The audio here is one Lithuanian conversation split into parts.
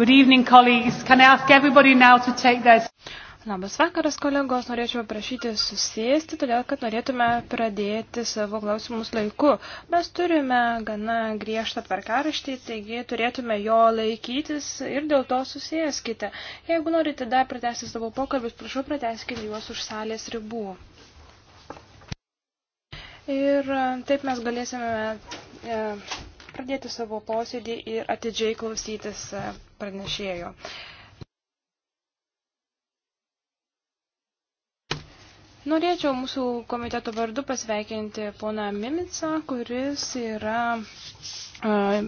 Good evening, colleagues. Can I ask everybody now to take their... Labas vakaras, kolegos. Norėčiau prašyti susėsti, todėl kad norėtume pradėti savo klausimus laiku. Mes turime gana griežtą tvarkaraštį, taigi turėtume jo laikytis ir dėl to susėskite. Jeigu norite dar pratesti savo pokalbius, prašau prateskite juos už salės ribų. Ir taip mes galėsime. E, pradėti savo posėdį ir atidžiai klausytis e, pranešėjo. Norėčiau mūsų komiteto vardu pasveikinti poną Mimicą, kuris yra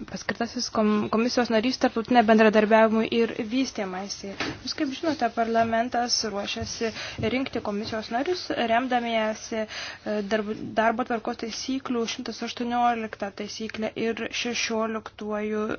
paskirtasis komisijos narys tarptautinė bendradarbiavimui ir vystymasi. Jūs kaip žinote, parlamentas ruošiasi rinkti komisijos narius, remdamiesi e, darbo tvarkos taisyklių 118 taisyklę ir 16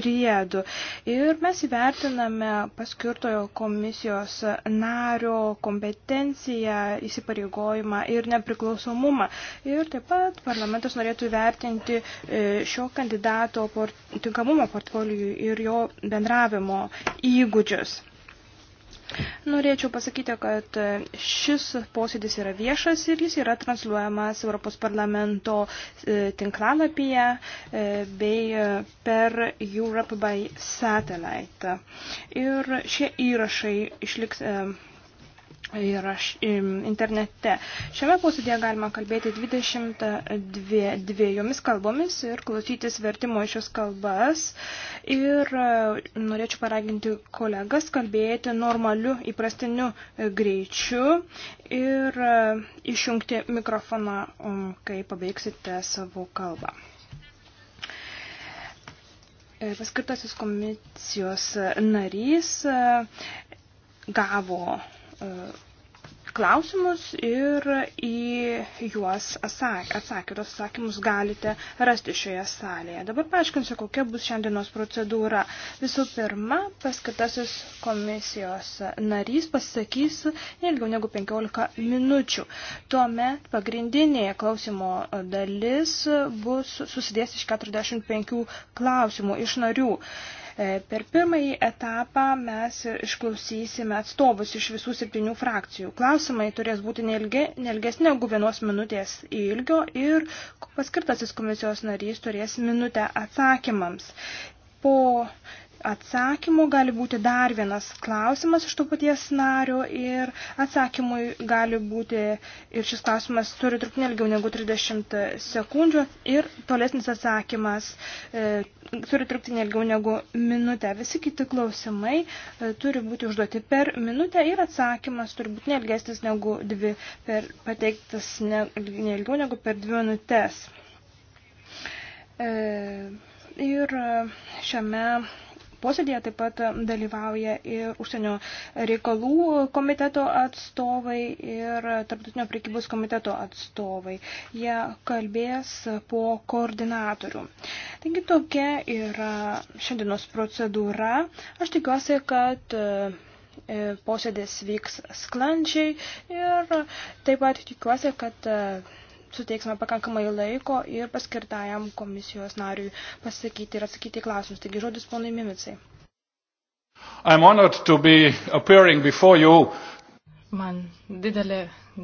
priedų. Ir mes įvertiname paskirtojo komisijos nario kompetenciją, įsipareigojimą ir nepriklausomumą. Ir taip pat parlamentas norėtų įvertinti e, šio kandidato port, tinkamumo portfolijų ir jo bendravimo įgūdžius. Norėčiau pasakyti, kad šis posėdis yra viešas ir jis yra transliuojamas Europos parlamento e, tinklalapyje e, bei per Europe by Satellite. Ir šie įrašai išliks e, ir aš, internete. Šiame posėdėje galima kalbėti 22 kalbomis ir klausytis vertimo iš šios kalbas. Ir e, norėčiau paraginti kolegas kalbėti normaliu, įprastiniu e, greičiu ir e, išjungti mikrofoną, um, kai pabaigsite savo kalbą. Paskirtasis komisijos narys gavo E, klausimus ir į juos atsakytos atsakymus galite rasti šioje salėje. Dabar paaiškinsiu, kokia bus šiandienos procedūra. Visų pirma, paskatasis komisijos narys pasisakys ilgiau negu 15 minučių. Tuomet pagrindinė klausimo dalis bus susidės iš 45 klausimų iš narių. E, per pirmąjį etapą mes išklausysime atstovus iš visų septynių frakcijų. Klausimai turės būti nelgesni negu vienos minutės ilgio ir paskirtasis komisijos narys turės minutę atsakymams. Po atsakymu gali būti dar vienas klausimas iš to paties nario ir atsakymui gali būti ir šis klausimas turi trukti ilgiau negu 30 sekundžių ir tolesnis atsakymas e, turi trukti ilgiau negu minutę. Visi kiti klausimai e, turi būti užduoti per minutę ir atsakymas turi būti nelgesnis negu dvi, per, pateiktas ne, nelgiau negu per dvi minutės. E, ir e, šiame posėdėje taip pat dalyvauja ir užsienio reikalų komiteto atstovai ir tarptautinio prekybos komiteto atstovai. Jie kalbės po koordinatorių. Taigi tokia yra šiandienos procedūra. Aš tikiuosi, kad e, posėdis vyks sklandžiai ir taip pat tikiuosi, kad e, suteiksime pakankamai laiko ir paskirtajam komisijos nariui pasakyti ir atsakyti į klausimus. Taigi žodis ponui Mimicai. Man didelė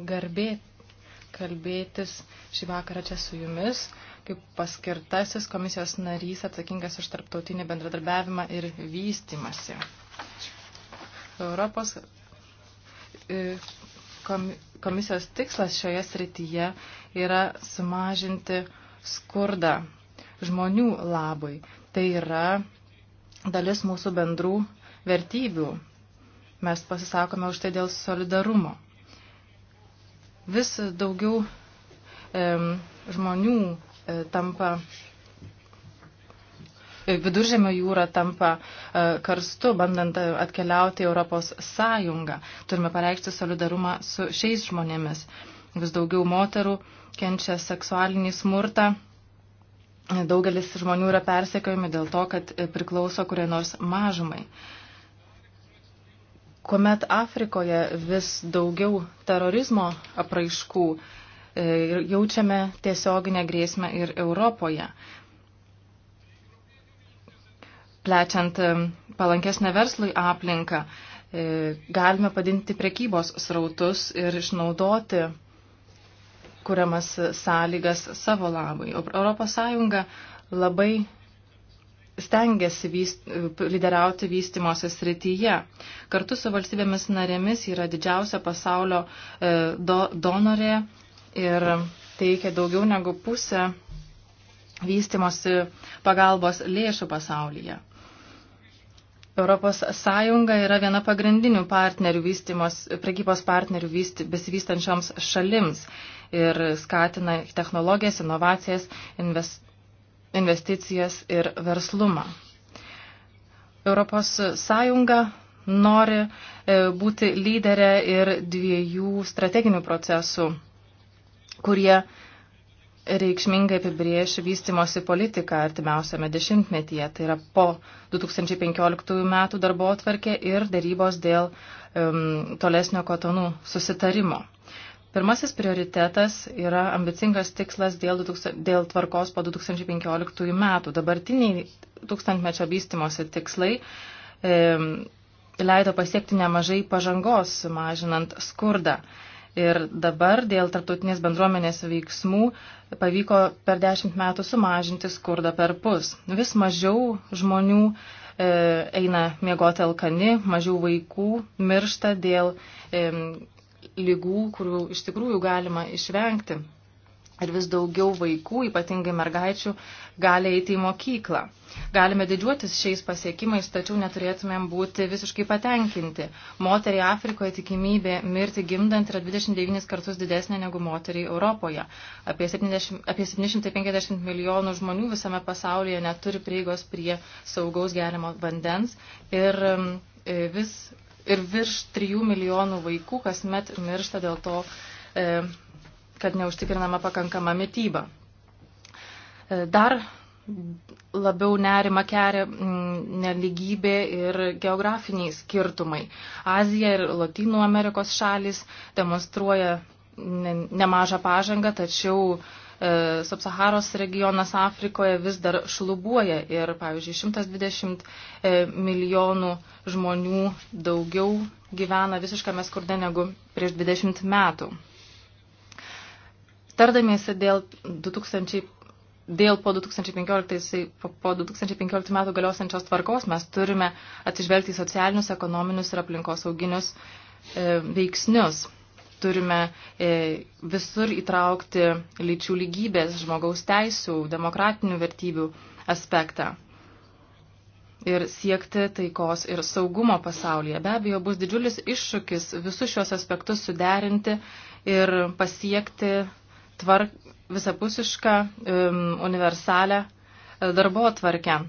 garbė kalbėtis šį vakarą čia su jumis, kaip paskirtasis komisijos narys atsakingas už tarptautinį bendradarbiavimą ir vystimasi. Europos e, komisijos tikslas šioje srityje yra sumažinti skurdą žmonių labui. Tai yra dalis mūsų bendrų vertybių. Mes pasisakome už tai dėl solidarumo. Vis daugiau e, žmonių e, tampa e, Viduržėmio jūra tampa e, karstu, bandant e, atkeliauti Europos Sąjungą. Turime pareikšti solidarumą su šiais žmonėmis. Vis daugiau moterų kenčia seksualinį smurtą. Daugelis žmonių yra persekiojami dėl to, kad priklauso kuriai nors mažumai. Kuomet Afrikoje vis daugiau terorizmo apraiškų e, jaučiame tiesioginę grėsmę ir Europoje. Plečiant e, palankesnę verslui aplinką, e, galime padinti prekybos srautus ir išnaudoti kuriamas sąlygas savo labui. Europos Sąjunga labai stengiasi vyst, lyderiauti vystimosi srityje. Kartu su valstybėmis narėmis yra didžiausia pasaulio e, do, donorė ir teikia daugiau negu pusę vystimosi pagalbos lėšų pasaulyje. Europos Sąjunga yra viena pagrindinių partnerių vystimos, prekybos partnerių vyst, besivystančioms šalims ir skatina technologijas, inovacijas, invest, investicijas ir verslumą. Europos Sąjunga nori e, būti lyderė ir dviejų strateginių procesų, kurie reikšmingai apibrieš vystimosi politiką artimiausiame dešimtmetyje, tai yra po 2015 metų darbo atvarkė ir darybos dėl um, tolesnio kotonų susitarimo. Pirmasis prioritetas yra ambicingas tikslas dėl, dėl tvarkos po 2015 metų. Dabartiniai tūkstantmečio vystimosi tikslai um, leido pasiekti nemažai pažangos, mažinant skurdą. Um, Ir dabar dėl tarptautinės bendruomenės veiksmų pavyko per dešimt metų sumažinti skurdą per pus. Vis mažiau žmonių e, eina miegoti alkani, mažiau vaikų miršta dėl e, lygų, kurių iš tikrųjų galima išvengti ir vis daugiau vaikų, ypatingai mergaičių, gali eiti į mokyklą. Galime didžiuotis šiais pasiekimais, tačiau neturėtumėm būti visiškai patenkinti. Moteriai Afrikoje tikimybė mirti gimdant yra 29 kartus didesnė negu moteriai Europoje. Apie, 70, apie 750 milijonų žmonių visame pasaulyje neturi prieigos prie saugaus gerimo vandens ir, um, e, vis, ir virš 3 milijonų vaikų kasmet miršta dėl to. E, kad neužtikrinama pakankama mytyba. E, dar labiau nerima keria mm, neligybė ir geografiniai skirtumai. Azija ir Latinų Amerikos šalis demonstruoja nemažą pažangą, tačiau e, Subsaharos regionas Afrikoje vis dar šlubuoja ir, pavyzdžiui, 120 e, milijonų žmonių daugiau gyvena visiškame skurde negu prieš 20 metų. Tardamiesi dėl, 2000, dėl po, 2015, po 2015 metų galiosiančios tvarkos mes turime atsižvelgti į socialinius, ekonominius ir aplinkos auginius e, veiksnius. Turime e, visur įtraukti lyčių lygybės, žmogaus teisų, demokratinių vertybių aspektą ir siekti taikos ir saugumo pasaulyje. Be abejo, bus didžiulis iššūkis visus šios aspektus suderinti ir pasiekti tvark, visapusišką, universalę e, darbo tvarkę,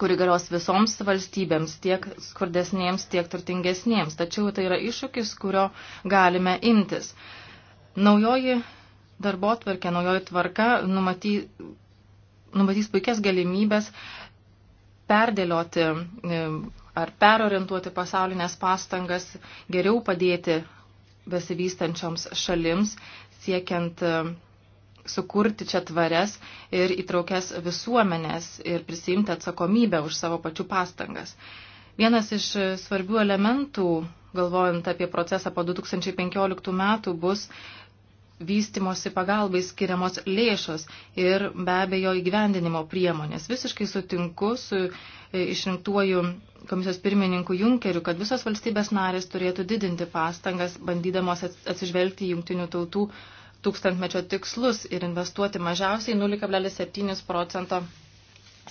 kuri galios visoms valstybėms, tiek skurdesnėms, tiek turtingesnėms. Tačiau tai yra iššūkis, kurio galime imtis. Naujoji darbo tvarkė, naujoji tvarka numaty, numatys puikias galimybės perdėlioti e, ar perorientuoti pasaulinės pastangas, geriau padėti besivystančioms šalims, siekiant e, sukurti čia tvarias ir įtraukęs visuomenės ir prisimti atsakomybę už savo pačių pastangas. Vienas iš e, svarbių elementų, galvojant apie procesą po 2015 metų, bus vystimosi pagalbai skiriamos lėšos ir be abejo įgyvendinimo priemonės. Visiškai sutinku su e, išrinktuoju komisijos pirmininku Junkeriu, kad visos valstybės narės turėtų didinti pastangas, bandydamos atsižvelgti į jungtinių tautų tūkstantmečio tikslus ir investuoti mažiausiai 0,7 procento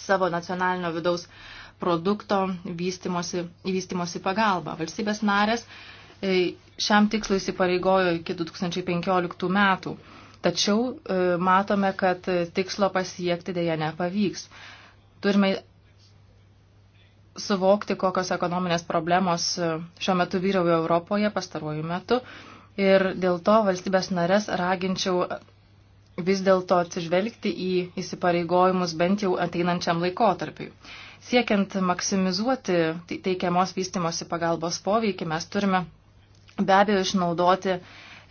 savo nacionalinio vidaus produkto vystimosi, vystimosi pagalba. Valstybės narės e, šiam tikslui įsipareigojo iki 2015 metų. Tačiau e, matome, kad e, tikslo pasiekti dėja nepavyks. Turime suvokti, kokios ekonominės problemos e, šiuo metu vyrauja Europoje pastaruoju metu. Ir dėl to valstybės narės raginčiau vis dėlto atsižvelgti į įsipareigojimus bent jau ateinančiam laikotarpiui. Siekiant maksimizuoti teikiamos vystimosi pagalbos poveikį, mes turime be abejo išnaudoti uh,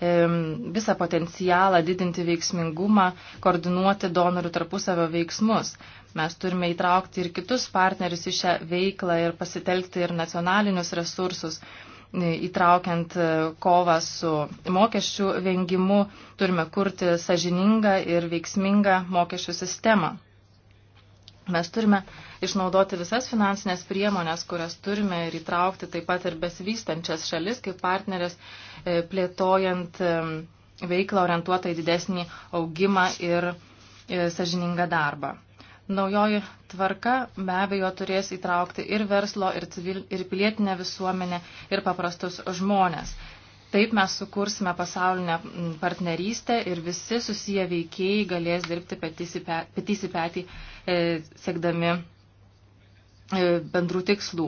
visą potencialą didinti veiksmingumą, koordinuoti donorų tarpusavio veiksmus. Mes turime įtraukti ir kitus partnerius į šią veiklą ir pasitelkti ir nacionalinius resursus e, įtraukiant e, kovą su mokesčių vengimu, turime kurti sažiningą ir veiksmingą mokesčių sistemą. Mes turime uh, išnaudoti visas finansinės priemonės, kurias turime ir įtraukti taip pat ir besivystančias šalis kaip partnerės e, plėtojant e, veiklą orientuotą į didesnį augimą ir e, sažiningą darbą. Naujoji tvarka be abejo turės įtraukti ir verslo, ir, civil, ir pilietinę visuomenę, ir paprastus žmonės. Taip mes sukursime pasaulinę partnerystę ir visi susiję veikėjai galės dirbti petys į petį, siekdami E, bendrų tikslų.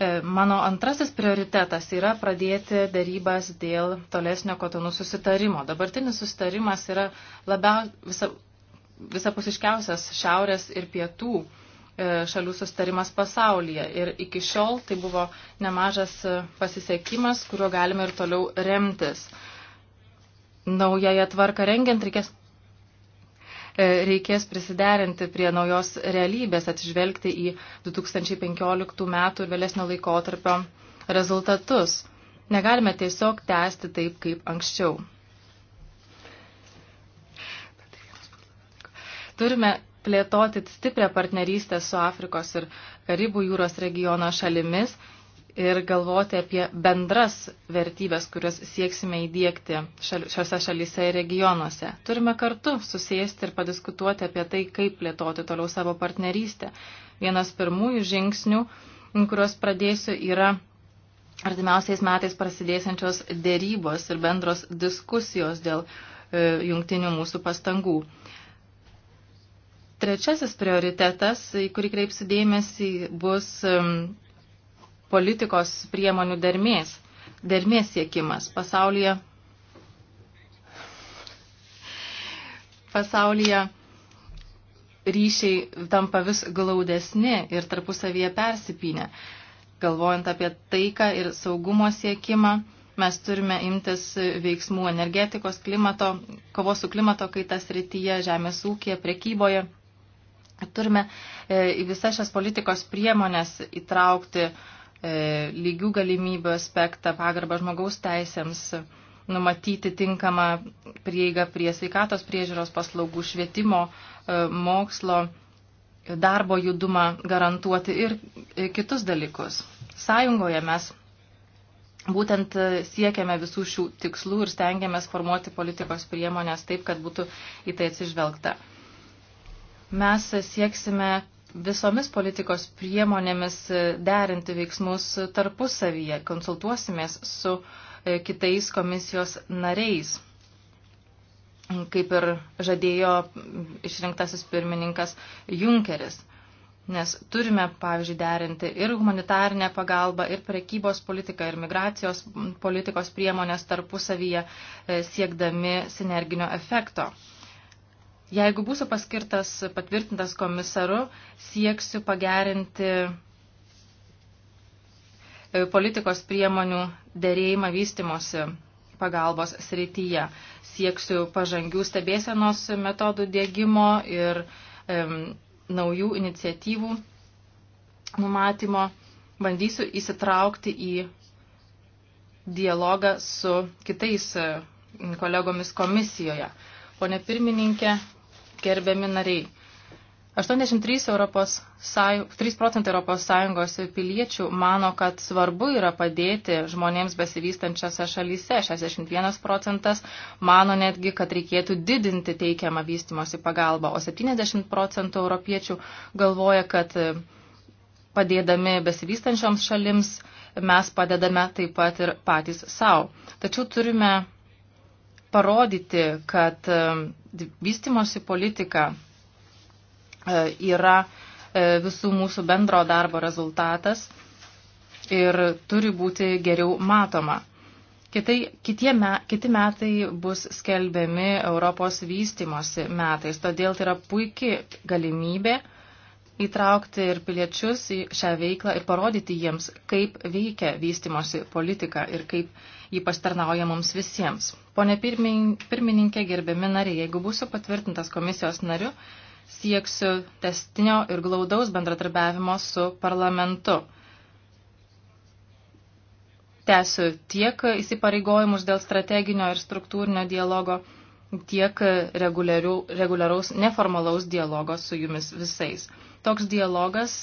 E, mano antrasis prioritetas yra pradėti darybas dėl tolesnio kotonų susitarimo. Dabartinis susitarimas yra labiau visa, visapusiškiausias šiaurės ir pietų e, šalių sustarimas pasaulyje. Ir iki šiol tai buvo nemažas pasisekimas, kuriuo galime ir toliau remtis. Naująją tvarką rengiant reikės E, reikės prisiderinti prie naujos realybės, atsižvelgti į 2015 metų ir vėlesnio laikotarpio rezultatus. Negalime tiesiog tęsti taip, kaip anksčiau. Turime plėtoti stiprią partnerystę su Afrikos ir Karibų jūros regiono šalimis ir galvoti apie bendras vertybės, kurias sieksime įdėkti šiuose šalyse ir regionuose. Turime kartu susėsti ir padiskutuoti apie tai, kaip plėtoti toliau savo partnerystę. Vienas pirmųjų žingsnių, kuriuos pradėsiu, yra artimiausiais metais prasidėsiančios dėrybos ir bendros diskusijos dėl e, jungtinių mūsų pastangų. Trečiasis prioritetas, į kurį kreipsiu dėmesį, bus politikos priemonių dermės, dermės siekimas pasaulyje. Pasaulyje ryšiai tampa vis glaudesni ir tarpusavyje persipinę. Galvojant apie taiką ir saugumo siekimą, mes turime imtis veiksmų energetikos, klimato, kovos su klimato kaitas rytyje, žemės ūkėje, prekyboje. Turime e, į visas šias politikos priemonės įtraukti E, lygių galimybių aspektą, pagarbą žmogaus teisėms, numatyti tinkamą prieigą prie sveikatos priežiūros paslaugų, švietimo, e, mokslo, darbo judumą garantuoti ir e, kitus dalykus. Sąjungoje mes būtent siekiame visų šių tikslų ir stengiamės formuoti politikos priemonės taip, kad būtų į tai atsižvelgta. Mes sieksime visomis politikos priemonėmis derinti veiksmus tarpusavyje, konsultuosimės su e, kitais komisijos nariais, kaip ir žadėjo išrinktasis pirmininkas Junkeris. Nes turime, pavyzdžiui, derinti ir humanitarinę pagalbą, ir prekybos politiką, ir migracijos politikos priemonės tarpusavyje e, siekdami sinerginio efekto. Jeigu būsiu paskirtas patvirtintas komisaru, sieksiu pagerinti e, politikos priemonių dėrėjimą vystimosi pagalbos srityje. Sieksiu pažangių stebėsenos metodų dėgymo ir um, naujų iniciatyvų numatymo. Bandysiu įsitraukti į dialogą su kitais e, kolegomis komisijoje. Pone pirmininkė, gerbiami nariai. 83 Europos, 3 procentai ES piliečių mano, kad svarbu yra padėti žmonėms besivystančiose šalyse. 61 procentas mano netgi, kad reikėtų didinti teikiamą vystimosi pagalbą, o 70 procentų europiečių galvoja, kad e, padėdami besivystančioms šalims mes padedame taip pat ir patys savo. Tačiau turime parodyti, kad e, vystimosi politika e, yra e, visų mūsų bendro darbo rezultatas ir turi būti geriau matoma. Kitai, kitie me, kiti metai bus skelbiami Europos vystimosi metais, todėl tai yra puikia galimybė įtraukti ir piliečius į šią veiklą ir parodyti jiems, kaip veikia vystimosi politika ir kaip ji pastarnauja mums visiems. Pone pirmininkė, gerbiami nariai, jeigu būsiu patvirtintas komisijos nariu, sieksiu testinio ir glaudaus bendratarbiavimo su parlamentu. Tęsiu tiek įsipareigojimus dėl strateginio ir struktūrinio dialogo, tiek reguliaraus neformalaus dialogo su jumis visais. Toks dialogas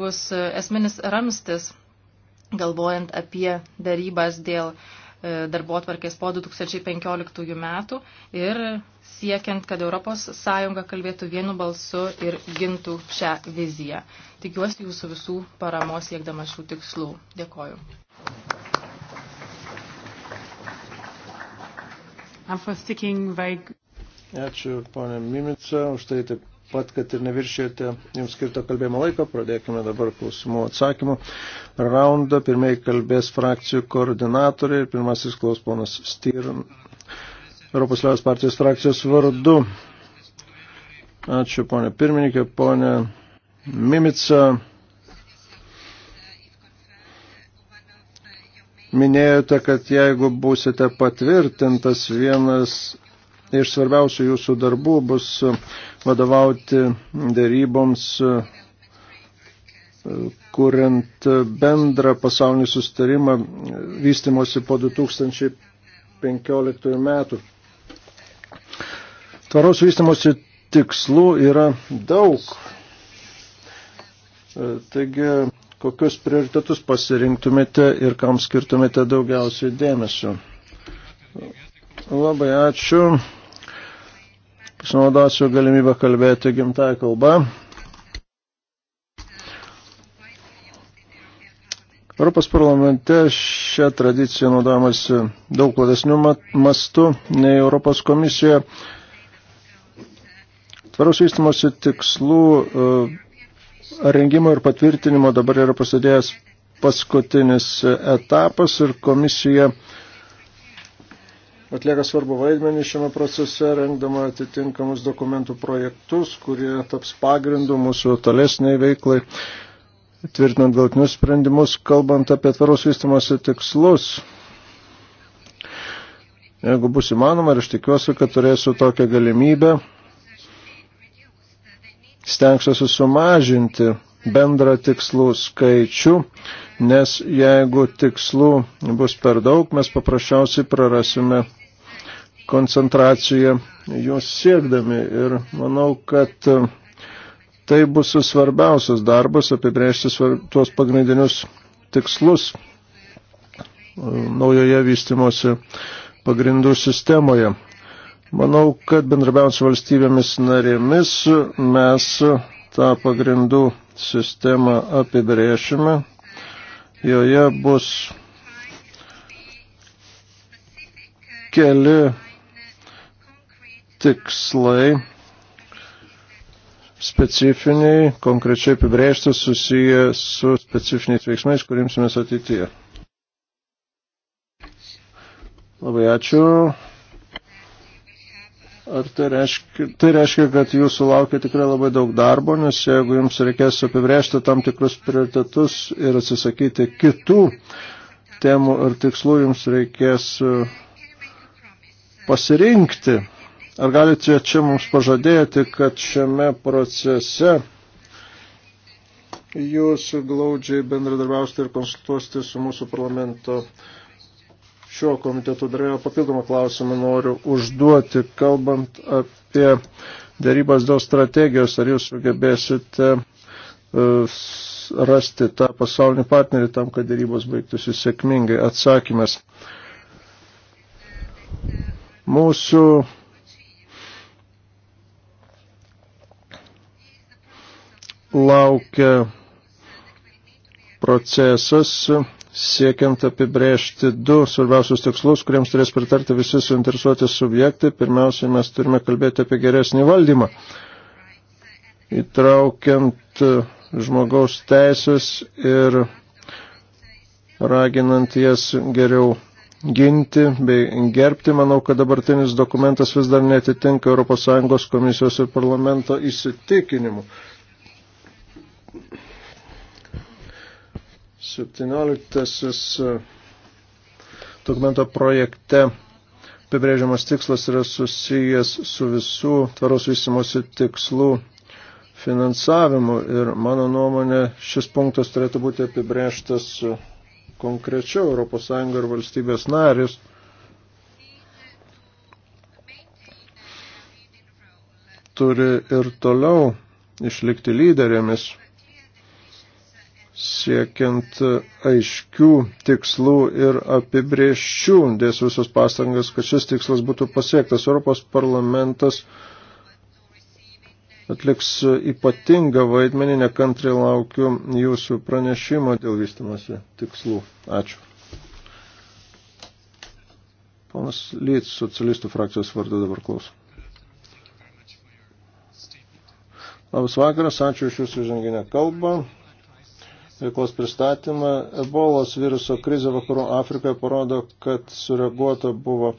bus esminis ramstis, galvojant apie darybas dėl E, darbo atvarkės po 2015 metų ir siekiant, kad ES kalbėtų vienu balsu ir gintų šią viziją. Tikiuosi jūsų visų paramos siekdama šių tikslų. Dėkoju. Ačiū, ponė Mimica, už tai taip pat, kad ir neviršėjote jums skirto kalbėjimo laiko. Pradėkime dabar klausimų atsakymų. Raundą pirmieji kalbės frakcijų koordinatoriai ir pirmasis klaus ponas Styr, Europos Liaudės partijos frakcijos vardu. Ačiū, ponė pirmininkė, ponė Mimica. Minėjote, kad jeigu būsite patvirtintas, vienas iš svarbiausių jūsų darbų bus e, vadovauti dėryboms, e, e, kuriant bendrą pasaulinį sustarimą vystimosi po 2015 metų. Tvaros vystimosi tikslų yra daug. Taigi, kokius prioritetus pasirinktumėte ir kam skirtumėte daugiausiai dėmesio? Labai ačiū. Pasinaudosiu galimybę kalbėti gimtąją kalbą. Europos parlamente šią tradiciją naudojamasi daug platesnių mastų nei Europos komisijoje. Tvaros vystimosi tikslų e, rengimo ir patvirtinimo dabar yra pasidėjęs paskutinis etapas ir komisija atlieka svarbu vaidmenį šiame procese, rengdama atitinkamus dokumentų projektus, kurie taps pagrindu mūsų tolesniai veiklai, tvirtinant galtinius sprendimus, kalbant apie tvaros vystimosi tikslus. Jeigu bus įmanoma ir aš tikiuosi, kad turėsiu tokią galimybę, stengsiuosi sumažinti bendrą tikslų skaičių, nes jeigu tikslų bus per daug, mes paprasčiausiai prarasime koncentraciją jos siekdami. Ir manau, kad tai bus svarbiausias darbas apibrėžti svarb... tuos pagrindinius tikslus e, naujoje vystimosi pagrindų sistemoje. Manau, kad bendrabiaus valstybėmis narėmis mes tą pagrindų sistemą apibrėšime. Joje bus keli tikslai specifiniai, konkrečiai apibrėžti susiję su specifiniais veiksmais, kuriems mes ateityje. Labai ačiū. Ar tai reiškia, tai reiškia, kad jūsų laukia tikrai labai daug darbo, nes jeigu jums reikės apibrėžti tam tikrus prioritetus ir atsisakyti kitų temų ir tikslų, jums reikės e, pasirinkti. Ar galite čia mums pažadėti, kad šiame procese jūs glaudžiai bendradarbiausite ir konsultuosite su mūsų parlamento šio komiteto darėjo papildomą klausimą noriu užduoti, kalbant apie darybas dėl strategijos, ar jūs sugebėsite e, rasti tą pasaulinį partnerį tam, kad darybos baigtųsi sėkmingai. Atsakymas. Mūsų laukia procesas siekiant apibrėžti du svarbiausius tikslus, kuriems turės pritarti visi suinteresuoti subjektai. Pirmiausiai mes turime kalbėti apie geresnį valdymą, įtraukiant žmogaus teisės ir raginant jas geriau ginti bei gerbti. Manau, kad dabartinis dokumentas vis dar netitinka ES komisijos ir parlamento įsitikinimu. 17 e, dokumento projekte apibrėžiamas tikslas yra susijęs su visų tvaros vystimosi tikslų finansavimu ir mano nuomonė šis punktas turėtų būti apibrėžtas konkrečiau ES ir valstybės narės. turi ir toliau išlikti lyderėmis siekiant aiškių tikslų ir apibrieščių, dės visos pastangas, kad šis tikslas būtų pasiektas. Europos parlamentas atliks ypatingą vaidmenį, nekantrai laukiu jūsų pranešimo dėl vystimasi tikslų. Ačiū. Ponas Lyts, socialistų frakcijos vardu dabar klausom. Labas vakaras, ačiū iš jūsų ženginę kalbą veiklos pristatymą. Ebolos viruso krizė vakarų Afrikoje parodo, kad sureaguota buvo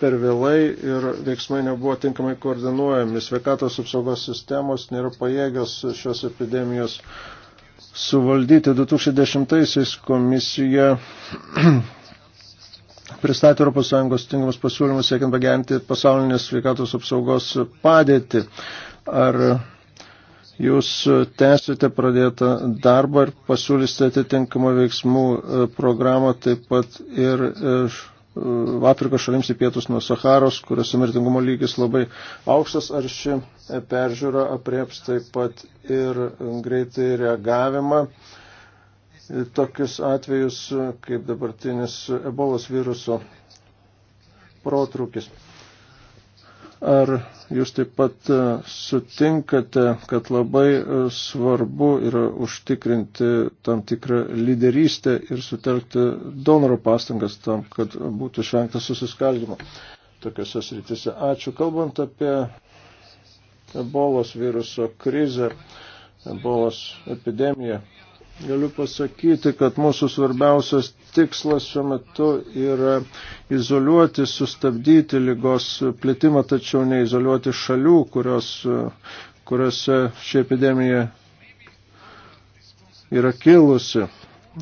per vėlai ir veiksmai nebuvo tinkamai koordinuojami. Sveikatos apsaugos sistemos nėra pajėgios šios epidemijos suvaldyti. 2010-aisiais komisija pristatė ES tinkamus pasiūlymus siekiant pagerinti pasaulinės sveikatos apsaugos padėtį. Ar Jūs e, tęsite pradėtą darbą ir pasiūlysite atitinkamą veiksmų e, programą taip pat ir e, Afrikos šalims į pietus nuo Saharos, kuriuose mirtingumo lygis labai aukštas, ar ši peržiūra aprieps taip pat ir greitai reagavimą. Tokius atvejus kaip dabartinis ebolos viruso protrūkis. Ar jūs taip pat e, sutinkate, kad labai e, svarbu yra užtikrinti tam tikrą lyderystę ir sutelkti donoro pastangas tam, kad būtų išvengta susiskaldimo tokiuose srityse? Ačiū. Kalbant apie ebolos viruso krizę, ebolos epidemiją, Galiu pasakyti, kad mūsų svarbiausias tikslas šiuo metu yra izoliuoti, sustabdyti lygos plitimą, tačiau neizoliuoti šalių, kurios, kuriuose ši epidemija yra kilusi.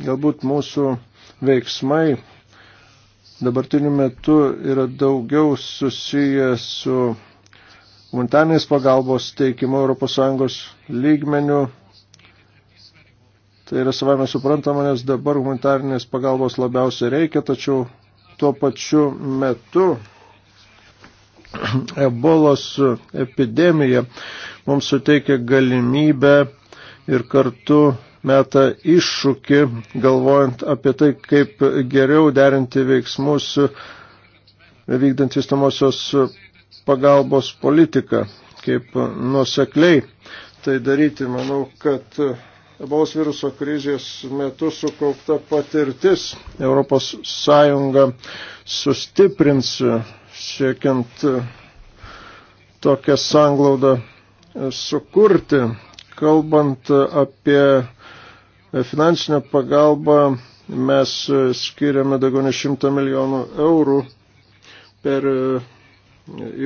Galbūt mūsų veiksmai dabartiniu metu yra daugiau susiję su humanitarnės pagalbos teikimu ES lygmeniu Tai yra savame suprantama, nes dabar humanitarinės pagalbos labiausiai reikia, tačiau tuo pačiu metu ebolos epidemija mums suteikia galimybę ir kartu meta iššūkį, galvojant apie tai, kaip geriau derinti veiksmus vykdant įstamosios pagalbos politiką, kaip nuosekliai tai daryti. Manau, kad Ebolos viruso krizės metu sukaupta patirtis Europos Sąjunga sustiprins siekiant tokią sanglaudą sukurti, kalbant apie finansinę pagalbą mes skiriame daugiau nei 100 milijonų eurų per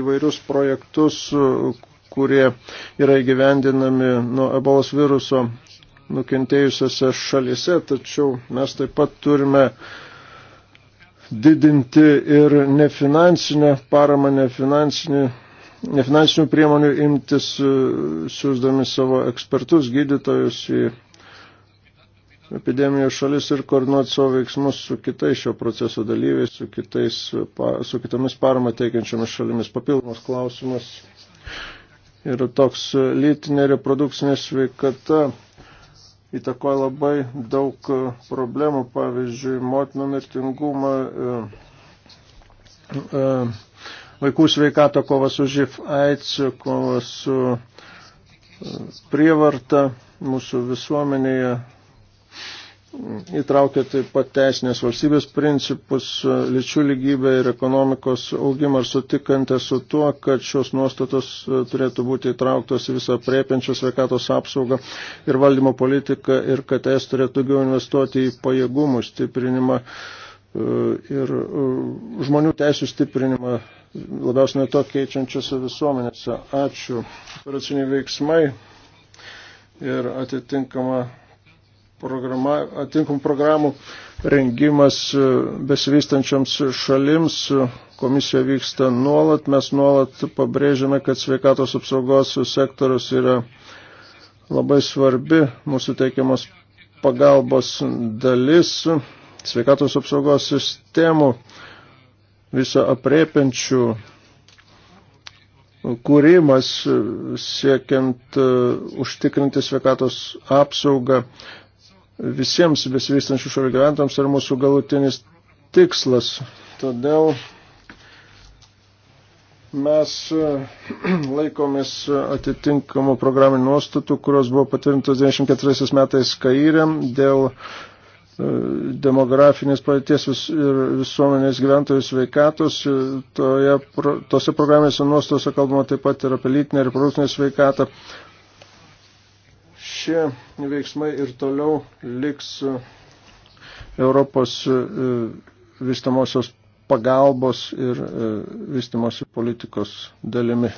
įvairius projektus, kurie yra įgyvendinami nuo ebolos viruso nukentėjusiose šalise, tačiau mes taip pat turime didinti ir nefinansinę paramą, nefinansinį nefinansinių priemonių imtis, e, siūsdami savo ekspertus, gydytojus į epidemijos šalis ir koordinuoti savo veiksmus su kitais šio proceso dalyviais, su, kitais, su kitomis paramą teikiančiomis šalimis. Papildomas klausimas yra toks lytinė reprodukcinė sveikata įtakoja labai daug e, problemų, pavyzdžiui, motinų mirtingumą, e, e, vaikų sveikatą, kova su živ aids, kova su prievarta mūsų visuomenėje įtraukia taip pat teisinės valstybės principus, lyčių lygybę ir ekonomikos augimą. Ar sutikante su tuo, kad šios nuostatos e, turėtų būti įtrauktos į visą priepiančią sveikatos apsaugą ir valdymo politiką ir kad es turėtų daugiau investuoti į pajėgumų stiprinimą e, ir e, žmonių teisų stiprinimą labiausiai neto keičiančiose visuomenėse. Ačiū. Operaciniai veiksmai ir atitinkama atinkamų programų rengimas e, besivystančiams šalims. Komisija vyksta nuolat. Mes nuolat pabrėžiame, kad sveikatos apsaugos sektorius yra labai svarbi mūsų teikiamos pagalbos dalis sveikatos apsaugos sistemų viso apriepiančių kūrimas e, siekiant e, užtikrinti sveikatos apsaugą visiems besivystančių šalių gyventams yra mūsų galutinis tikslas. Todėl mes laikomės atitinkamų programinių nuostatų, kurios buvo patvirtintos 94 metais Kairėm dėl e, demografinės padėties vis, ir visuomenės gyventojų sveikatos. Toje, tose programėse nuostose kalbama taip pat ir apie lytinę ir produktinę sveikatą šie veiksmai ir toliau liks Europos e, vystamosios pagalbos ir e, vystimosi politikos dalimi.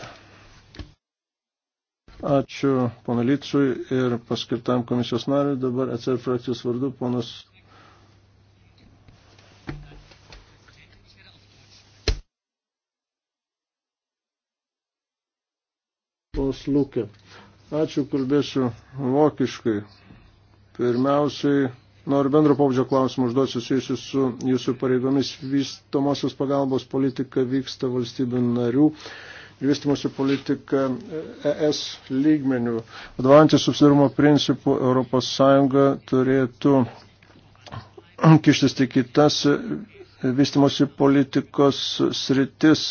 Ačiū panalicui ir paskirtam komisijos nariui. Dabar atsir frakcijos vardu ponas. Ponas Lūkė. Ačiū, kalbėsiu vokiškai. Pirmiausiai noriu bendro pobūdžio klausimų užduoti susijusiu su jūsų pareigomis. Vystomosios pagalbos politika vyksta valstybių narių ir vystimosi politika ES lygmenių. Vadovaujantis subsidarumo principų ES turėtų kištis tik į tas vystimosi politikos sritis,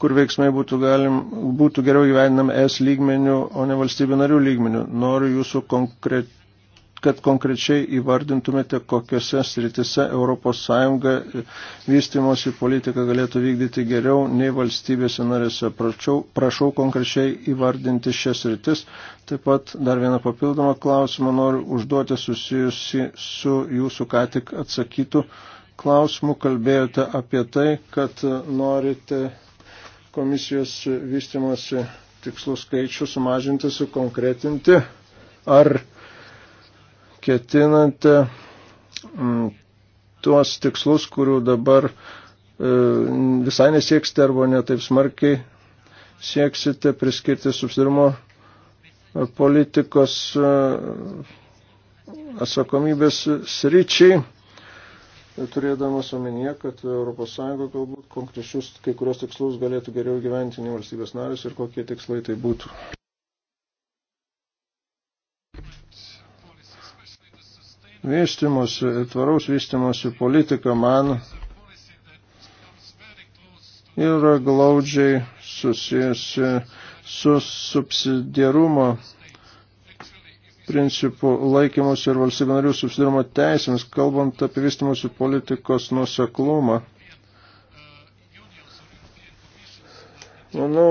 kur veiksmai būtų, galim, būtų geriau gyvenami es lygmenių, o ne valstybių narių lygmenių. Noriu jūsų konkret, kad konkrečiai įvardintumėte, kokiuose sritise ES vystimosi politika galėtų vykdyti geriau nei valstybėse narėse. Prašau, prašau konkrečiai įvardinti šias sritis. Taip pat dar vieną papildomą klausimą noriu užduoti susijusi su jūsų ką tik atsakytų klausimų kalbėjote apie tai, kad norite komisijos vystimosi tikslų skaičių sumažinti, sukonkretinti. Ar ketinate m, mm, tuos tikslus, kurių dabar e, visai nesieksite arba netaip smarkiai sieksite priskirti subsidirimo e, politikos e, atsakomybės sričiai, turėdamas omenyje, kad ES galbūt konkrečius kai kurios tikslus galėtų geriau gyventi nei valstybės narės ir kokie tikslai tai būtų. Vystimus, tvaraus vystimosi politika man yra glaudžiai susijusi su subsidiarumo principų laikymus ir valstybių narių subsidirimo teisėmis, kalbant apie vystimusių politikos nuseklumą. Manau,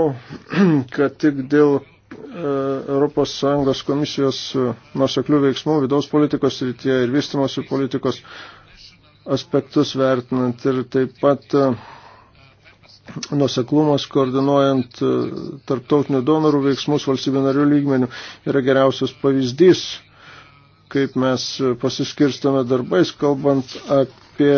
kad tik dėl ES komisijos e, nuseklių veiksmų vidaus politikos rytyje ir vystimosi politikos aspektus vertinant ir taip pat e, nuseklumas koordinuojant e, tarptautinių donorų veiksmus valstybių narių lygmenių yra geriausias pavyzdys, kaip mes pasiskirstame darbais, kalbant apie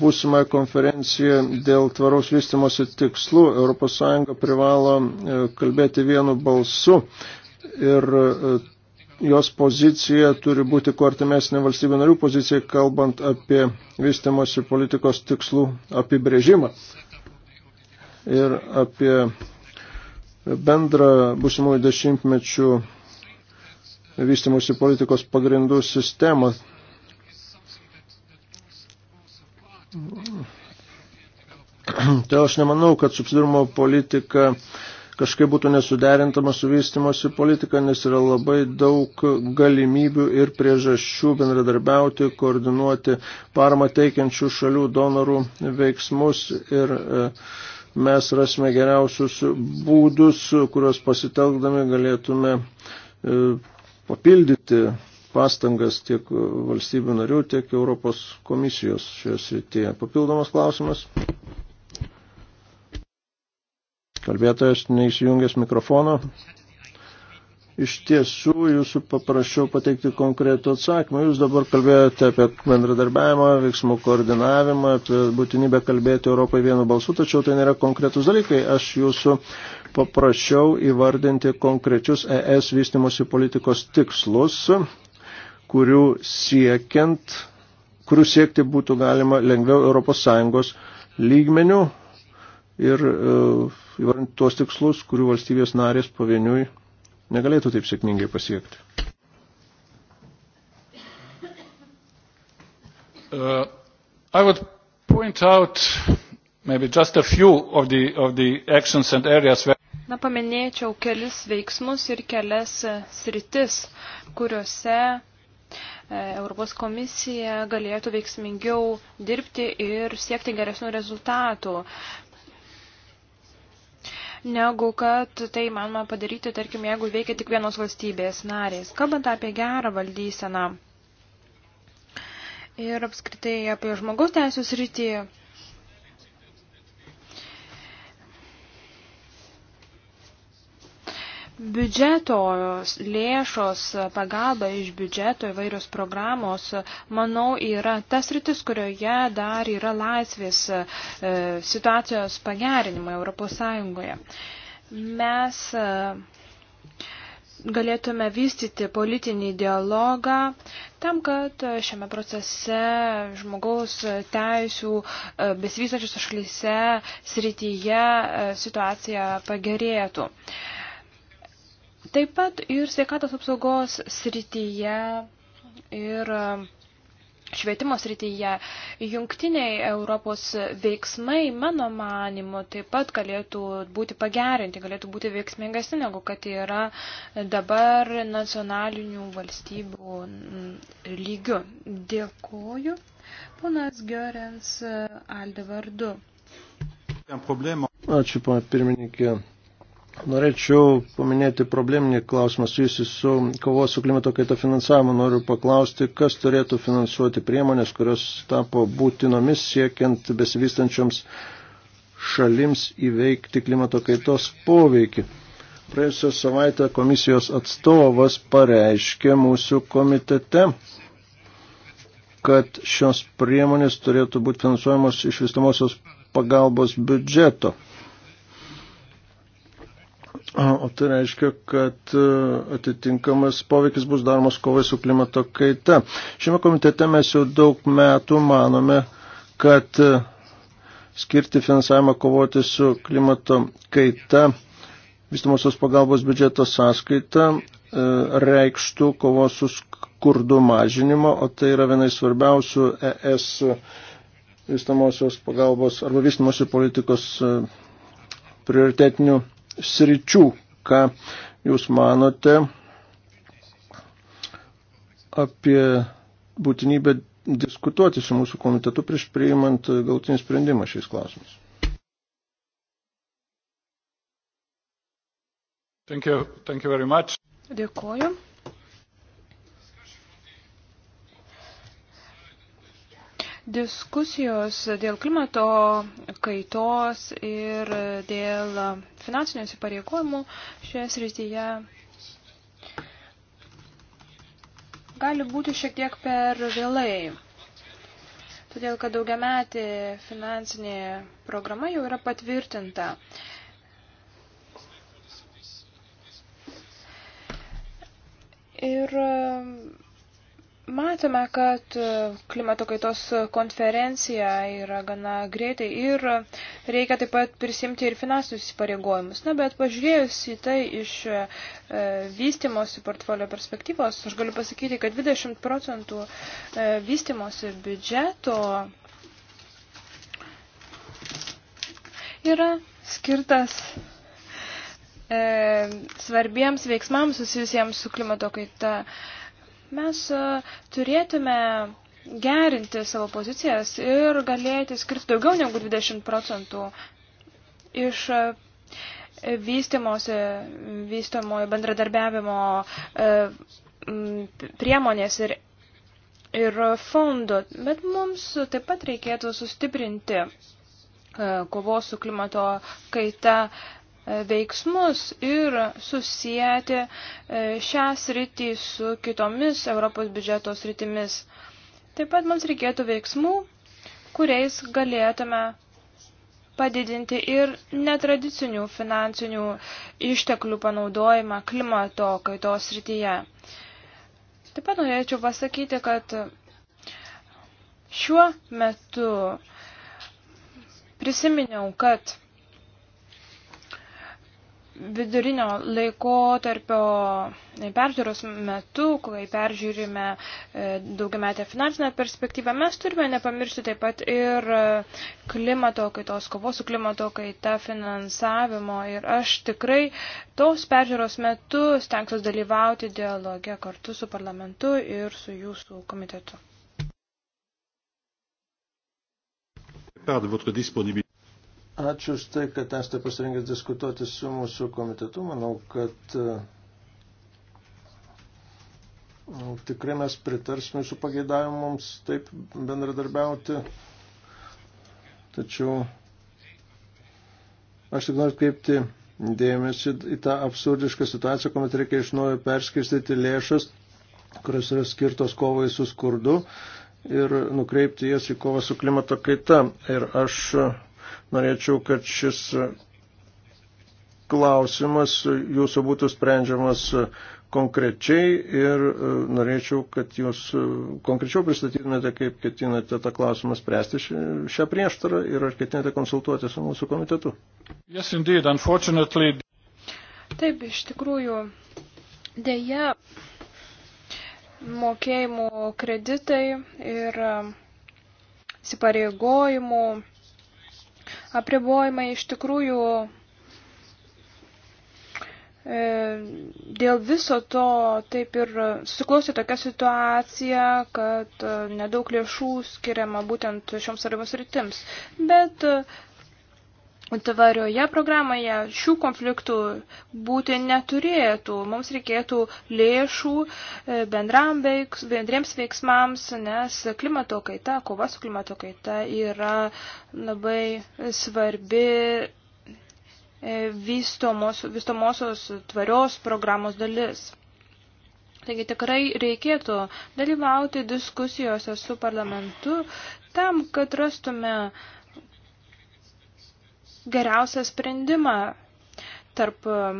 būsimą konferenciją dėl tvaraus vystimosi tikslų. ES privalo e, kalbėti vienu balsu ir e, jos pozicija turi būti kuo artimesnė valstybių narių pozicija, kalbant apie vystimosi politikos tikslų apibrėžimą ir apie bendrą būsimųjų dešimtmečių vystimusi politikos pagrindų sistemą. Tai aš nemanau, kad subsidirumo politika kažkaip būtų nesuderintama su vystimosi politika, nes yra labai daug galimybių ir priežasčių bendradarbiauti, koordinuoti paramą teikiančių šalių donorų veiksmus ir e, mes rasime geriausius būdus, kuriuos pasitelkdami galėtume e, papildyti pastangas tiek valstybių narių, tiek Europos komisijos šioje srityje. Papildomas klausimas. Kalbėtojas neįsijungęs mikrofono iš tiesų jūsų paprašiau pateikti konkretų atsakymą. Jūs dabar kalbėjote apie bendradarbiavimą, veiksmų koordinavimą, apie būtinybę kalbėti Europai vienu balsu, tačiau tai nėra konkretus dalykai. Aš jūsų paprašiau įvardinti konkrečius ES vystimosi politikos tikslus, kurių siekiant kurių siekti būtų galima lengviau ES lygmenių ir uh, įvardinti tuos tikslus, kurių valstybės narės pavieniui negalėtų taip sėkmingai pasiekti. Uh, I would point out maybe just a few of the, of the actions and areas where Na, paminėčiau kelis veiksmus ir kelias e, sritis, kuriuose e, Europos komisija galėtų veiksmingiau dirbti ir siekti geresnių rezultatų negu kad tai manoma padaryti, tarkim, jeigu veikia tik vienos valstybės narės. Kalbant apie gerą valdyseną ir apskritai apie žmogaus teisų srityje, biudžeto lėšos, pagalba iš biudžeto įvairios programos, manau, yra tas rytis, kurioje dar yra laisvės e, situacijos pagerinimai Europos Sąjungoje. Mes e, galėtume vystyti politinį dialogą tam, kad šiame procese žmogaus teisų e, besivystančios šalyse srityje situacija pagerėtų. Uh, Taip pat ir sveikatos apsaugos srityje ir um, švietimo srityje jungtiniai Europos veiksmai, mano manimu, taip pat galėtų būti pagerinti, galėtų būti veiksmingesni, negu kad yra dabar nacionalinių valstybių mm, lygių. Dėkoju. Ponas Görens Alde vardu. Ačiū, pana pirmininkė. Norėčiau paminėti probleminį klausimą susijusi su kovos su klimato kaita finansavimu. Noriu paklausti, kas turėtų finansuoti priemonės, kurios tapo būtinomis siekiant besivystančioms šalims įveikti klimato kaitos poveikį. Praėjusią savaitę komisijos atstovas pareiškė mūsų komitete, kad šios priemonės turėtų būti finansuojamos iš vystamosios pagalbos biudžeto. O tai reiškia, kad e, atitinkamas poveikis bus daromas kovai su klimato kaita. Šiame komitete mes jau daug metų manome, kad e, skirti finansavimą kovoti su klimato kaita vystamosios pagalbos biudžeto sąskaita e, reikštų kovos su skurdu mažinimo, o tai yra viena iš svarbiausių ES vystamosios pagalbos arba vystamosios politikos prioritetinių sričių. Ką Jūs manote apie būtinybę diskutuoti su mūsų komitetu prieš priimant gautinį sprendimą šiais klausimais? Thank you. Thank you very much. Dėkuoju. Diskusijos dėl klimato kaitos ir dėl finansinio įsipareigojimų šioje srityje gali būti šiek tiek per vėlai. Todėl, kad daugiametė finansinė programa jau yra patvirtinta. Ir Matome, kad e, klimato kaitos konferencija yra gana greitai ir reikia taip pat prisimti ir finansinius įsipareigojimus. Na, bet pažiūrėjus į tai iš e, vystimosi portfolio perspektyvos, aš galiu pasakyti, kad 20 procentų e, vystimosi biudžeto yra skirtas e, svarbiems veiksmams susijusiems su klimato kaita. E, Mes e, turėtume gerinti savo pozicijas ir galėti skirti daugiau negu 20 procentų iš e, vystimosi, vystomojo bendradarbiavimo e, priemonės ir, ir fondo, bet mums taip pat reikėtų sustiprinti kovos su klimato kaita veiksmus ir susijęti e, šią sritį su kitomis Europos biudžeto sritimis. Taip pat mums reikėtų veiksmų, kuriais galėtume padidinti ir netradicinių finansinių išteklių panaudojimą klimato kaitos srityje. Taip pat norėčiau pasakyti, kad šiuo metu prisiminiau, kad vidurinio laiko tarpio peržiūros metu, kai peržiūrime e, daugiametę finansinę perspektyvą, mes turime nepamiršti taip pat ir e, klimato kaitos, kovos su klimato kaita finansavimo. Ir aš tikrai tos peržiūros metu stengsiuos dalyvauti dialoge kartu su parlamentu ir su jūsų komitetu. Par de votre disponibilité. Ačiū už tai, kad esate pasirengęs diskutuoti su mūsų komitetu. Manau, kad e, tikrai mes pritarsime jūsų pageidavimams taip bendradarbiauti. Tačiau aš tik noriu kreipti dėmesį į tą absurdišką situaciją, kuomet reikia iš naujo perskirstyti lėšas, kurios yra skirtos kovai su skurdu ir nukreipti jas į kovą su klimato kaita. Ir aš Norėčiau, kad šis klausimas jūsų būtų sprendžiamas konkrečiai ir norėčiau, kad jūs konkrečiau pristatytumėte, kaip ketinate tą klausimą spręsti šią prieštarą ir ar ketinate konsultuoti su mūsų komitetu. Yes, indeed, unfortunately. Taip, iš tikrųjų, dėja, mokėjimų kreditai ir e, įsipareigojimų apribojimai iš tikrųjų e, dėl viso to taip ir susiklausė tokia situacija, kad e, nedaug lėšų skiriama būtent šioms svarbiams rytims. Bet tvarioje programoje šių konfliktų būti neturėtų. Mums reikėtų lėšų e, veiks, bendriems veiksmams, nes klimato kaita, kova su klimato kaita yra labai svarbi e, vystomos, vystomosios tvarios programos dalis. Taigi tikrai reikėtų dalyvauti diskusijose su parlamentu tam, kad rastume uh, geriausią sprendimą tarp, e,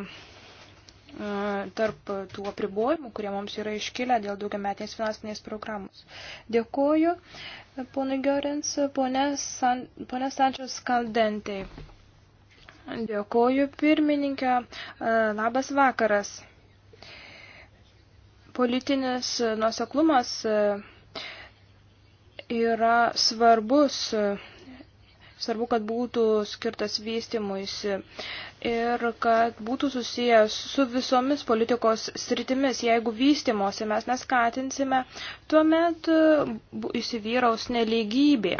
tarp tų apribojimų, kurie mums yra iškilę dėl daugiametės finansinės programos. Dėkuoju, ponai Gerins, ponė, San, ponė Sančios Kaldentai. Dėkuoju, pirmininkė, e, labas vakaras. Politinis nuoseklumas e, yra svarbus Svarbu, kad būtų skirtas vystimuisi ir kad būtų susijęs su visomis politikos sritimis. Jeigu vystimosi mes neskatinsime, tuomet e, įsivyraus nelygybė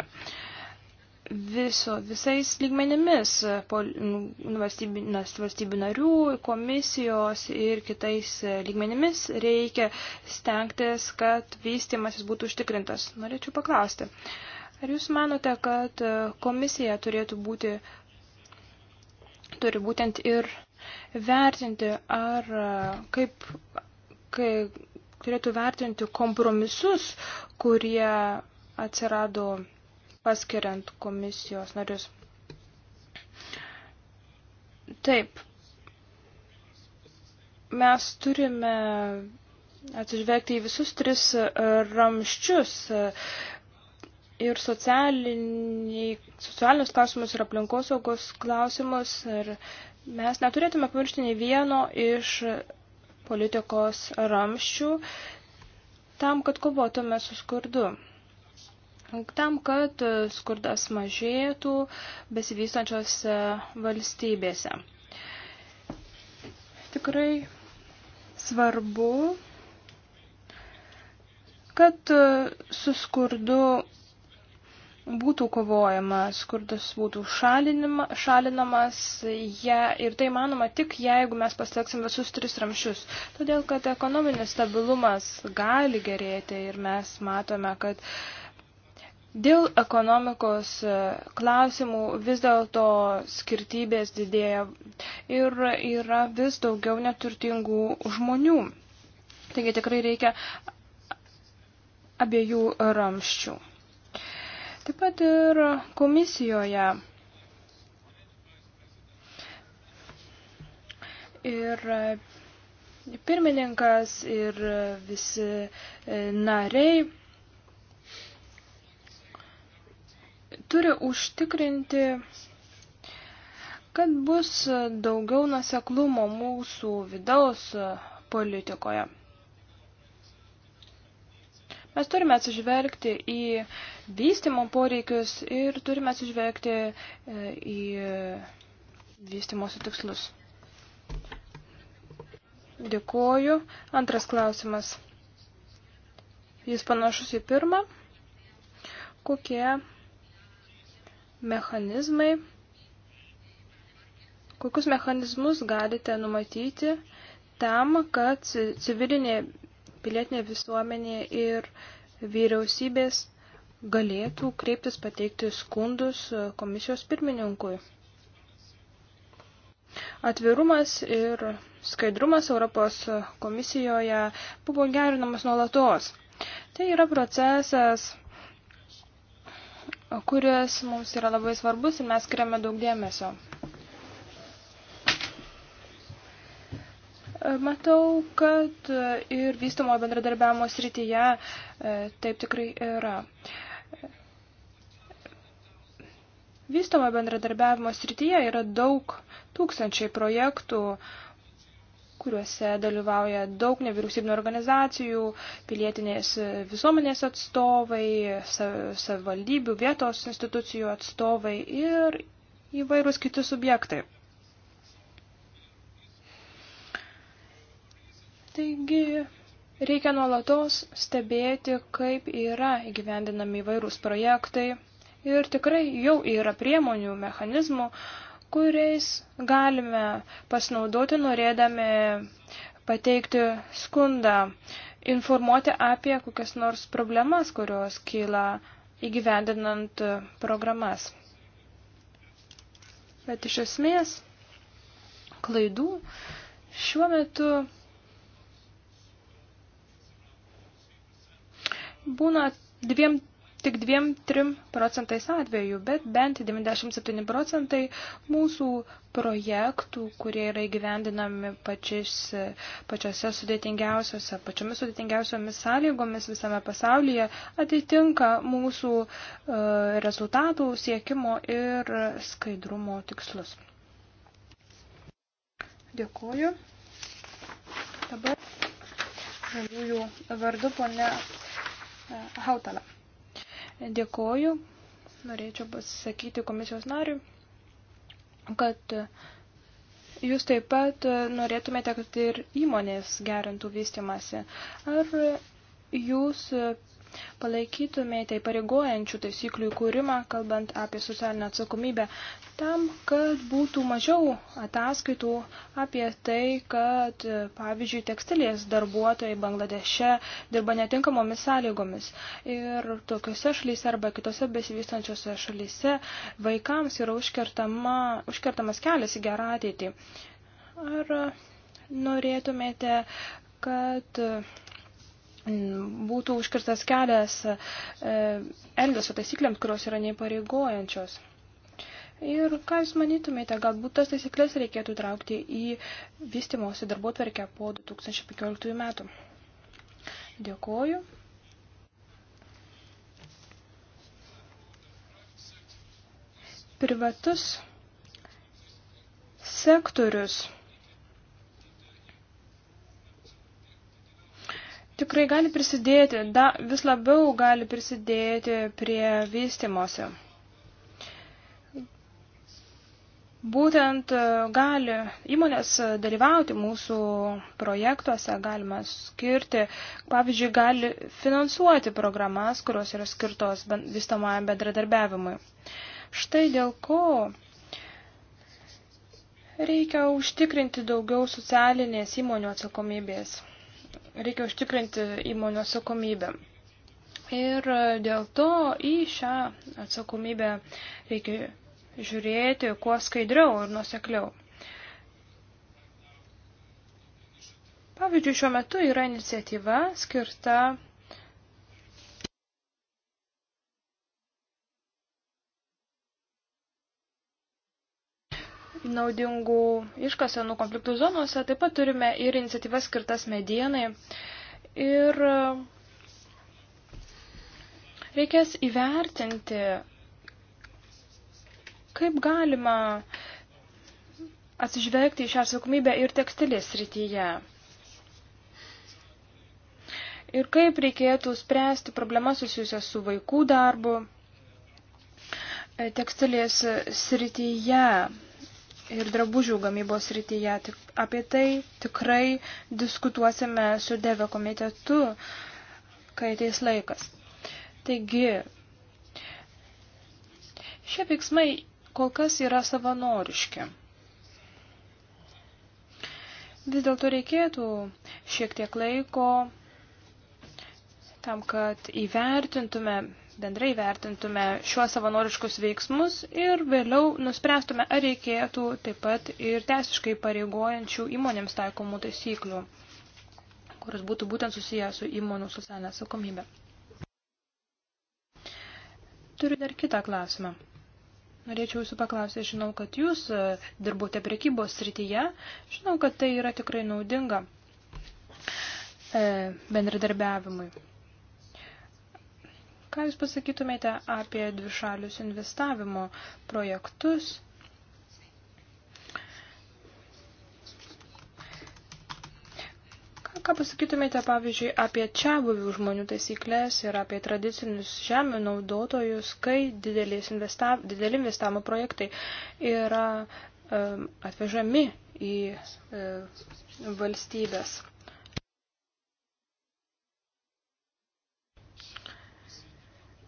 viso, visais lygmenimis pol, nu, valstybių, nes, valstybių narių, komisijos ir kitais lygmenimis reikia stengtis, kad vystimasis būtų užtikrintas. Norėčiau paklausti. Uh, Ar jūs manote, kad e, komisija turėtų būti, turi būtent ir vertinti, ar e, kaip, kaip turėtų vertinti kompromisus, kurie atsirado paskiriant komisijos narius? Taip. Mes turime atsižvelgti į visus tris e, ramščius ir socialinius klausimus, ir aplinkosaugos klausimus. Ir mes neturėtume pamiršti nei vieno iš politikos ramščių tam, kad kovotume su skurdu. Tam, kad skurdas mažėtų besivystančiose valstybėse. Tikrai svarbu kad su skurdu būtų kovojama, skurdas būtų šalinima, šalinamas ja, ir tai manoma tik jeigu mes pasieksim visus tris ramšius. Todėl, kad ekonominis stabilumas gali gerėti ir mes matome, kad dėl ekonomikos e, klausimų vis dėlto skirtybės didėja ir yra vis daugiau neturtingų žmonių. Taigi tikrai reikia abiejų ramščių. Taip pat ir komisijoje. Ir pirmininkas ir visi e, nariai turi užtikrinti, kad bus daugiau nuseklumo mūsų vidaus politikoje. Mes turime atsižvelgti į vystimo poreikius ir turime atsižvelgti e, į vystimosi tikslus. Dėkuoju. Antras klausimas. Jis panašus į pirmą. Kokie mechanizmai, kokius mechanizmus galite numatyti tam, kad civilinė pilietinė visuomenė ir vyriausybės galėtų kreiptis pateikti skundus komisijos pirmininkui. Atvirumas ir skaidrumas Europos komisijoje buvo gerinamas nuolatos. Tai yra procesas, kuris mums yra labai svarbus ir mes skiriame daug dėmesio. Matau, kad e, ir vystomo bendradarbiavimo srityje e, taip tikrai yra. Vystomo bendradarbiavimo srityje yra daug tūkstančiai projektų, kuriuose dalyvauja daug nevyriausybinio organizacijų, pilietinės visuomenės atstovai, savivaldybių, vietos institucijų atstovai ir įvairūs kiti subjektai. Taigi reikia nuolatos stebėti, kaip yra įgyvendinami įvairūs projektai ir tikrai jau yra priemonių, mechanizmų, kuriais galime pasinaudoti norėdami pateikti skundą, informuoti apie kokias nors problemas, kurios kyla įgyvendinant programas. Bet iš esmės klaidų šiuo metu būna dviem, tik 2-3 procentais atveju, bet bent 97 procentai mūsų projektų, kurie yra įgyvendinami pačiais, pačiose sudėtingiausiose, pačiomis sudėtingiausiomis sąlygomis visame pasaulyje, atitinka mūsų e, rezultatų siekimo ir skaidrumo tikslus. Dėkuoju. Dabar žaliųjų vardu ponia Hautala. Dėkoju. Norėčiau pasakyti komisijos nariui, kad jūs taip pat norėtumėte, kad ir įmonės gerintų vystimasi. Ar jūs palaikytumėte įpareigojančių taisyklių įkūrimą, kalbant apie socialinę atsakomybę, tam, kad būtų mažiau ataskaitų apie tai, kad, pavyzdžiui, tekstilės darbuotojai Bangladeše dirba netinkamomis sąlygomis. Ir tokiuose šalyse arba kitose besivystančiose šalyse vaikams yra užkertamas kelias į gerą ateitį. Ar norėtumėte, kad būtų užkirtas kelias e, elgesio taisyklėms, kurios yra neįpareigojančios. Ir ką Jūs manytumėte, galbūt tas taisyklės reikėtų traukti į vystimosi darbo tvarkę po 2015 metų. Dėkoju. Privatus sektorius tikrai gali prisidėti, da, vis labiau gali prisidėti prie vystimosi. Būtent e, gali įmonės dalyvauti mūsų projektuose, galima skirti, pavyzdžiui, gali finansuoti programas, kurios yra skirtos vystamajam bendradarbiavimui. Štai dėl ko reikia užtikrinti daugiau socialinės įmonių atsakomybės reikia užtikrinti įmonių atsakomybę. Ir e, dėl to į šią atsakomybę reikia žiūrėti kuo skaidriau ir nusekliau. Pavyzdžiui, šiuo metu yra iniciatyva skirta naudingų iškasenų konfliktų zonuose. Taip pat turime ir iniciatyvas skirtas medienai. Ir e, reikės įvertinti, kaip galima atsižvelgti į šią atsakomybę ir tekstilės srityje. Ir kaip reikėtų spręsti problemas susijusias su vaikų darbu e, tekstilės srityje ir drabužių gamybos rytyje. Tik apie tai tikrai diskutuosime su Deve komitetu, kai ateis laikas. Taigi, šie veiksmai kol kas yra savanoriški. Vis dėlto reikėtų šiek tiek laiko tam, kad įvertintume bendrai vertintume šiuos savanoriškus veiksmus ir vėliau nuspręstume, ar reikėtų taip pat ir teisiškai pareigojančių įmonėms taikomų taisyklių, kuris būtų būtent susijęs su įmonių socialinė atsakomybė. Turiu dar kitą klausimą. Norėčiau jūsų paklausyti, žinau, kad jūs e, dirbote prekybos srityje, žinau, kad tai yra tikrai naudinga e, bendradarbiavimui. Ką Jūs pasakytumėte apie dvišalius investavimo projektus? Ką pasakytumėte, pavyzdžiui, apie čia buvių žmonių taisyklės ir apie tradicinius žemių naudotojus, kai dideli investavimo projektai yra um, atvežami į um, valstybės?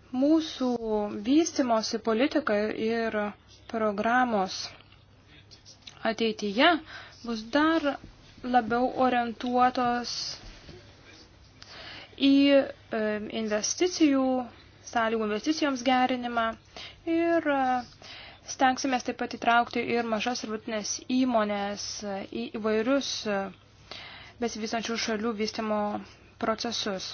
Mūsų vystimosi politika ir programos ateityje bus dar labiau orientuotos į e, investicijų, sąlygų investicijoms gerinimą ir e, stengsimės taip pat įtraukti ir mažas ir būtinės įmonės į įvairius e, besivystančių šalių vystimo procesus.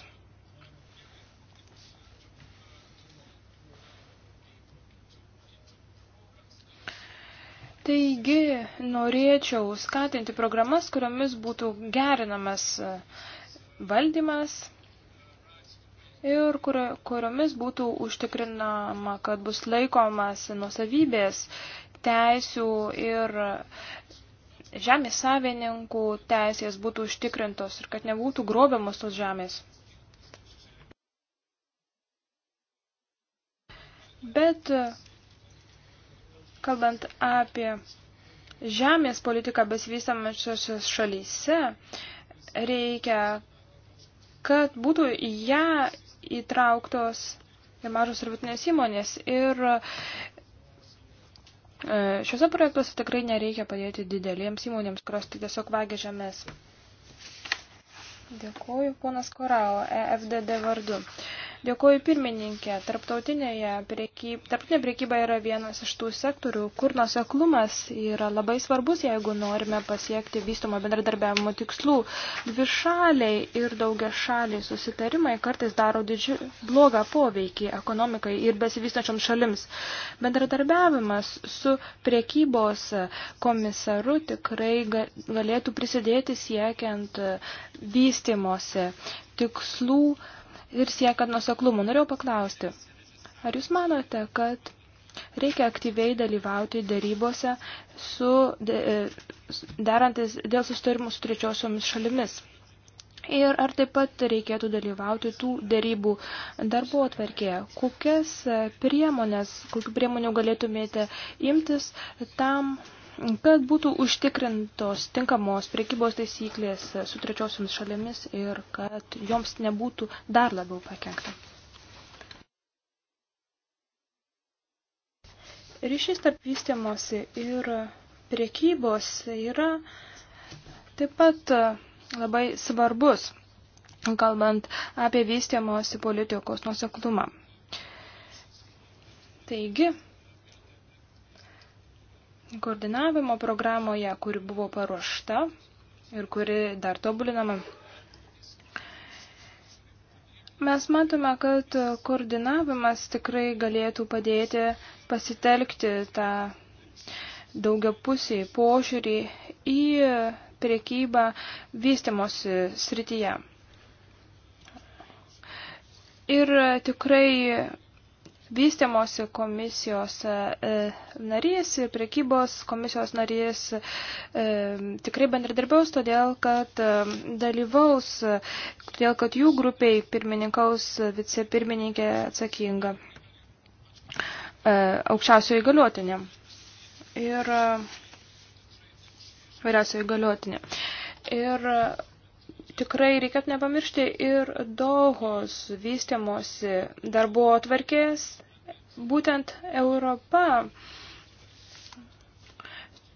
Taigi norėčiau skatinti programas, kuriomis būtų gerinamas e, valdymas ir kurio, kuriomis būtų užtikrinama, kad bus laikomas nusavybės teisių ir žemės savininkų teisės būtų užtikrintos ir kad nebūtų grobiamos tos žemės. Bet Kalbant apie žemės politiką besivystamačiose šalyse, reikia, kad būtų ją įtrauktos ir mažos ir vidutinės įmonės. Ir e, šiuose projektuose tikrai nereikia padėti didelėms įmonėms, kurios tiesiog vagia žemės. Dėkuoju, ponas Korao, EFDD vardu. Uh, Dėkuoju pirmininkė. Tarptautinė priekyba yra vienas iš tų sektorių, kur nuseklumas yra labai svarbus, jeigu norime pasiekti vystomo bendradarbiavimo tikslų. Dvi šaliai ir daugia šaliai susitarimai kartais daro didžiu blogą poveikį ekonomikai ir besivystančiom šalims. Bendradarbiavimas su priekybos komisaru tikrai galėtų prisidėti siekiant vystimosi tikslų ir siekiant nuseklumo. Norėjau paklausti, ar jūs manote, kad reikia aktyviai dalyvauti dėrybose su e, derantis dėl sustarimų su trečiosiomis šalimis? Ir ar taip pat reikėtų dalyvauti tų dėrybų darbo atverkėje? Kokias priemonės, kokiu priemonių galėtumėte imtis tam, kad būtų užtikrintos tinkamos priekybos taisyklės su trečiosiomis šalimis ir kad joms nebūtų dar labiau pakengta. Ryšys tarp vystiamosi ir priekybos yra taip pat labai svarbus, kalbant apie vystiamosi politikos nuseklumą. Taigi, koordinavimo programoje, kuri buvo paruošta ir kuri dar tobulinama. Mes matome, kad koordinavimas tikrai galėtų padėti pasitelkti tą daugiapusį požiūrį į priekybą vystimosi srityje. Ir tikrai vystimosi komisijos e, e, narys ir prekybos komisijos narys e, tikrai bendradarbiaus, todėl kad dalyvaus, todėl kad jų grupiai pirmininkaus vicepirmininkė atsakinga aukščiausio įgaliotinė ir vyriausio įgaliotinė. Ir tikrai reikėtų nepamiršti ir Dohos vystimosi darbo atvarkės. Būtent Europa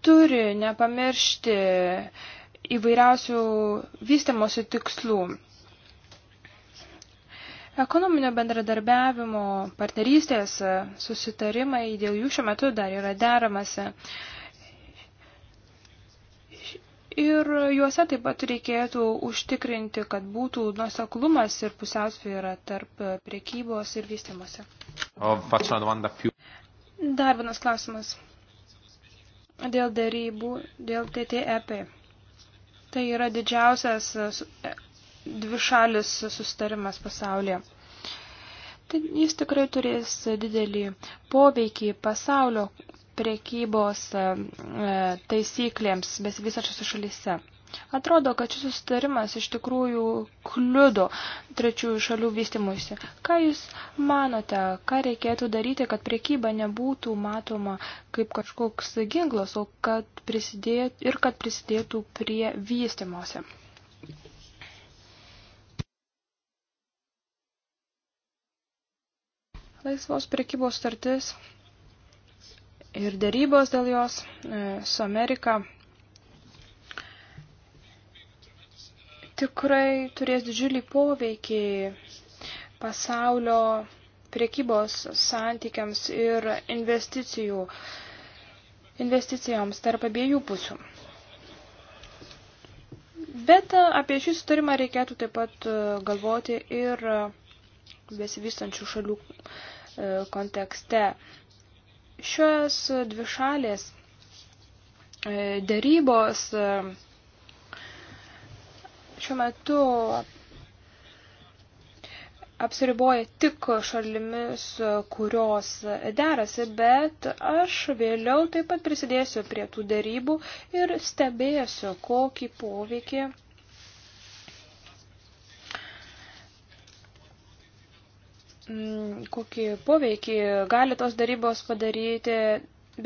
turi nepamiršti įvairiausių vystimosi tikslų. Ekonominio bendradarbiavimo partnerystės susitarimai dėl jų šiuo metu dar yra deramasi. Ir juose taip pat reikėtų užtikrinti, kad būtų nuoseklumas ir pusiausvyrą tarp priekybos ir vystimuose. Dar vienas klausimas. Dėl dėrybų, dėl TTEP. Tai yra didžiausias e, dvišalis sustarimas pasaulyje. Tai jis tikrai turės didelį poveikį pasaulio priekybos e, e, taisyklėms besivysačiose šalyse. Atrodo, kad šis sustarimas iš tikrųjų kliudo trečiųjų šalių vystimuisi. Ką Jūs manote, ką reikėtų daryti, kad priekyba nebūtų matoma kaip kažkoks ginklas, o kad prisidėtų ir kad prisidėtų prie vystimuose? Laisvos priekybos startis ir dėrybos dėl jos e, su Amerika tikrai turės didžiulį poveikį pasaulio priekybos santykiams ir investicijų, investicijoms tarp abiejų pusių. Bet apie šį sutarimą reikėtų taip pat e, galvoti ir besivystančių šalių e, kontekste. Šios dvi šalės e, dėrybos e, šiuo metu apsiriboja tik šalimis, kurios derasi, bet aš vėliau taip pat prisidėsiu prie tų dėrybų ir stebėsiu, kokį poveikį Mm, kokį poveikį gali tos darybos padaryti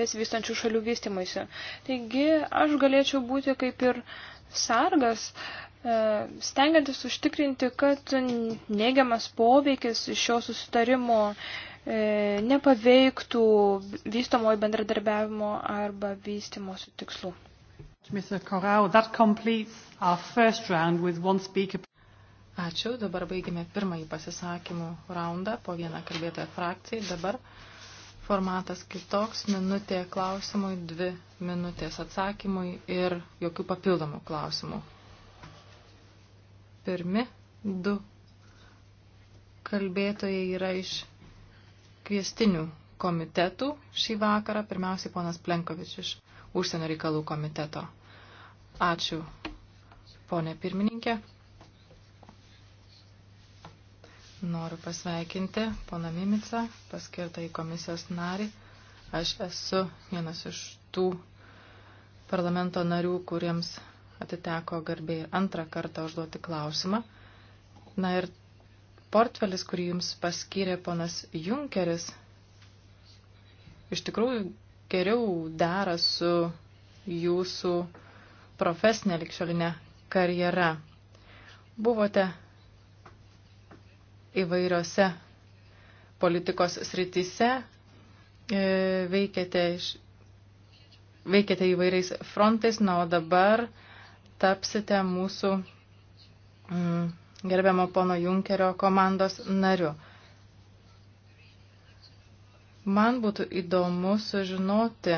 besivystančių šalių vystimuisi. Taigi aš galėčiau būti kaip ir sargas, e, stengiantis užtikrinti, kad neigiamas poveikis iš šio susitarimo e, nepaveiktų vystomojo bendradarbiavimo arba vystimosi tikslų. Mr. Corral, that completes our first round with one speaker. Ačiū. Dabar baigėme pirmąjį pasisakymų raundą po vieną kalbėtoją frakcijai. Dabar formatas kitoks. Minutė klausimui, dvi minutės atsakymui ir jokių papildomų klausimų. Pirmi du kalbėtojai yra iš kviestinių komitetų šį vakarą. Pirmiausiai ponas Plenkovič iš užsienio reikalų komiteto. Ačiū, ponė pirmininkė. Noriu pasveikinti poną Mimicą, paskirtą į komisijos narį. Aš esu vienas iš tų parlamento narių, kuriems atiteko garbė antrą kartą užduoti klausimą. Na ir portfelis, kurį jums paskyrė ponas Junkeris, iš tikrųjų geriau dera su jūsų profesinė likščiolinė karjera. Buvote įvairiose politikos srityse, e, veikėte, iš, veikėte įvairiais frontais, na o dabar tapsite mūsų mm, gerbiamo pono Junkerio komandos nariu. Man būtų įdomu sužinoti,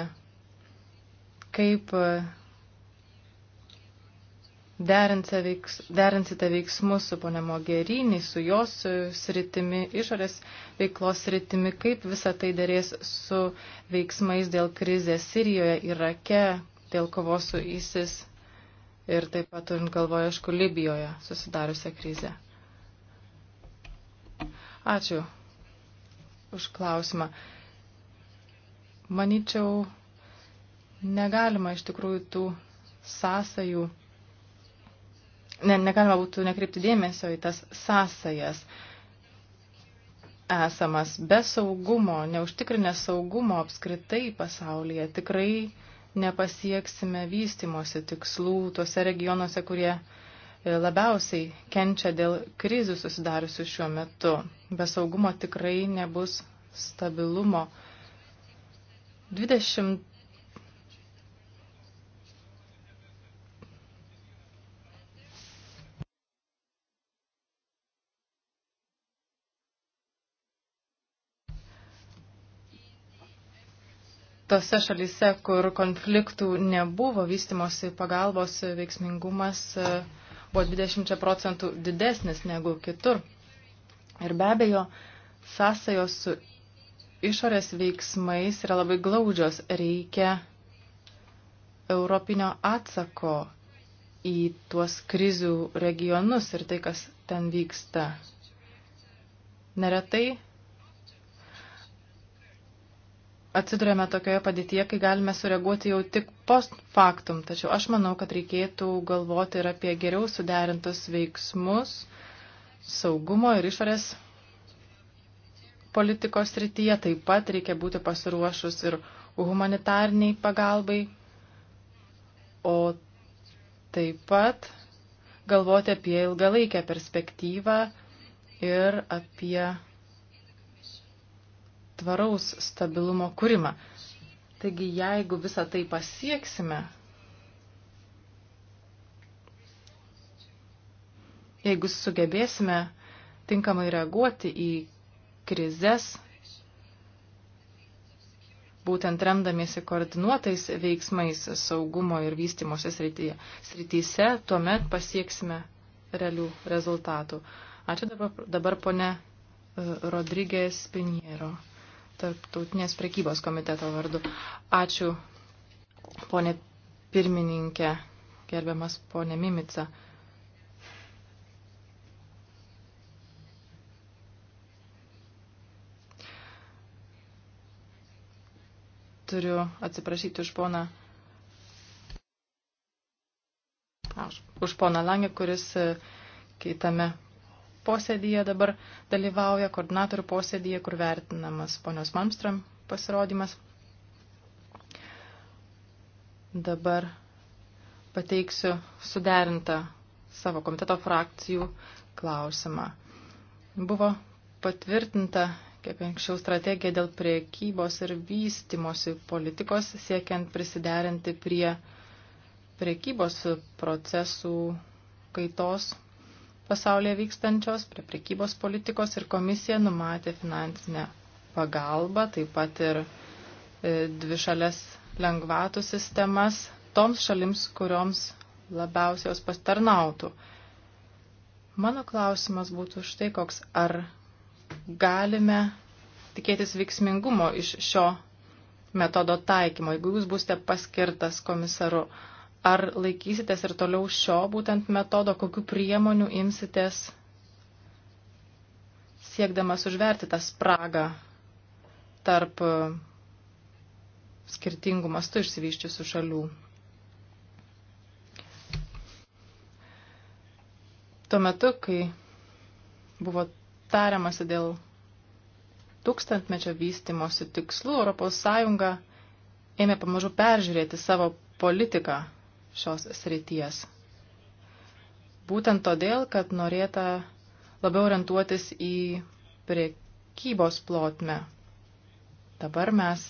kaip derinsite, veiks, derinsite veiksmus su ponė Mogerinį, su jos sritimi, išorės veiklos sritimi, kaip visa tai dėrės su veiksmais dėl krizės Sirijoje, Irake, dėl kovos su ISIS ir taip pat turint galvoje, aišku, Libijoje susidariusią krizę. Ačiū už klausimą. Manyčiau, negalima iš tikrųjų tų sąsajų ne, negalima būtų nekreipti dėmesio į tas sąsajas esamas. Be saugumo, neužtikrinę saugumo apskritai pasaulyje tikrai nepasieksime vystimosi tikslų tuose regionuose, kurie e, labiausiai kenčia dėl krizių susidariusių šiuo metu. Be saugumo tikrai nebus stabilumo. 20 tose šalise, kur konfliktų nebuvo, vystimosi pagalbos veiksmingumas e, buvo 20 procentų didesnis negu kitur. Ir be abejo, sąsajos su išorės veiksmais yra labai glaudžios. Reikia europinio atsako į tuos krizių regionus ir tai, kas ten vyksta. Neretai atsidurėme tokioje padėtyje, kai galime sureaguoti jau tik post factum. Tačiau aš manau, kad reikėtų galvoti ir apie geriau suderintus veiksmus saugumo ir išorės politikos srityje. Taip pat reikia būti pasiruošus ir humanitarniai pagalbai. O taip pat galvoti apie ilgalaikę perspektyvą ir apie tvaraus stabilumo kūrimą. Taigi, jeigu visą tai pasieksime, jeigu sugebėsime tinkamai reaguoti į krizės, būtent remdamiesi koordinuotais veiksmais saugumo ir vystimosi srityse, tuomet pasieksime realių rezultatų. Ačiū dabar, dabar pone e, Rodrygės Piniero. Tarptautinės prekybos komiteto vardu. Ačiū, ponė pirmininkė, gerbiamas ponė Mimica. Turiu atsiprašyti už poną už poną Langę, kuris e, kitame posėdyje dabar dalyvauja, koordinatorių posėdyje, kur vertinamas ponios Malmström pasirodymas. Dabar pateiksiu suderintą savo komiteto frakcijų klausimą. Buvo patvirtinta, kaip anksčiau, strategija dėl priekybos ir vystimosi politikos, siekiant prisiderinti prie priekybos procesų kaitos pasaulyje vykstančios, prie prekybos politikos ir komisija numatė finansinę pagalbą, taip pat ir e, dvi šalės lengvatų sistemas toms šalims, kurioms labiausiai jos pastarnautų. Mano klausimas būtų štai koks, ar galime tikėtis veiksmingumo iš šio metodo taikymo, jeigu jūs būsite paskirtas komisaru, Ar laikysitės ir toliau šio būtent metodo, kokiu priemonių imsitės siekdamas užverti tą spragą tarp e, skirtingų mastų išsivyščiusių šalių? Tuo metu, kai buvo tariamasi dėl tūkstantmečio vystimosi tikslų, ES ėmė pamažu peržiūrėti savo politiką šios srities. Būtent todėl, kad norėta labiau orientuotis į priekybos plotmę. Dabar mes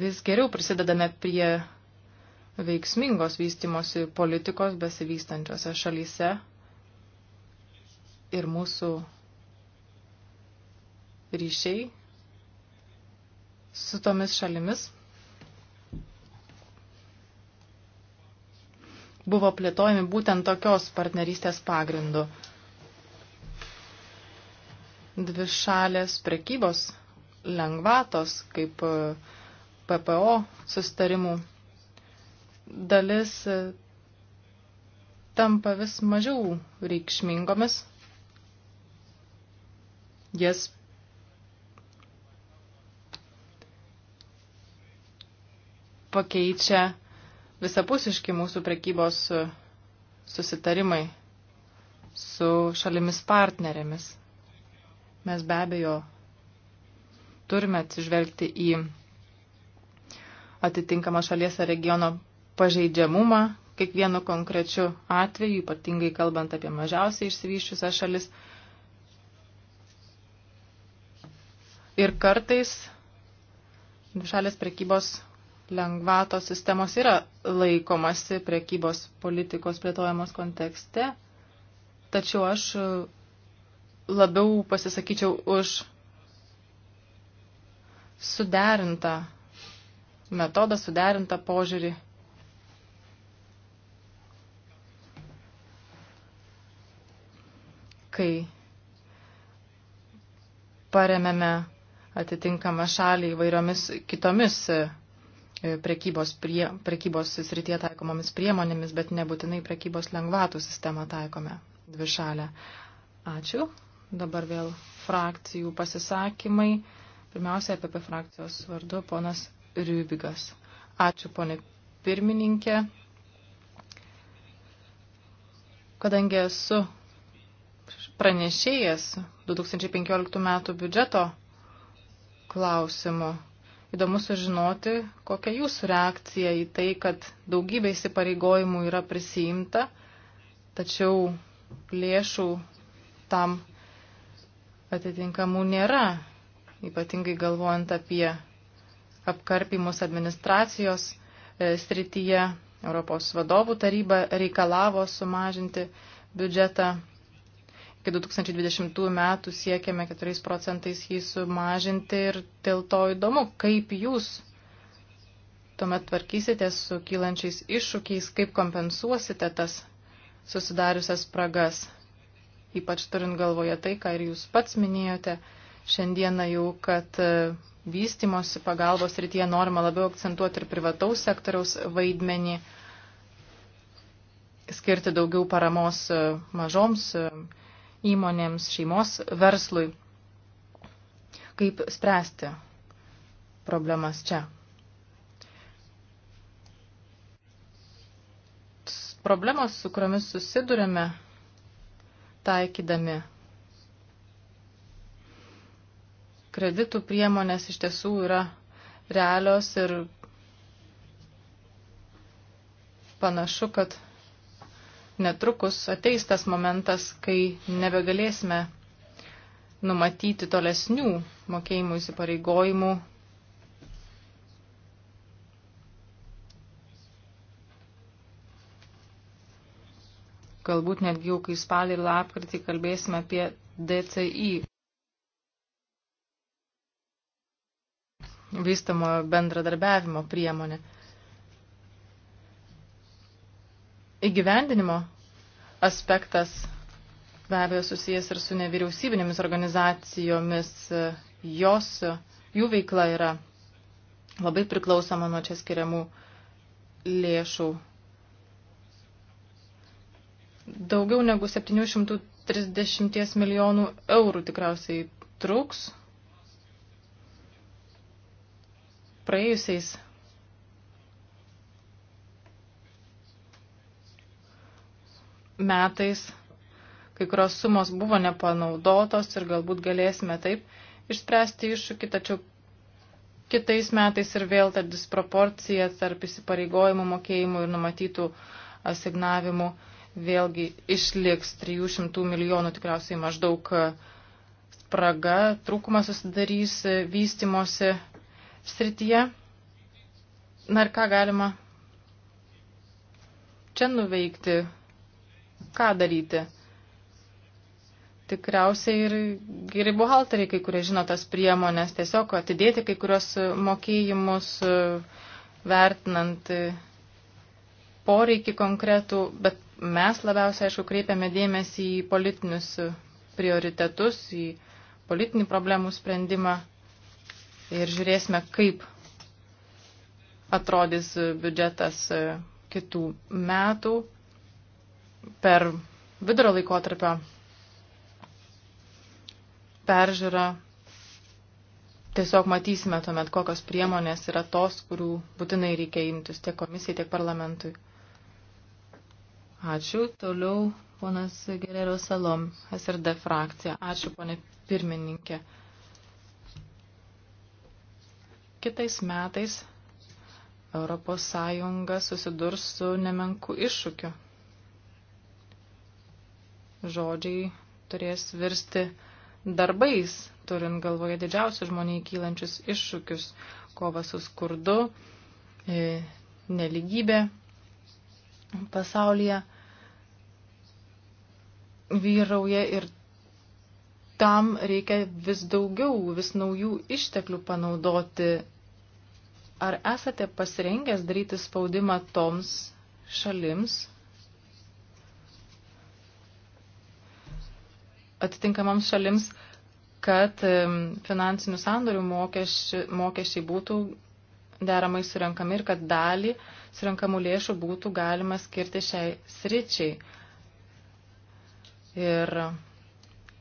vis geriau prisidedame prie veiksmingos vystimosi politikos besivystančiose šalyse ir mūsų ryšiai su tomis šalimis buvo plėtojami būtent tokios partnerystės pagrindu. Dvi šalės prekybos lengvatos, kaip e, PPO sustarimų dalis e, tampa vis mažiau reikšmingomis. Jas pakeičia visapusiški mūsų prekybos e, susitarimai su šalimis partnerėmis. Mes be abejo turime atsižvelgti į atitinkamą šalies ar regiono pažeidžiamumą kiekvienu konkrečiu atveju, ypatingai kalbant apie mažiausiai išsivyščiusią šalis. Ir kartais šalės prekybos lengvato sistemos yra laikomasi prekybos politikos plėtojamos kontekste, tačiau aš labiau pasisakyčiau už suderintą metodą, suderintą požiūrį. Kai paremėme atitinkamą šalį įvairiomis kitomis E, prekybos, prie, prekybos srityje taikomomis priemonėmis, bet nebūtinai prekybos lengvatų sistemą taikome dvišalę. Ačiū. Dabar vėl frakcijų pasisakymai. Pirmiausia, apie frakcijos vardu ponas Rybigas. Ačiū, ponė pirmininkė. Kadangi esu pranešėjas 2015 metų biudžeto klausimų, Įdomu sužinoti, kokia jūsų reakcija į tai, kad daugybė įsipareigojimų yra prisijimta, tačiau lėšų tam atitinkamų nėra, ypatingai galvojant apie apkarpimus administracijos e, srityje. Europos vadovų taryba reikalavo sumažinti biudžetą iki 2020 metų siekiame 4 procentais jį sumažinti ir dėl to įdomu, kaip jūs tuomet tvarkysitės su kylančiais iššūkiais, kaip kompensuosite tas susidariusias spragas, ypač turint galvoje tai, ką ir jūs pats minėjote šiandieną jau, kad e, vystimosi pagalbos rytyje norima labiau akcentuoti ir privataus sektoriaus vaidmenį, skirti daugiau paramos e, mažoms e, įmonėms, šeimos verslui, kaip spręsti problemas čia. Problemos, su kuriomis susidurėme, taikydami kreditų priemonės iš tiesų yra realios ir panašu, kad netrukus ateis tas momentas, kai nebegalėsime numatyti tolesnių mokėjimų įsipareigojimų galbūt netgi jau kai spalį ir lapkritį kalbėsime apie DCI. Vystamojo bendradarbiavimo priemonė. įgyvendinimo aspektas be abejo susijęs ir su nevyriausybinėmis organizacijomis. Jos, jų veikla yra labai priklausoma nuo čia skiriamų lėšų. Daugiau negu 730 milijonų eurų tikriausiai truks. Praėjusiais metais kai kurios sumos buvo nepanaudotos ir galbūt galėsime taip išspręsti iššūkį, tačiau kitais metais ir vėl ta disproporcija tarp įsipareigojimų mokėjimų ir numatytų asignavimų vėlgi išliks 300 milijonų tikriausiai maždaug spraga, trūkumas susidarys vystimosi srityje. Na ir ką galima čia nuveikti ką daryti. Tikriausiai ir geri buhalteriai, kai kurie žino tas priemonės, tiesiog atidėti kai kurios mokėjimus, vertinant poreikį konkretų, bet mes labiausiai, aišku, kreipiame dėmesį į politinius prioritetus, į politinį problemų sprendimą ir žiūrėsime, kaip atrodys biudžetas kitų metų per vidurio laikotarpio peržiūrą tiesiog matysime tuomet, kokios priemonės yra tos, kurių būtinai reikia imtis tiek komisijai, tiek parlamentui. Ačiū. Toliau ponas Gerero Salom, SRD frakcija. Ačiū, ponė pirmininkė. Kitais metais Europos Sąjunga susidurs su nemenku iššūkiu žodžiai turės virsti darbais, turint galvoje didžiausius žmoniai kylančius iššūkius - kova su skurdu, e, neligybė pasaulyje vyrauja ir tam reikia vis daugiau, vis naujų išteklių panaudoti. Ar esate pasirengęs daryti spaudimą toms šalims, atitinkamoms šalims, kad finansinių sandorių mokesčiai, mokesčiai būtų deramai surinkami ir kad dalį surinkamų lėšų būtų galima skirti šiai sričiai. Ir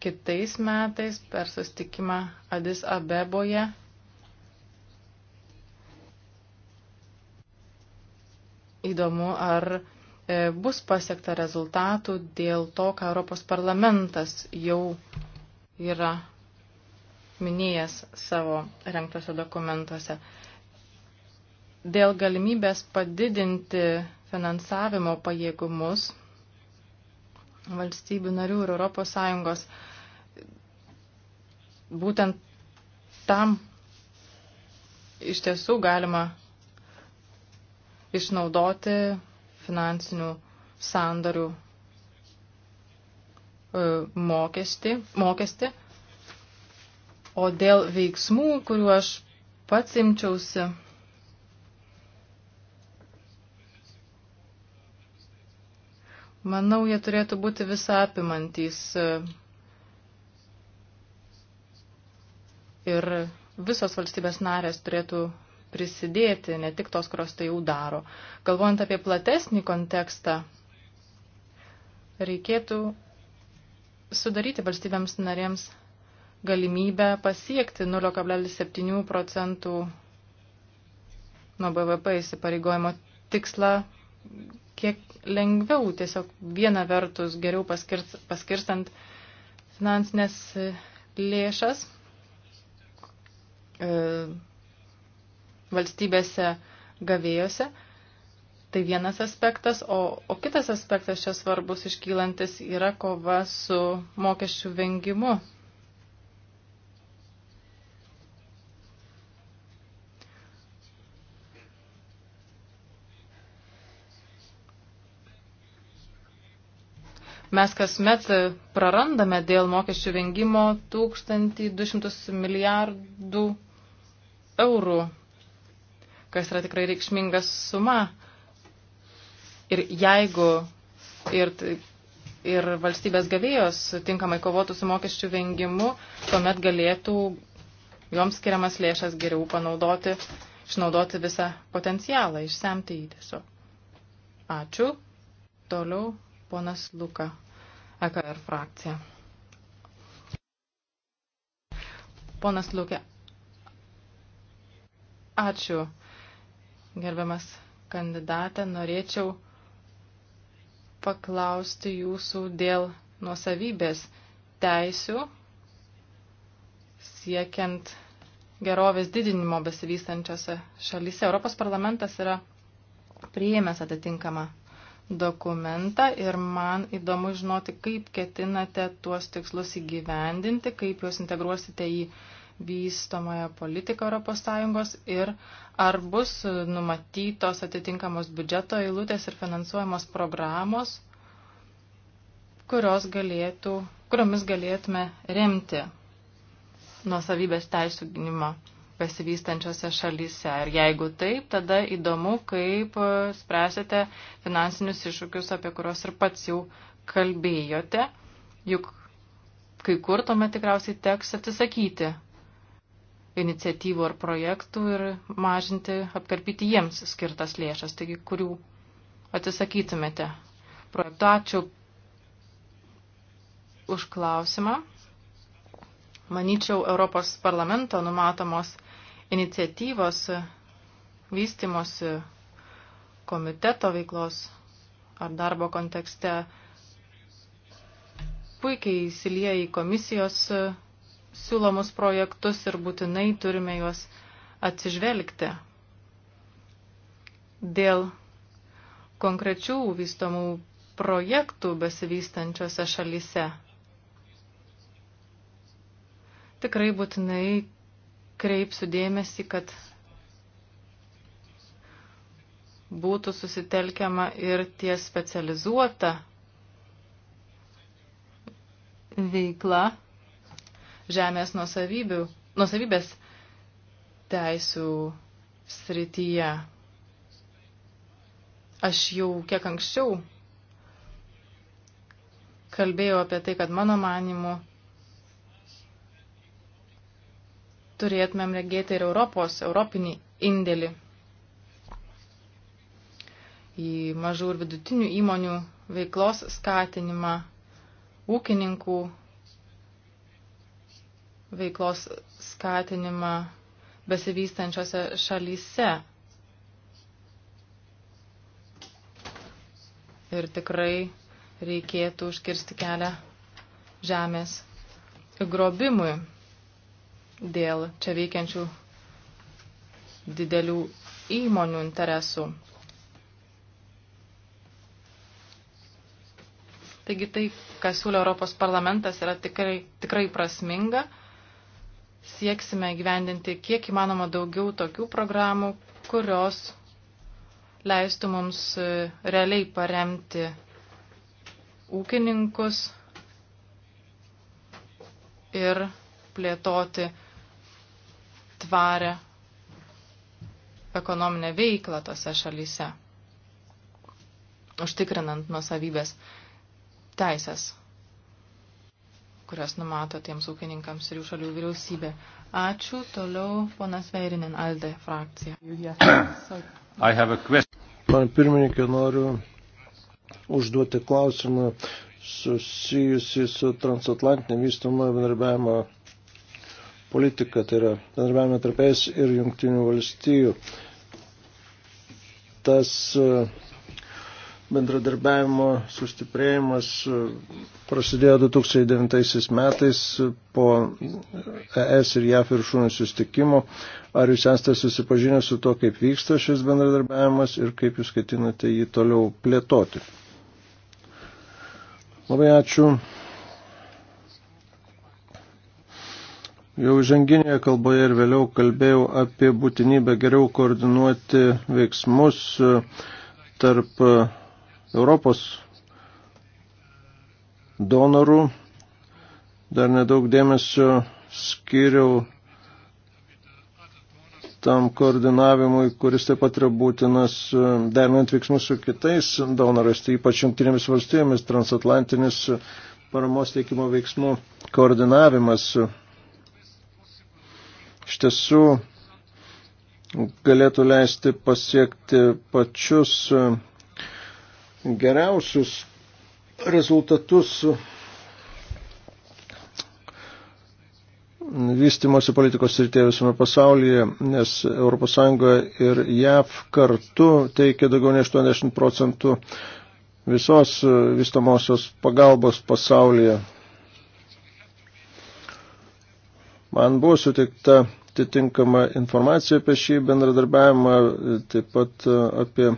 kitais metais per sustikimą Adis Abeboje įdomu, ar E, bus pasiekta rezultatų dėl to, ką Europos parlamentas jau yra minėjęs savo renktose dokumentuose. Dėl galimybės padidinti finansavimo pajėgumus valstybių narių ir Europos Sąjungos būtent tam iš tiesų galima išnaudoti finansinių sandarių e, mokestį, mokestį. O dėl veiksmų, kuriuo aš pats imčiausi, manau, jie turėtų būti visą apimantys e, ir visos valstybės narės turėtų prisidėti, ne tik tos, kurios tai jau daro. Galvojant apie platesnį kontekstą, reikėtų sudaryti valstybėms narėms galimybę pasiekti 0,7 procentų nuo BVP įsipareigojimo tikslą kiek lengviau, tiesiog viena vertus geriau paskirstant finansinės lėšas, e, valstybėse gavėjose. Tai vienas aspektas, o, o kitas aspektas čia svarbus iškylantis yra kova su mokesčių vengimu. Mes kasmet prarandame dėl mokesčių vengimo 1200 milijardų eurų kas yra tikrai reikšminga suma. Ir jeigu ir, ir valstybės gavėjos tinkamai kovotų su mokesčių vengimu, tuomet galėtų joms skiriamas lėšas geriau panaudoti, išnaudoti visą potencialą, išsemti jį tiesiog. Ačiū. Toliau ponas Luka, EKR frakcija. Ponas Lukė, ačiū gerbiamas kandidatą, norėčiau paklausti jūsų dėl nuosavybės teisių siekiant gerovės didinimo besivystančiose šalyse. Europos parlamentas yra priėmęs atitinkamą dokumentą ir man įdomu žinoti, kaip ketinate tuos tikslus įgyvendinti, kaip juos integruosite į vystomąją politiką ES ir ar bus numatytos atitinkamos biudžeto eilutės ir finansuojamos programos, kurios galėtų, kuriomis galėtume remti nuosavybės teisų gynimo besivystančiose šalyse. Ir jeigu taip, tada įdomu, kaip spręsite finansinius iššūkius, apie kuriuos ir pats jau kalbėjote. Juk kai kur tuomet tikriausiai teks atsisakyti iniciatyvų ar projektų ir mažinti, apkarpyti jiems skirtas lėšas, taigi kurių atsisakytumėte projektų. Ačiū už klausimą. Manyčiau, Europos parlamento numatomos iniciatyvos vystimosi komiteto veiklos ar darbo kontekste puikiai įsilieja į komisijos siūlomus projektus ir būtinai turime juos atsižvelgti. Dėl konkrečių vystomų projektų besivystančiose šalyse. Tikrai būtinai kreipsiu dėmesį, kad būtų susitelkiama ir ties specializuota veikla žemės nusavybės teisų srityje. Aš jau kiek anksčiau kalbėjau apie tai, kad mano manimu turėtumėm regėti ir Europos, europinį indėlį į mažų ir vidutinių įmonių veiklos skatinimą, ūkininkų veiklos skatinimą besivystančiose šalyse. Ir tikrai reikėtų užkirsti kelią žemės grobimui dėl čia veikiančių didelių įmonių interesų. Taigi tai, ką siūlė Europos parlamentas, yra tikrai, tikrai prasminga sieksime gyvendinti kiek įmanoma daugiau tokių programų, kurios leistų mums e, realiai paremti ūkininkus ir plėtoti tvarę ekonominę veiklą tose šalyse, užtikrinant nuosavybės teisės kurias numato tiems ūkininkams ir jų šalių vyriausybė. Ačiū. Toliau ponas Veirinin, Alde frakcija. Man pirmininkė noriu užduoti klausimą susijusi su transatlantinė vystoma bendarbiavimo politika, tai yra bendarbiavimo tarp ES ir jungtinių valstijų. Tas uh, bendradarbiavimo sustiprėjimas e, prasidėjo 2009 metais po ES ir JAF viršūnių sustikimo. Ar jūs esate susipažinę su to, kaip vyksta šis bendradarbiavimas ir kaip jūs ketinate jį toliau plėtoti? Labai ačiū. Jau ženginėje kalboje ir vėliau kalbėjau apie būtinybę geriau koordinuoti veiksmus e, tarp e, Europos donorų dar nedaug dėmesio skiriau tam koordinavimui, kuris taip pat yra būtinas e, derinant veiksmus su kitais donorais, tai ypač jungtinėmis valstybėmis, transatlantinis paramos teikimo veiksmų koordinavimas. Iš tiesų galėtų leisti pasiekti pačius e, geriausius rezultatus vystimosi politikos srityje visame pasaulyje, nes ES ir JAV kartu teikia daugiau nei 80 procentų visos vystamosios pagalbos pasaulyje. Man buvo sutikta atitinkamą informaciją apie šį bendradarbiavimą, taip pat e, apie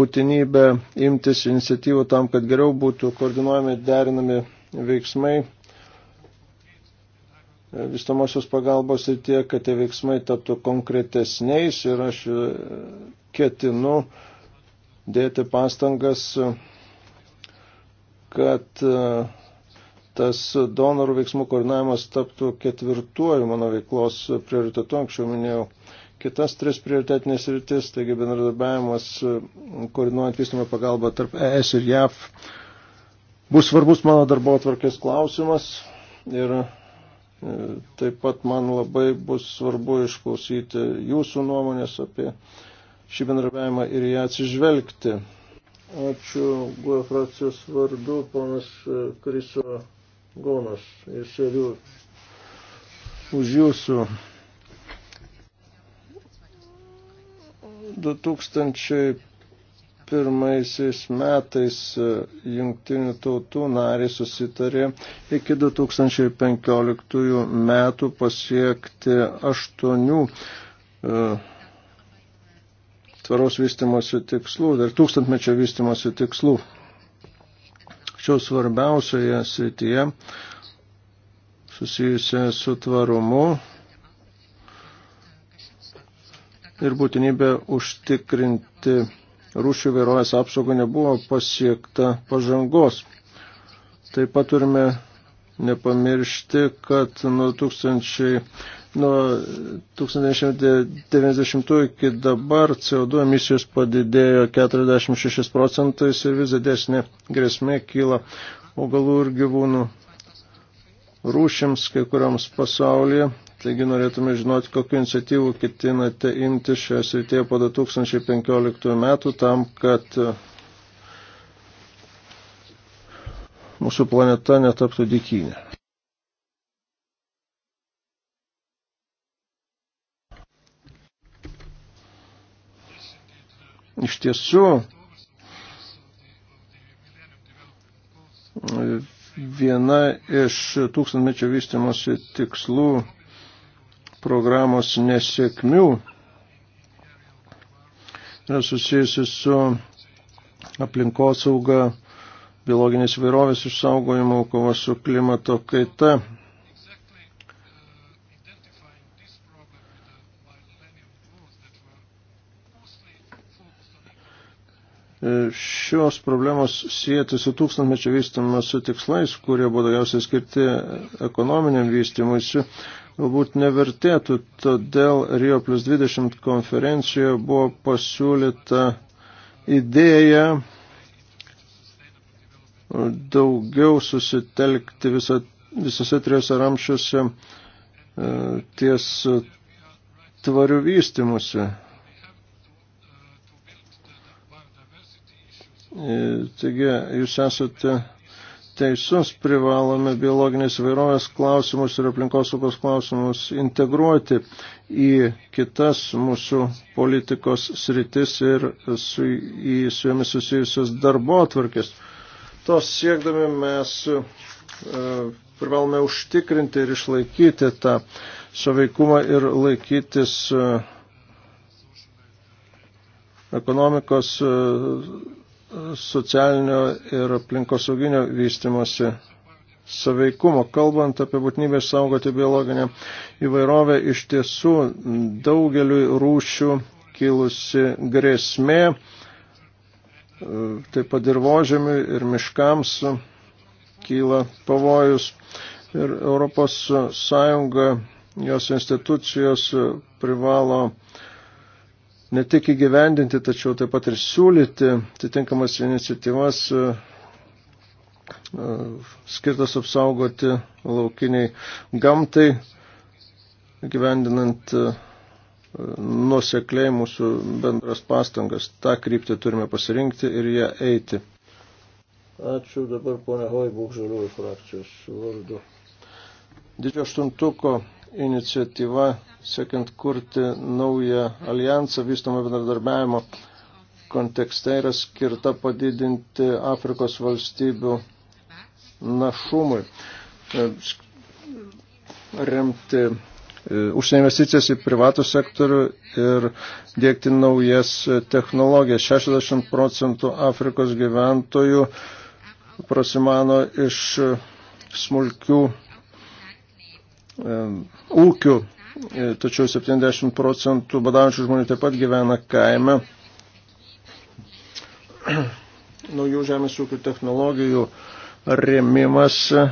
būtinybę imtis iniciatyvų tam, kad geriau būtų koordinuojami derinami veiksmai e, vystamosios pagalbos ir tie, kad tie veiksmai taptų konkretesniais ir aš e, ketinu dėti pastangas, kad uh, tas donorų veiksmų koordinavimas taptų ketvirtuoju mano veiklos prioritetu, anksčiau minėjau kitas tris prioritetinės rytis, taigi bendradarbiavimas koordinuojant vystumą pagalbą tarp ES ir JAV bus svarbus mano darbo atvarkės klausimas ir e, taip pat man labai bus svarbu išklausyti jūsų nuomonės apie šį bendradarbiavimą ir ją atsižvelgti. Ačiū, GUE frakcijos vardu, ponas Kriso Gonas iš Elių už jūsų 2000 pirmaisiais metais e, jungtinių tautų nariai susitarė iki 2015 metų pasiekti aštuonių e, tvaros vystimosi tikslų, dar tūkstantmečio vystimosi tikslų. Tačiau svarbiausioje srityje susijusia su tvarumu ir būtinybė užtikrinti rūšių vairovės apsaugą nebuvo pasiekta pažangos. Taip pat turime nepamiršti, kad nuo 2000 Nuo 1990 iki dabar CO2 emisijos padidėjo 46 procentais ir vis didesnė grėsmė kyla augalų ir gyvūnų rūšims kai kurioms pasaulyje. Taigi norėtume žinoti, kokiu iniciatyvu ketinate imti šioje srityje po 2015 metų tam, kad e, mūsų planeta netaptų dikynė. Iš tiesų, viena iš tūkstantmečio vystimosi tikslų programos nesėkmių yra susijusi su aplinkosauga, biologinės vairovės išsaugojimu, kova su klimato kaita. šios problemos sieti su tūkstantmečio vystymu su tikslais, kurie buvo daugiausiai skirti ekonominiam vystymuisi, galbūt nevertėtų. Todėl Rio plus 20 konferencijoje buvo pasiūlyta idėja daugiau susitelkti viso, visose trijose ramšiuose e, ties tvariu vystimuose. E, taigi, jūs esate teisus, privalome biologinės vairovės klausimus ir aplinkosaugos klausimus integruoti į kitas mūsų politikos sritis ir su, į su jomis susijusios darbo atvarkės. Tos siekdami mes e, privalome užtikrinti ir išlaikyti tą saveikumą ir laikytis e, ekonomikos. E, socialinio ir aplinkosauginio vystimosi saveikumo. Kalbant apie būtinybę išsaugoti biologinę įvairovę, iš tiesų daugeliu rūšių kilusi grėsmė, e, taip pat ir vožėmiui, ir miškams kyla pavojus. Ir Europos Sąjunga, jos institucijos privalo uh, ne tik įgyvendinti, tačiau taip pat ir siūlyti atitinkamas iniciatyvas e, e, skirtas apsaugoti laukiniai gamtai, gyvendinant e, nusekliai mūsų bendras pastangas. Ta kryptį turime pasirinkti ir ją eiti. Ačiū dabar ponia Hoibuk žaliųjų frakcijos vardu. Didžio aštuntuko iniciatyva, siekiant kurti naują alijansą vystomą bendradarbiavimo kontekste yra skirta padidinti Afrikos valstybių našumui, e, remti e, užsienio investicijas į privatų sektorių ir dėkti naujas technologijas. 60 procentų Afrikos gyventojų prasimano iš smulkių ūkių, e, tačiau 70 procentų badaujančių žmonių taip pat gyvena kaime. Naujų žemės ūkių technologijų rėmimas e,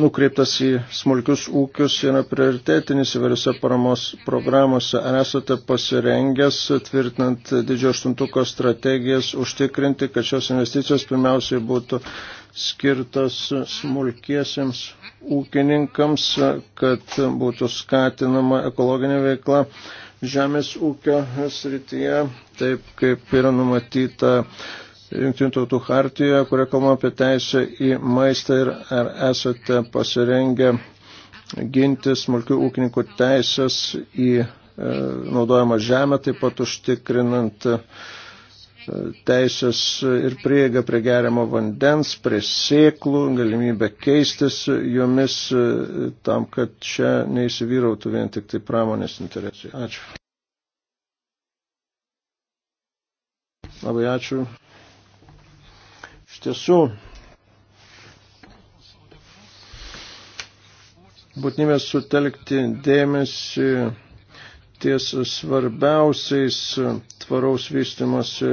nukreiptas į smulkius ūkius yra prioritetinis įvairiose paramos programuose. Ar esate pasirengęs, tvirtinant didžio aštuntuko strategijas, užtikrinti, kad šios investicijos pirmiausiai būtų skirtas smulkiesiems ūkininkams, kad būtų skatinama ekologinė veikla žemės ūkio srityje, taip kaip yra numatyta Junktinių tautų hartijoje, kuria kalbama apie teisę į maistą ir ar esate pasirengę ginti smulkių ūkininkų teisės į e, naudojamą žemę, taip pat užtikrinant uh, teisės ir prieiga prie geriamo vandens, prie sėklų, galimybę keistis jomis e, tam, kad čia neįsivyrautų vien tik tai pramonės interesai. Ačiū. Labai ačiū. Iš tiesų, būtinybė sutelkti dėmesį ties svarbiausiais tvaraus vystimosi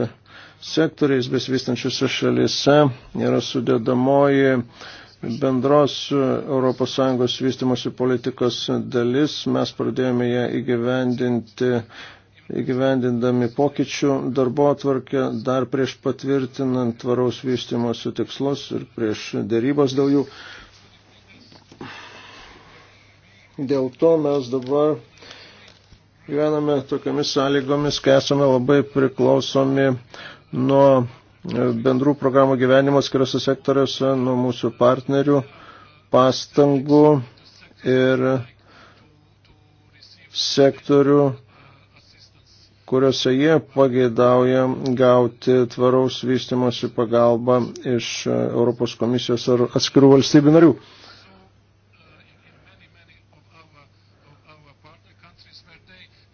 sektoriais besivystančiose šalise yra sudėdamoji bendros ES vystimosi politikos dalis. Mes pradėjome ją įgyvendinti įgyvendindami pokyčių darbo atvarkę dar prieš patvirtinant tvaraus vystimosi tikslus ir prieš dėrybas dėl jų. Dėl to mes dabar gyvename tokiamis sąlygomis, kai esame labai priklausomi nuo e, bendrų programų gyvenimo skiriuose sektoriuose, nuo mūsų partnerių pastangų ir sektorių, kuriuose jie pageidauja gauti tvaraus vystimosi pagalbą iš e, Europos komisijos ar atskirų valstybių narių.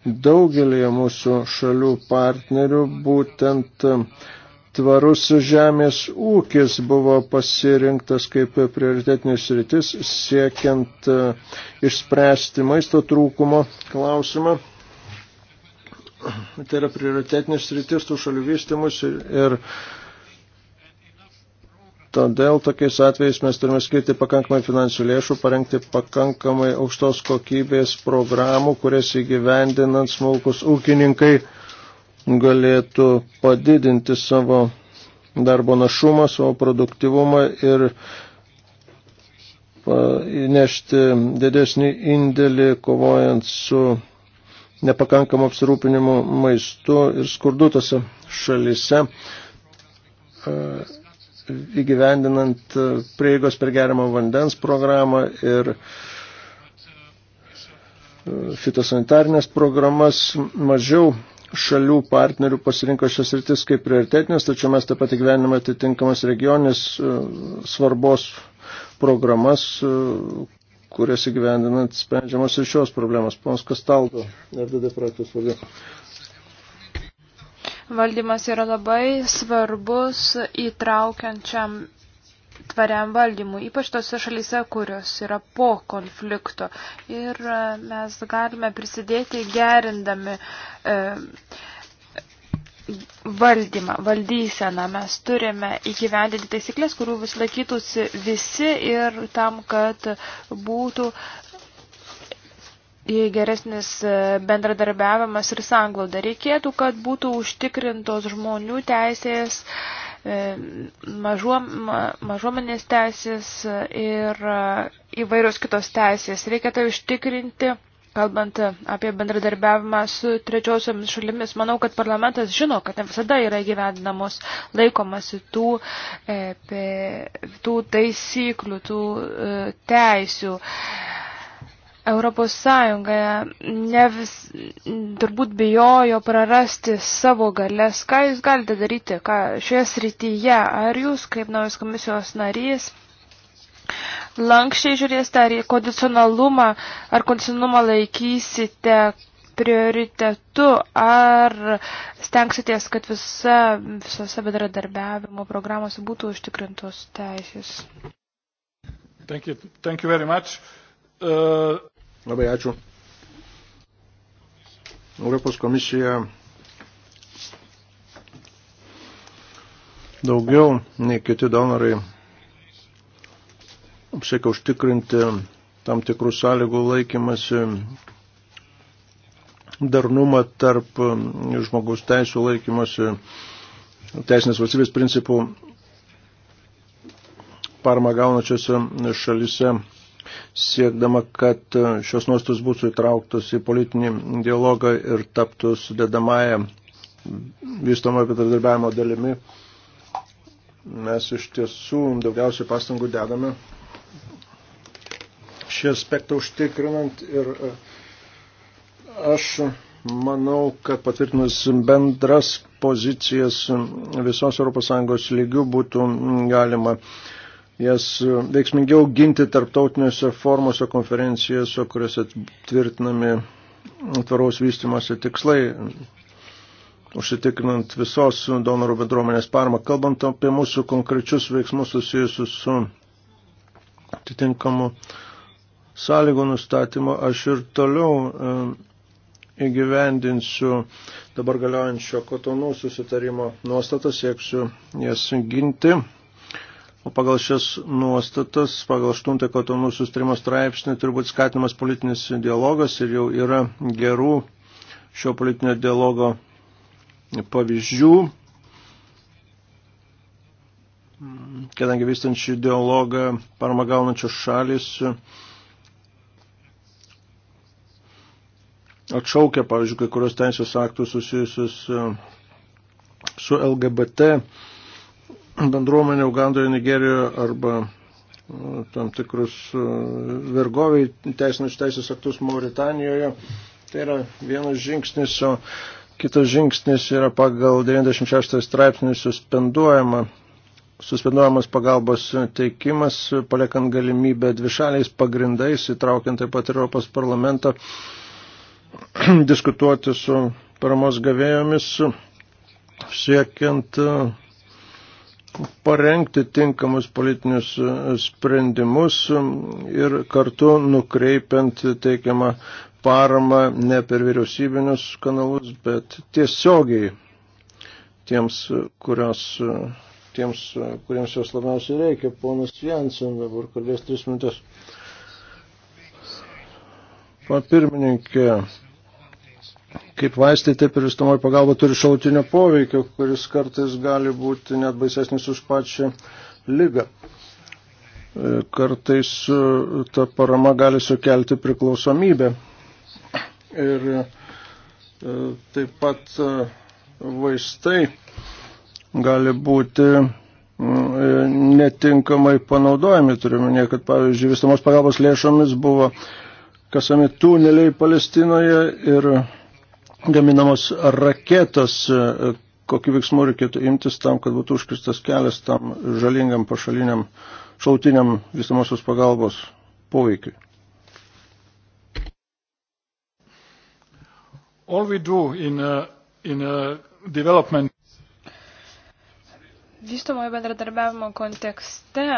daugelį mūsų šalių partnerių būtent um, tvarus žemės ūkis buvo pasirinktas kaip prioritetinis rytis siekiant uh, išspręsti maisto trūkumo klausimą. Tai yra prioritetinis rytis tų šalių vystimus ir, ir Todėl tokiais atvejais mes turime skirti pakankamai finansų lėšų, parengti pakankamai aukštos kokybės programų, kurias įgyvendinant smulkus ūkininkai galėtų padidinti savo darbo našumą, savo produktivumą ir įnešti didesnį indėlį kovojant su nepakankamu apsirūpinimu maistu ir skurdutose šalise. E, įgyvendinant e, prieigos per geriamą vandens programą ir e, fitosanitarnės programas mažiau šalių partnerių pasirinko šias rytis kaip prioritetinės, tačiau mes taip pat įgyvenime atitinkamas regionės e, svarbos programas, kurias įgyvendinant sprendžiamos ir šios problemos. Ponas Kastaldo, RDD projektus vadina valdymas yra labai svarbus įtraukiančiam tvariam valdymui, ypač tose šalyse, kurios yra po konflikto. Ir e, mes galime prisidėti gerindami e, valdymą, valdyseną. Mes turime įgyvendinti taisyklės, kurių vis laikytųsi visi ir tam, kad būtų geresnis e, bendradarbiavimas ir sanglauda. Reikėtų, kad būtų užtikrintos žmonių teisės, e, mažuom, mažuomenės teisės ir e, įvairios kitos teisės. Reikia tai užtikrinti, kalbant apie bendradarbiavimą su trečiosiomis šalimis. Manau, kad parlamentas žino, kad ne visada yra gyvendinamos laikomasi tų, tų taisyklių, tų teisių Europos Sąjunga ne vis, turbūt bijojo prarasti savo galės. Ką jūs galite daryti ką, šioje srityje? Ar jūs, kaip naujas komisijos narys, lankščiai žiūrėsite, ar kondicionalumą, ar kondicionalumą laikysite prioritetu, ar stengsitės, kad visa, visose bedradarbiavimo programose būtų užtikrintos teisės? Thank you. Thank you very much. Uh... Labai ačiū. Europos komisija daugiau nei kiti donorai siekia užtikrinti tam tikrų sąlygų laikymasi darnumą tarp žmogaus teisų laikymasi teisinės valstybės principų parma gaunačiose šalise siekdama, kad šios nuostos būtų įtrauktos į politinį dialogą ir taptų sudėdamąją vystomo bendradarbiavimo dalimi. Mes iš tiesų daugiausiai pastangų dedame šį aspektą užtikrinant ir e, aš manau, kad patvirtinus bendras pozicijas visos ES lygių būtų galima uh, jas e, veiksmingiau ginti tarptautiniuose formuose, konferencijose, kuriuose tvirtinami tvaraus vystimosi tikslai, užsitikrinant visos donorų bendruomenės parmą. Kalbant apie mūsų konkrečius veiksmus susijusius su atitinkamu sąlygų nustatymu, aš ir toliau e, įgyvendinsiu dabar galiojančio kotonų susitarimo nuostatą, sieksiu jas ginti O pagal šias nuostatas, pagal 8 kotonų sustrimo straipsnį turi būti skatinamas politinis dialogas ir jau yra gerų šio politinio dialogo pavyzdžių. Kadangi vystant šį dialogą parama gaunančios šalis atšaukia, pavyzdžiui, kai kurios teisės aktų susijusius su LGBT bendruomenė Ugandoje, Nigerijoje arba e, tam tikrus e, vergoviai teisinius teisės aktus Mauritanijoje. Tai yra vienas žingsnis, o kitas žingsnis yra pagal 96 straipsnį suspenduojama suspenduojamas pagalbos teikimas, paliekant galimybę dvišaliais pagrindais, įtraukiant taip pat ir Europos parlamentą, diskutuoti su paramos gavėjomis, siekiant uh, parengti tinkamus politinius e, sprendimus e, ir kartu nukreipiant teikiamą paramą ne per vyriausybinius kanalus, bet tiesiogiai tiems, kurios, e, tiems kuriems jos labiausiai reikia. Ponas Jansen dabar kalbės tris minutės. Papirmininkė, kaip vaistai, taip ir įstumoji pagalba turi šautinio poveikio, kuris kartais gali būti net baisesnis už pačią lygą. E, kartais e, ta parama gali sukelti priklausomybę. Ir e, taip pat vaistai gali būti netinkamai panaudojami. Turime ne, kad pavyzdžiui, visamos pagalbos lėšomis buvo kasami tuneliai Palestinoje ir gaminamos raketos, e, kokiu veiksmu reikėtų imtis tam, kad būtų užkristas kelias tam žalingam pašaliniam šautiniam visamosios pagalbos poveikiui. All we do in a, in a development. Vystomojo bendradarbiavimo kontekste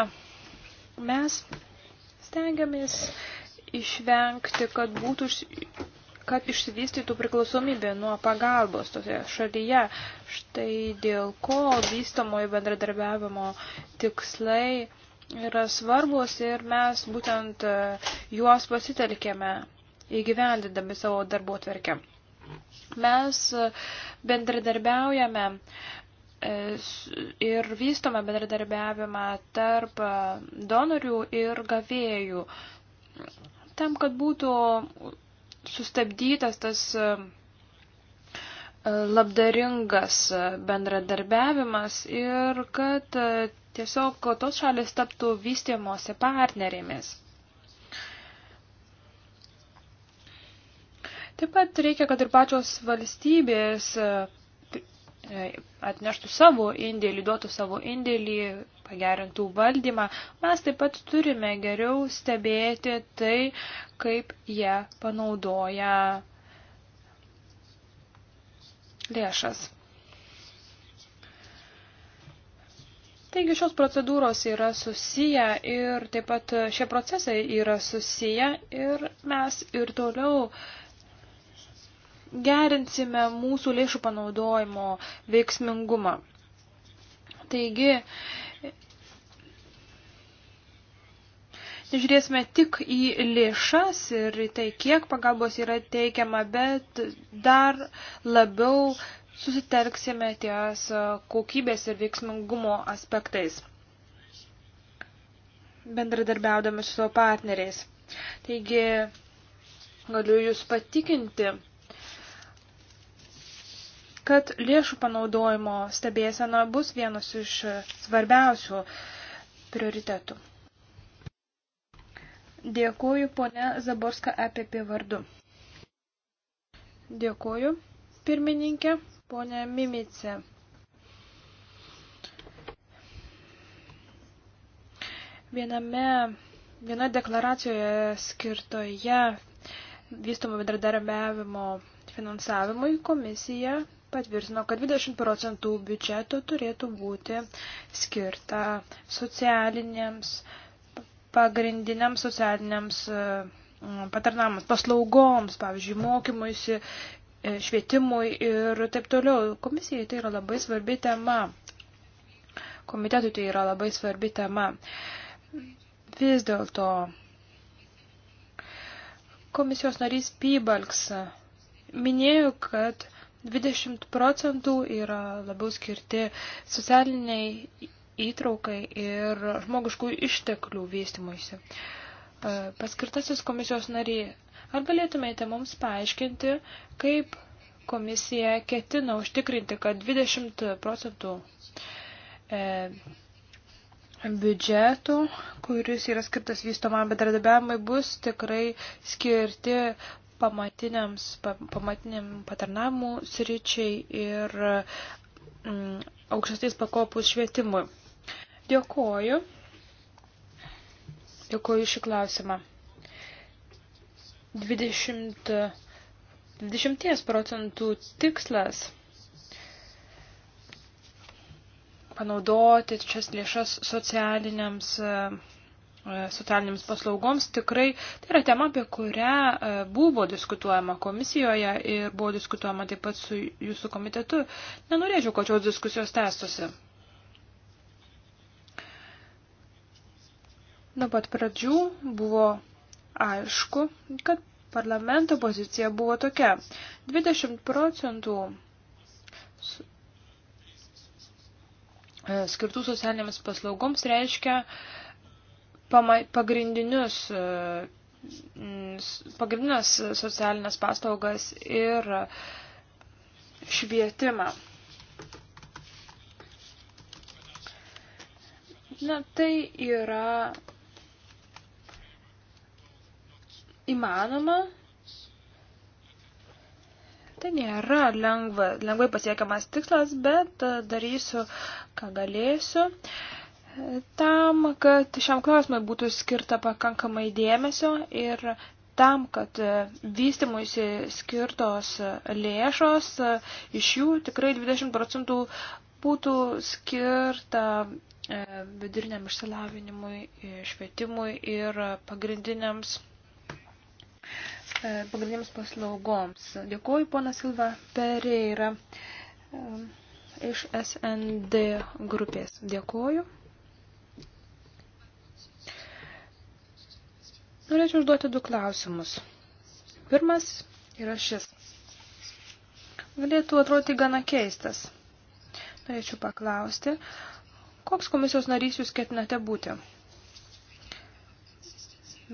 mes stengiamės išvengti, kad būtų kad išsivystytų priklausomybė nuo pagalbos toje šalyje. Štai dėl ko vystamojo bendradarbiavimo tikslai yra svarbus ir mes būtent e, juos pasitelkėme įgyvendindami savo darbo tvarkę. Mes e, bendradarbiaujame e, ir vystome bendradarbiavimą tarp donorių ir gavėjų tam, kad būtų sustabdytas tas e, e, labdaringas e, bendradarbiavimas ir kad tiesiog tos šalis taptų vystymosi partnerėmis. Taip pat reikia, kad ir pačios valstybės atneštų savo indėlį, duotų savo indėlį, pagerintų valdymą. Mes taip pat turime geriau stebėti tai, kaip jie panaudoja lėšas. Taigi šios procedūros yra susiję ir taip pat šie procesai yra susiję ir mes ir toliau gerinsime mūsų lėšų panaudojimo veiksmingumą. Taigi, nežiūrėsime tik į lėšas ir į tai, kiek pagalbos yra teikiama, bet dar labiau susitelksime ties e, kokybės ir veiksmingumo aspektais, bendradarbiaudami su savo partneriais. Taigi, galiu Jūs patikinti, kad lėšų panaudojimo stebėsena bus vienas iš svarbiausių prioritetų. Dėkuoju, ponia Zaborska, EPP vardu. Dėkuoju, pirmininkė, ponia Mimice. Viename, viena deklaracijoje skirtoje vystomo bendradarbiavimo finansavimui komisija patvirtino, kad 20 procentų biudžeto turėtų būti skirta socialinėms, pagrindiniams socialiniams e, patarnams, paslaugoms, pavyzdžiui, mokymuisi, e, švietimui ir taip toliau. Komisijai tai yra labai svarbi tema. Komitetui tai yra labai svarbi tema. Vis dėlto komisijos narys Pybalks minėjo, kad 20 procentų yra labiau skirti socialiniai įtraukai ir žmogiškų išteklių vystimuisi. E, paskirtasis komisijos nariai, ar galėtumėte mums paaiškinti, kaip komisija ketina užtikrinti, kad 20 procentų e, biudžetų, kuris yra skirtas vystomam bedradabiavimui, bus tikrai skirti pamatiniams, pamatiniam patarnamų sričiai ir mm, aukštesnės pakopų švietimui. Dėkoju. Dėkoju šį klausimą. 20, 20 procentų tikslas panaudoti šias lėšas socialiniams e, socialinėms paslaugoms tikrai tai yra tema, apie kurią e, buvo diskutuojama komisijoje ir buvo diskutuojama taip pat su jūsų komitetu. Nenorėčiau, kad šios diskusijos tęstusi. Nuo pat pradžių buvo aišku, kad parlamento pozicija buvo tokia. 20 procentų skirtų socialinėms paslaugoms reiškia pagrindinius e, pagrindinės socialinės paslaugas ir švietimą. Na, tai yra įmanoma. Tai nėra lengva, lengvai pasiekiamas tikslas, bet e, darysiu, ką galėsiu. Tam, kad šiam klausimui būtų skirta pakankamai dėmesio ir tam, kad e, vystimuisi skirtos lėšos, e, iš jų tikrai 20 procentų būtų skirta viduriniam išsilavinimui, švietimui ir pagrindiniams E, pagrindiniams paslaugoms. Dėkuoju, pona Silva Pereira e, iš SND grupės. Dėkuoju. Norėčiau užduoti du klausimus. Pirmas yra šis. Galėtų atrodyti gana keistas. Norėčiau paklausti, koks komisijos narys jūs ketinate būti?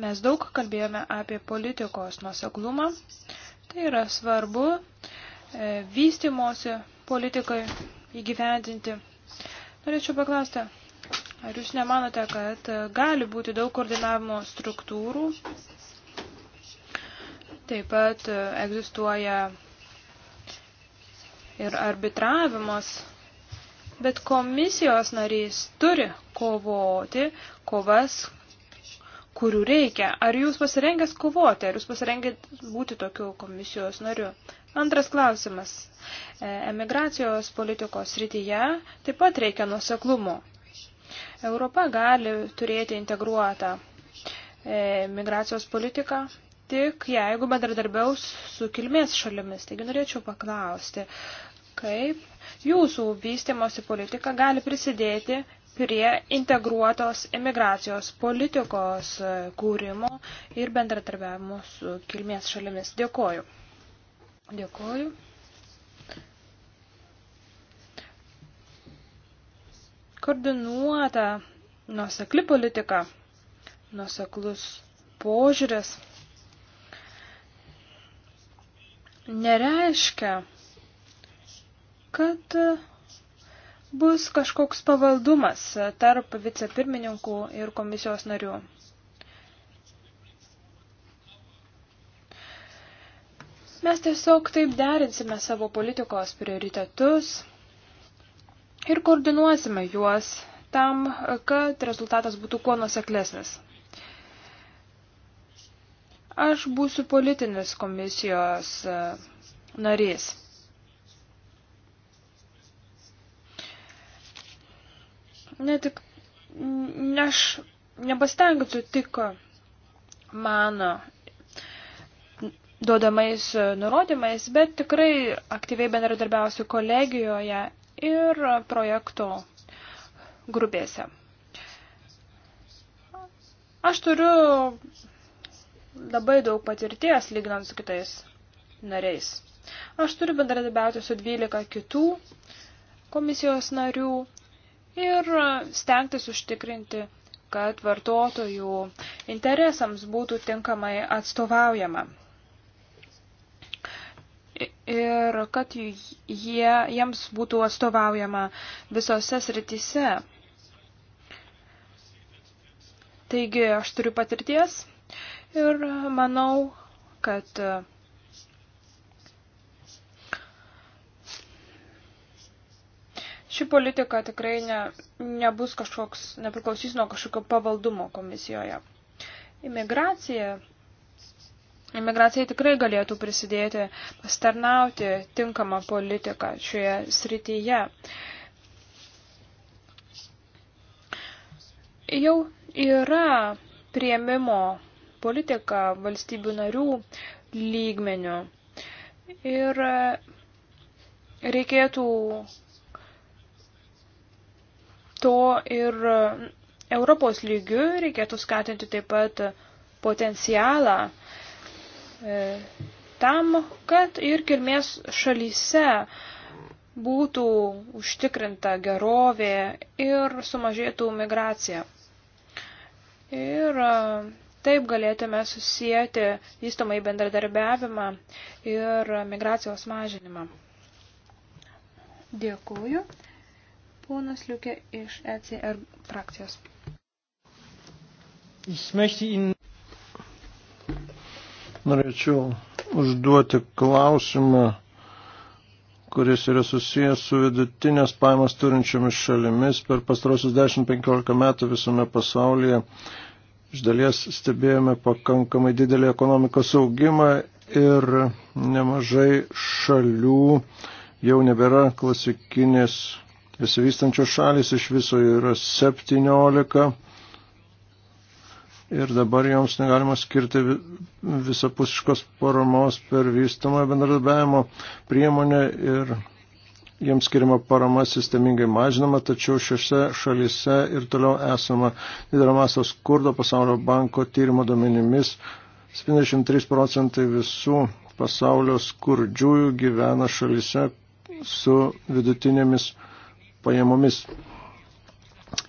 Mes daug kalbėjome apie politikos nuoseklumą. Tai yra svarbu e, vystimosi politikai įgyvendinti. Norėčiau paklausti, ar jūs nemanote, kad e, gali būti daug koordinavimo struktūrų? Taip pat e, egzistuoja ir arbitravimas, bet komisijos narys turi kovoti kovas, kurių reikia. Ar jūs pasirengęs kovoti, ar jūs pasirengęs būti tokiu komisijos nariu? Antras klausimas. E, emigracijos politikos srityje taip pat reikia nuseklumo. Europa gali turėti integruotą e, migracijos politiką tik jeigu bendradarbiaus su kilmės šalimis. Taigi norėčiau paklausti, kaip jūsų vystimosi politika gali prisidėti prie integruotos imigracijos politikos e, kūrimo ir bendratarbiavimo su kilmės šalimis. Dėkoju. Dėkoju. Koordinuota nuosekli politika, nuoseklus požiūris nereiškia, kad bus kažkoks pavaldumas tarp vicepirmininkų ir komisijos narių. Mes tiesiog taip derinsime savo politikos prioritetus ir koordinuosime juos tam, kad rezultatas būtų kuo nuseklesnis. Aš būsiu politinis komisijos narys. Ne tik, ne aš nepastengsiu tik mano duodamais nurodymais, bet tikrai aktyviai bendradarbiausiu kolegijoje ir projekto grupėse. Aš turiu labai daug patirties lyginant su kitais nariais. Aš turiu bendradarbiauti su 12 kitų komisijos narių ir stengtis užtikrinti, kad vartotojų interesams būtų tinkamai atstovaujama. Ir kad jie, jiems būtų atstovaujama visose srityse. Taigi aš turiu patirties ir manau, kad Ši politika tikrai ne, nebus kažkoks, nepriklausys nuo kažkokio pavaldumo komisijoje. Imigracija. Imigracija tikrai galėtų prisidėti, pastarnauti tinkamą politiką šioje srityje. Jau yra prieimimo politika valstybių narių lygmenių. Ir reikėtų to ir e, Europos lygių reikėtų skatinti taip pat potencialą e, tam, kad ir kilmės šalyse būtų užtikrinta gerovė ir sumažėtų migracija. Ir e, taip galėtume susijęti vystomai bendradarbiavimą ir migracijos mažinimą. Dėkuoju. Ponas Liukė iš ECR frakcijos. Norėčiau užduoti klausimą, kuris yra susijęs su vidutinės paimas turinčiomis šalimis. Per pastarosius 10-15 metų visame pasaulyje iš dalies stebėjome pakankamai didelį ekonomikos augimą ir nemažai šalių jau nebėra klasikinės Besivystančios šalis iš viso yra 17 ir dabar joms negalima skirti visapusiškos paramos per vystamojo bendradarbiavimo priemonę ir jiems skiriama parama sistemingai mažinama, tačiau šiose šalise ir toliau esama didelamasos skurdo pasaulio banko tyrimo domenimis 73 procentai visų pasaulio skurdžiųjų gyvena šalise su vidutinėmis pajamomis.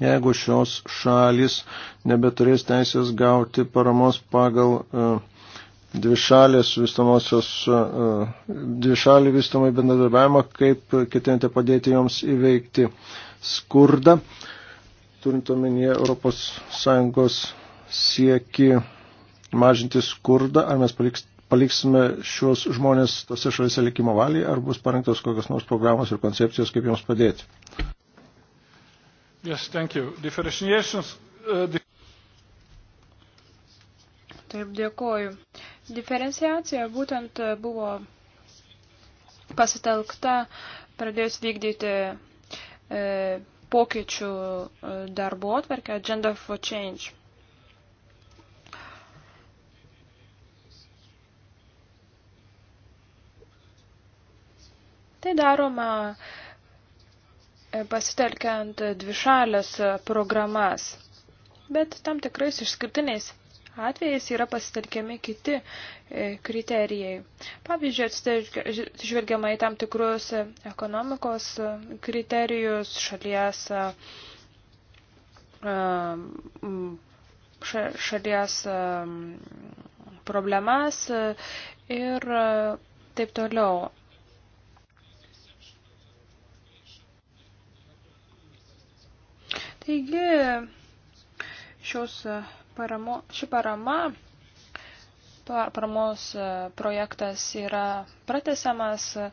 Jeigu šios šalis nebeturės teisės gauti paramos pagal e, dvišalės vystamosios, e, dvišalį vystamai bendradarbiavimą, kaip ketinate padėti joms įveikti skurdą, turint omenyje ES sieki mažinti skurdą, ar mes paliks, paliksime šiuos žmonės tose šalise likimo valiai, ar bus parengtos kokios nors programos ir koncepcijos, kaip joms padėti? Yes, thank you. Differentiations, uh, di Taip, dėkoju. Diferenciacija būtent uh, buvo pasitelkta pradėjus vykdyti e, pokyčių uh, darbo atverkę Agenda for Change. Tai daroma e, pasitelkiant dvišalės programas, bet tam tikrais išskirtiniais atvejais yra pasitelkiami kiti e, kriterijai. Pavyzdžiui, žvelgiama į tam tikrus ekonomikos kriterijus, šalies, e, šalies problemas ir taip toliau. Taigi, šios e, paramo, ši parama, paramos e, projektas yra pratesiamas e,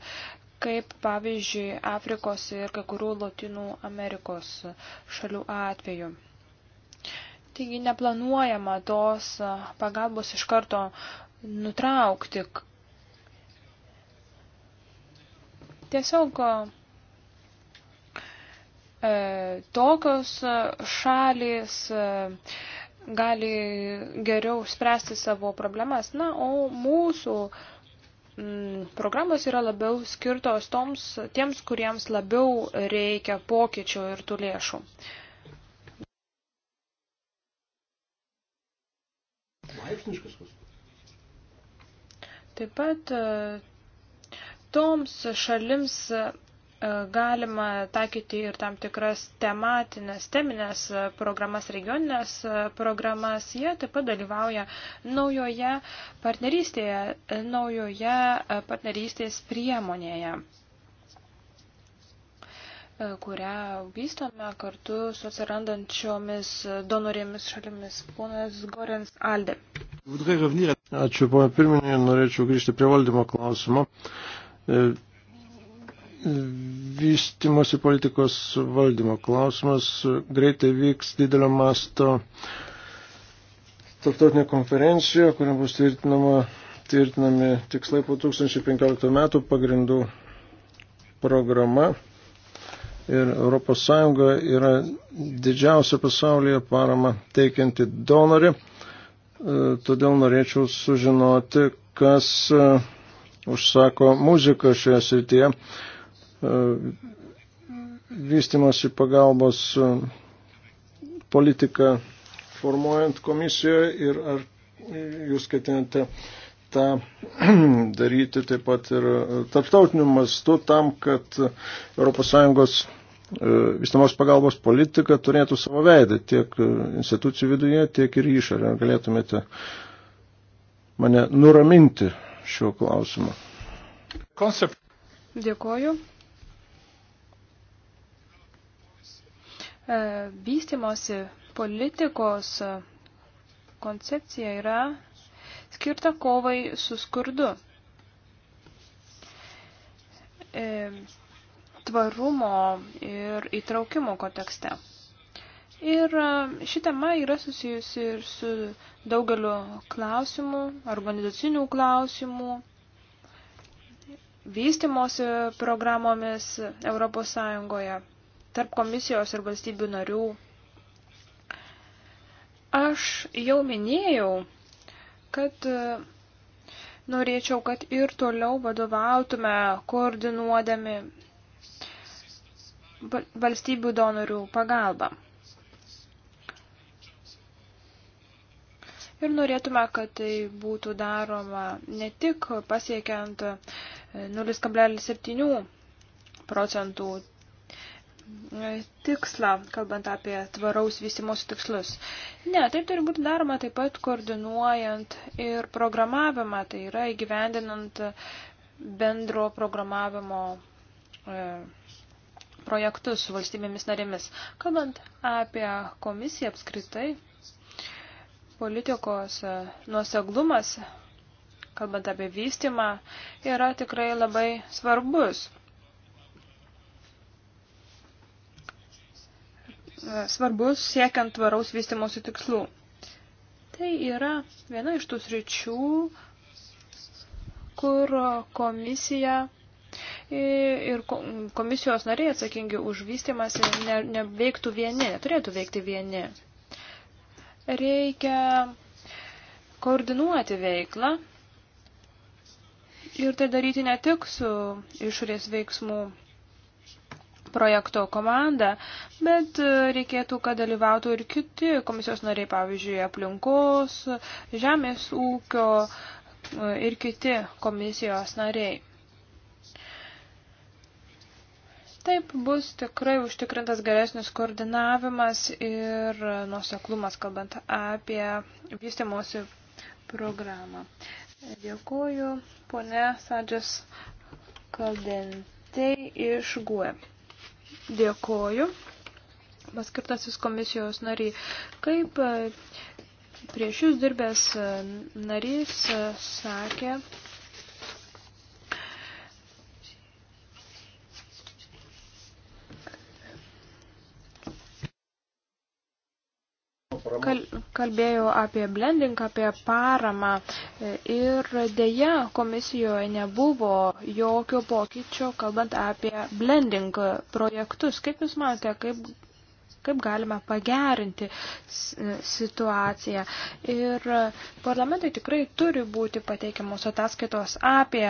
kaip pavyzdžiui Afrikos ir kai kurių Latinų Amerikos šalių atveju. Taigi neplanuojama tos pagalbos iš karto nutraukti. Tiesiog E, tokios e, šalys e, gali geriau spręsti savo problemas. Na, o mūsų mm, programos yra labiau skirtos toms, tiems, kuriems labiau reikia pokyčių ir tų lėšų. Taip pat toms šalims galima taikyti ir tam tikras tematinės, teminės programas, regioninės programas. Jie taip pat dalyvauja naujoje partnerystėje, naujoje partnerystės priemonėje kurią vystome kartu su atsirandančiomis donorėmis šalimis. Ponas Gorens Alde. Ačiū, ponia pirminė, norėčiau grįžti prie valdymo klausimo. E, vystimosi politikos valdymo klausimas. Greitai vyks didelio masto tarptautinė konferencija, kuria bus tvirtinama, tvirtinami tikslai po 2015 metų pagrindų programa. Ir ES yra didžiausia pasaulyje parama teikianti donori. E, todėl norėčiau sužinoti, kas e, užsako muziką šioje srityje E, vystimosi pagalbos e, politiką formuojant komisijoje ir ar jūs ketinate tą daryti taip pat ir e, tarptautiniu mastu tam, kad ES vystamos pagalbos politika turėtų savo veidą tiek institucijų viduje, tiek ir išorė. Galėtumėte mane nuraminti šiuo klausimu. Koncept. Dėkoju. E, vystimosi politikos koncepcija yra skirta kovai su skurdu. E, tvarumo ir įtraukimo kontekste. Ir e, ši tema yra susijusi ir su daugeliu klausimų, organizacinių klausimų, vystimosi programomis Europos Sąjungoje tarp komisijos ir valstybių narių. Aš jau minėjau, kad e, norėčiau, kad ir toliau vadovautume koordinuodami valstybių donorių pagalbą. Ir norėtume, kad tai būtų daroma ne tik pasiekiant 0,7 e, procentų tikslą, kalbant apie tvaraus vystimos tikslus. Ne, taip turi būti daroma taip pat koordinuojant ir programavimą, tai yra įgyvendinant bendro programavimo e, projektus su valstybėmis narėmis. Kalbant apie komisiją apskritai, politikos e, nuoseglumas, kalbant apie vystimą, yra tikrai labai svarbus. E, svarbus siekiant tvaraus vystimosi tikslų. Tai yra viena iš tų sričių, kur komisija ir komisijos nariai atsakingi už vystimas ne, neveiktų vieni, neturėtų veikti vieni. Reikia koordinuoti veiklą ir tai daryti ne tik su išorės veiksmų projekto komanda, bet e, reikėtų, kad dalyvautų ir kiti komisijos nariai, pavyzdžiui, aplinkos, žemės ūkio e, ir kiti komisijos nariai. Taip bus tikrai užtikrintas geresnis koordinavimas ir nuoseklumas, kalbant apie vystimosi programą. Dėkuoju, ponė Sadžas Kaldentei iš GUE. Dėkoju. Paskirtasis komisijos nariai. Kaip e, prieš jūs dirbęs e, narys e, sakė, Kal kalbėjau apie blending, apie paramą e, ir dėja komisijoje nebuvo jokio pokyčio, kalbant apie blending projektus. Kaip Jūs manote, kaip, kaip galime pagerinti e, situaciją? Ir parlamentai tikrai turi būti pateikiamos ataskaitos apie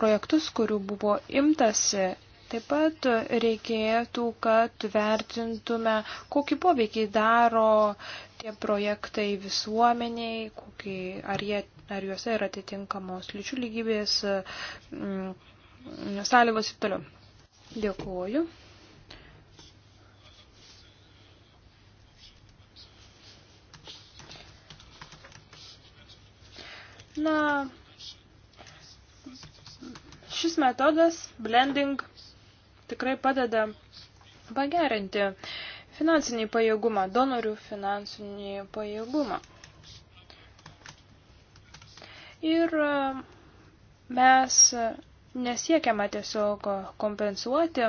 projektus, kurių buvo imtasi Taip pat reikėtų, kad vertintume, kokį poveikį daro tie projektai visuomeniai, kokį, ar, jie, ar juose yra atitinkamos lyčių lygybės m, mm, sąlygos ir toliau. Dėkuoju. Na, šis metodas, blending, tikrai padeda pagerinti finansinį pajėgumą, donorių finansinį pajėgumą. Ir e, mes nesiekiama tiesiog kompensuoti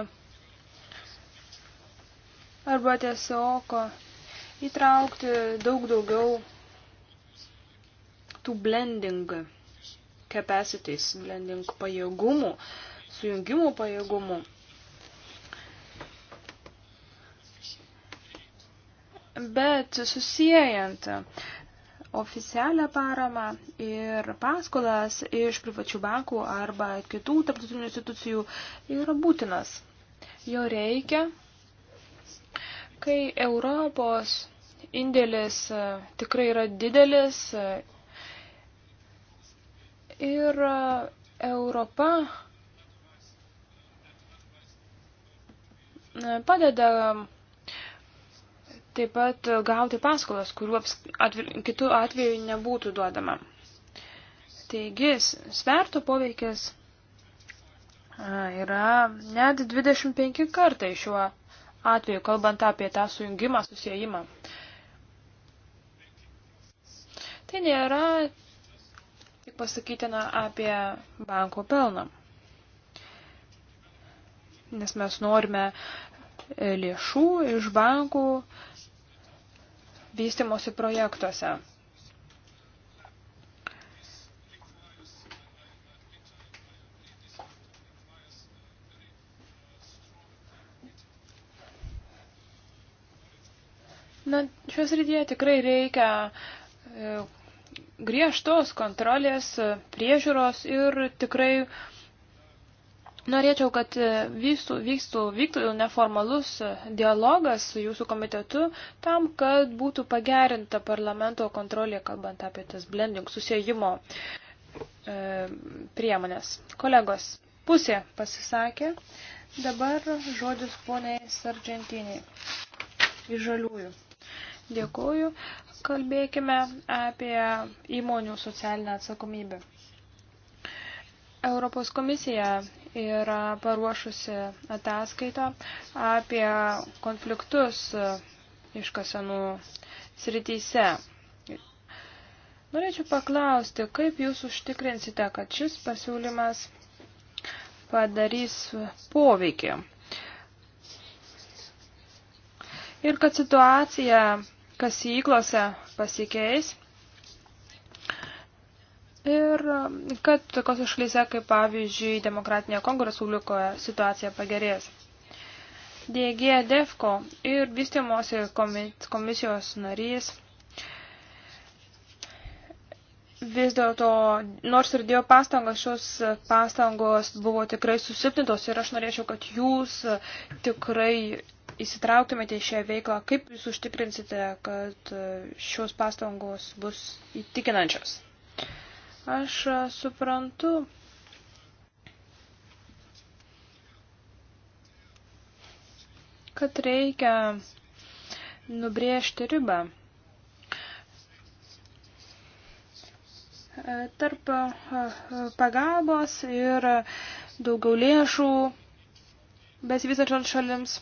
arba tiesiog įtraukti daug daugiau tų blending capacities, blending pajėgumų, sujungimų pajėgumų. Bet susijęjant oficialią paramą ir paskolas iš privačių bankų arba kitų tarptautinių institucijų yra būtinas. Jo reikia, kai Europos indėlis e, tikrai yra didelis e, ir e, Europa padeda taip pat gauti paskolas, kurių atvir, kitų atveju nebūtų duodama. Taigi, sverto poveikis yra net 25 kartai šiuo atveju, kalbant apie tą sujungimą, susijimą. Tai nėra tik pasakytina apie banko pelną. Nes mes norime e, lėšų iš bankų, vystimosi projektuose. Na, šios rytyje tikrai reikia e, griežtos kontrolės, priežiūros ir tikrai Norėčiau, kad e, vyktų, vyktų, vyktų neformalus e, dialogas su jūsų komitetu tam, kad būtų pagerinta parlamento kontrolė, kalbant apie tas blending susijimo e, priemonės. Kolegos, pusė pasisakė. Dabar žodis poniai Sargentiniai iš žaliųjų. Dėkuoju. Kalbėkime apie įmonių socialinę atsakomybę. Europos komisija yra paruošusi ataskaitą apie konfliktus iškasenų srityse. Norėčiau paklausti, kaip jūs užtikrinsite, kad šis pasiūlymas padarys poveikį ir kad situacija kasyklose pasikeis Ir kad tokiose šalyse, kaip pavyzdžiui, Demokratinėje Kongo Respublikoje situacija pagerės. DG DEFCO ir vystymosi komisijos narys vis dėlto, nors ir dėjo pastangas, šios pastangos buvo tikrai susipnintos ir aš norėčiau, kad jūs tikrai įsitrauktumėte į šią veiklą. Kaip jūs užtikrinsite, kad šios pastangos bus įtikinančios? Aš suprantu, kad reikia nubrėžti ribą e, tarp pagalbos ir daugiau lėšų besivystančioms šalims.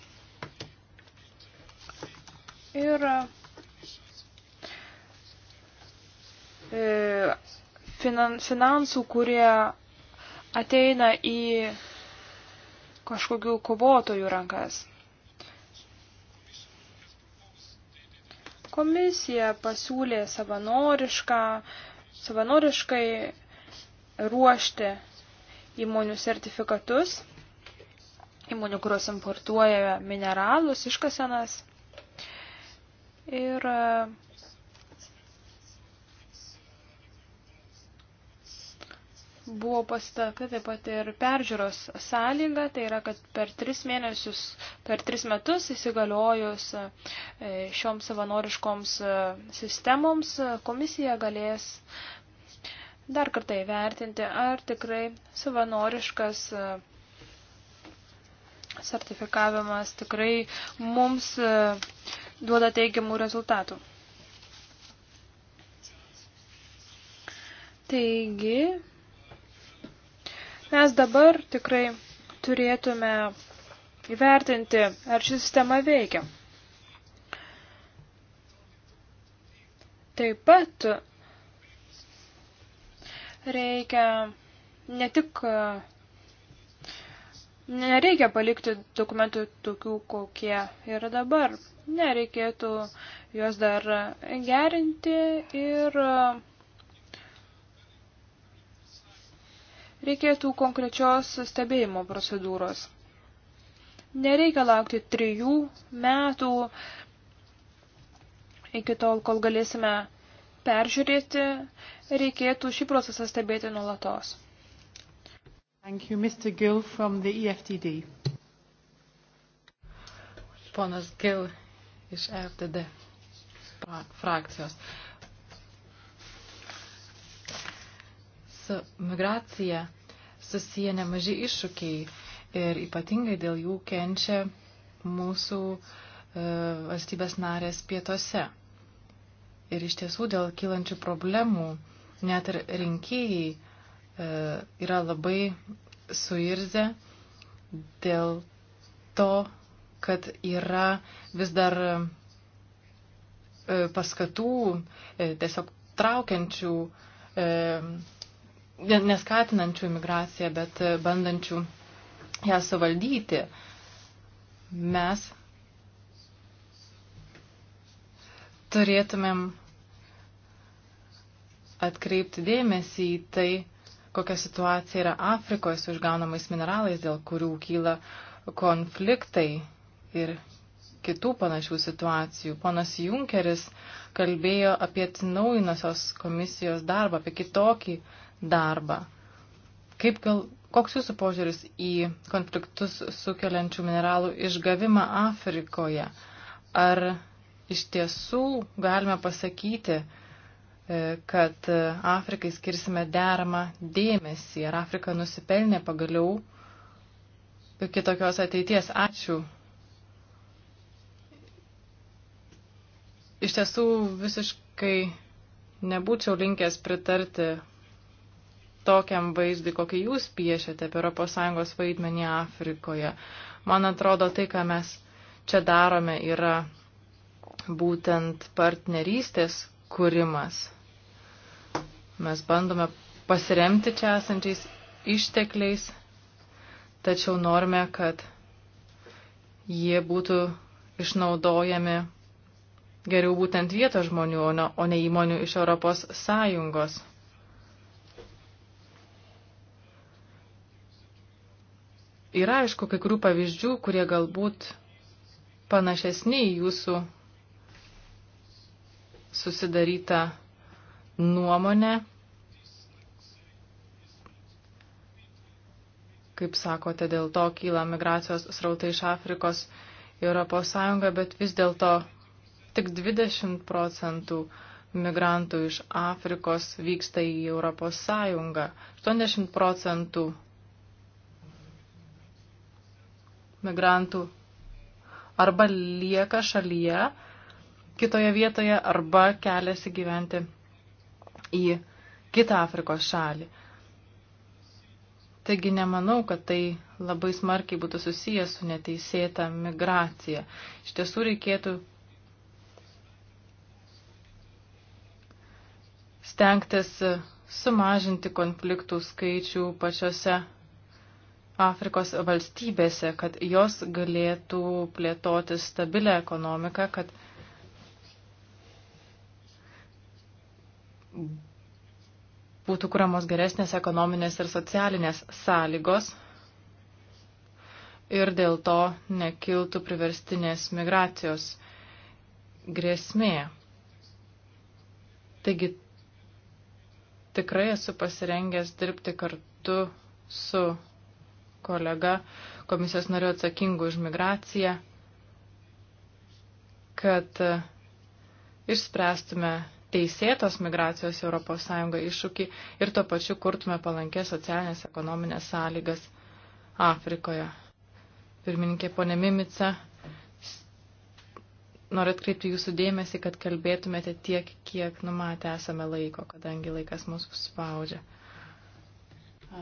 Ir e, finansų, kurie ateina į kažkokių kovotojų rankas. Komisija pasiūlė savanorišką, savanoriškai ruošti įmonių sertifikatus, įmonių, kurios importuoja mineralus, iškasenas. Ir uh, buvo pasitelkta taip pat ir peržiūros sąlyga, tai yra, kad per tris mėnesius, per tris metus įsigaliojus e, šioms savanoriškoms e, sistemoms e, komisija galės dar kartą įvertinti, ar tikrai savanoriškas sertifikavimas tikrai mums duoda teigiamų rezultatų. Taigi, Mes dabar tikrai turėtume įvertinti, ar ši sistema veikia. Taip pat reikia ne tik Nereikia palikti dokumentų tokių, kokie yra dabar. Nereikėtų juos dar gerinti ir uh, reikėtų konkrečios stebėjimo procedūros. Nereikia laukti trijų metų iki tol, kol galėsime peržiūrėti, reikėtų šį procesą stebėti nuolatos. Thank you, Mr. Gill from the EFTD. Ponas Gill iš e FTD frakcijos. su migracija susiję nemaži iššūkiai ir ypatingai dėl jų kenčia mūsų e, valstybės narės pietose. Ir iš tiesų dėl kylančių problemų net ir rinkėjai e, yra labai suirzę dėl to, kad yra vis dar e, paskatų e, tiesiog traukiančių e, neskatinančių imigraciją, bet bandančių ją suvaldyti, mes turėtumėm atkreipti dėmesį į tai, kokia situacija yra Afrikoje su išgaunamais mineralais, dėl kurių kyla konfliktai ir kitų panašių situacijų. Ponas Junkeris kalbėjo apie atsinaujinusios komisijos darbą, apie kitokį darbą. Kaip gal, koks jūsų požiūris į konfliktus sukeliančių mineralų išgavimą Afrikoje? Ar iš tiesų galime pasakyti, e, kad Afrikai skirsime deramą dėmesį? Ar Afrika nusipelnė pagaliau kitokios ateities? Ačiū. Iš tiesų visiškai nebūčiau linkęs pritarti tokiam vaizdui, kokį jūs piešiate apie ES vaidmenį Afrikoje. Man atrodo, tai, ką mes čia darome, yra būtent partnerystės kūrimas. Mes bandome pasiremti čia esančiais ištekliais, tačiau norime, kad jie būtų išnaudojami geriau būtent vietos žmonių, o ne įmonių iš Europos Sąjungos. Yra, aišku, kai kurių pavyzdžių, kurie galbūt panašesni į jūsų susidarytą nuomonę. Kaip sakote, dėl to kyla migracijos srautai iš Afrikos į Europos Sąjungą, bet vis dėlto tik 20 procentų migrantų iš Afrikos vyksta į Europos Sąjungą. 80 procentų migrantų arba lieka šalyje kitoje vietoje arba keliasi gyventi į kitą Afrikos šalį. Taigi nemanau, kad tai labai smarkiai būtų susijęs su neteisėta migracija. Iš tiesų reikėtų stengtis sumažinti konfliktų skaičių pačiose Afrikos valstybėse, kad jos galėtų plėtoti stabilę ekonomiką, kad būtų kuramos geresnės ekonominės ir socialinės sąlygos ir dėl to nekiltų priverstinės migracijos grėsmė. Taigi tikrai esu pasirengęs dirbti kartu su kolega komisijos nariu atsakingu už migraciją, kad e, išspręstume teisėtos migracijos ES iššūkį ir tuo pačiu kurtume palankės socialinės ekonominės sąlygas Afrikoje. Pirmininkė ponė Mimica, noriu atkreipti jūsų dėmesį, kad kalbėtumėte tiek, kiek numatę esame laiko, kadangi laikas mūsų spaudžia.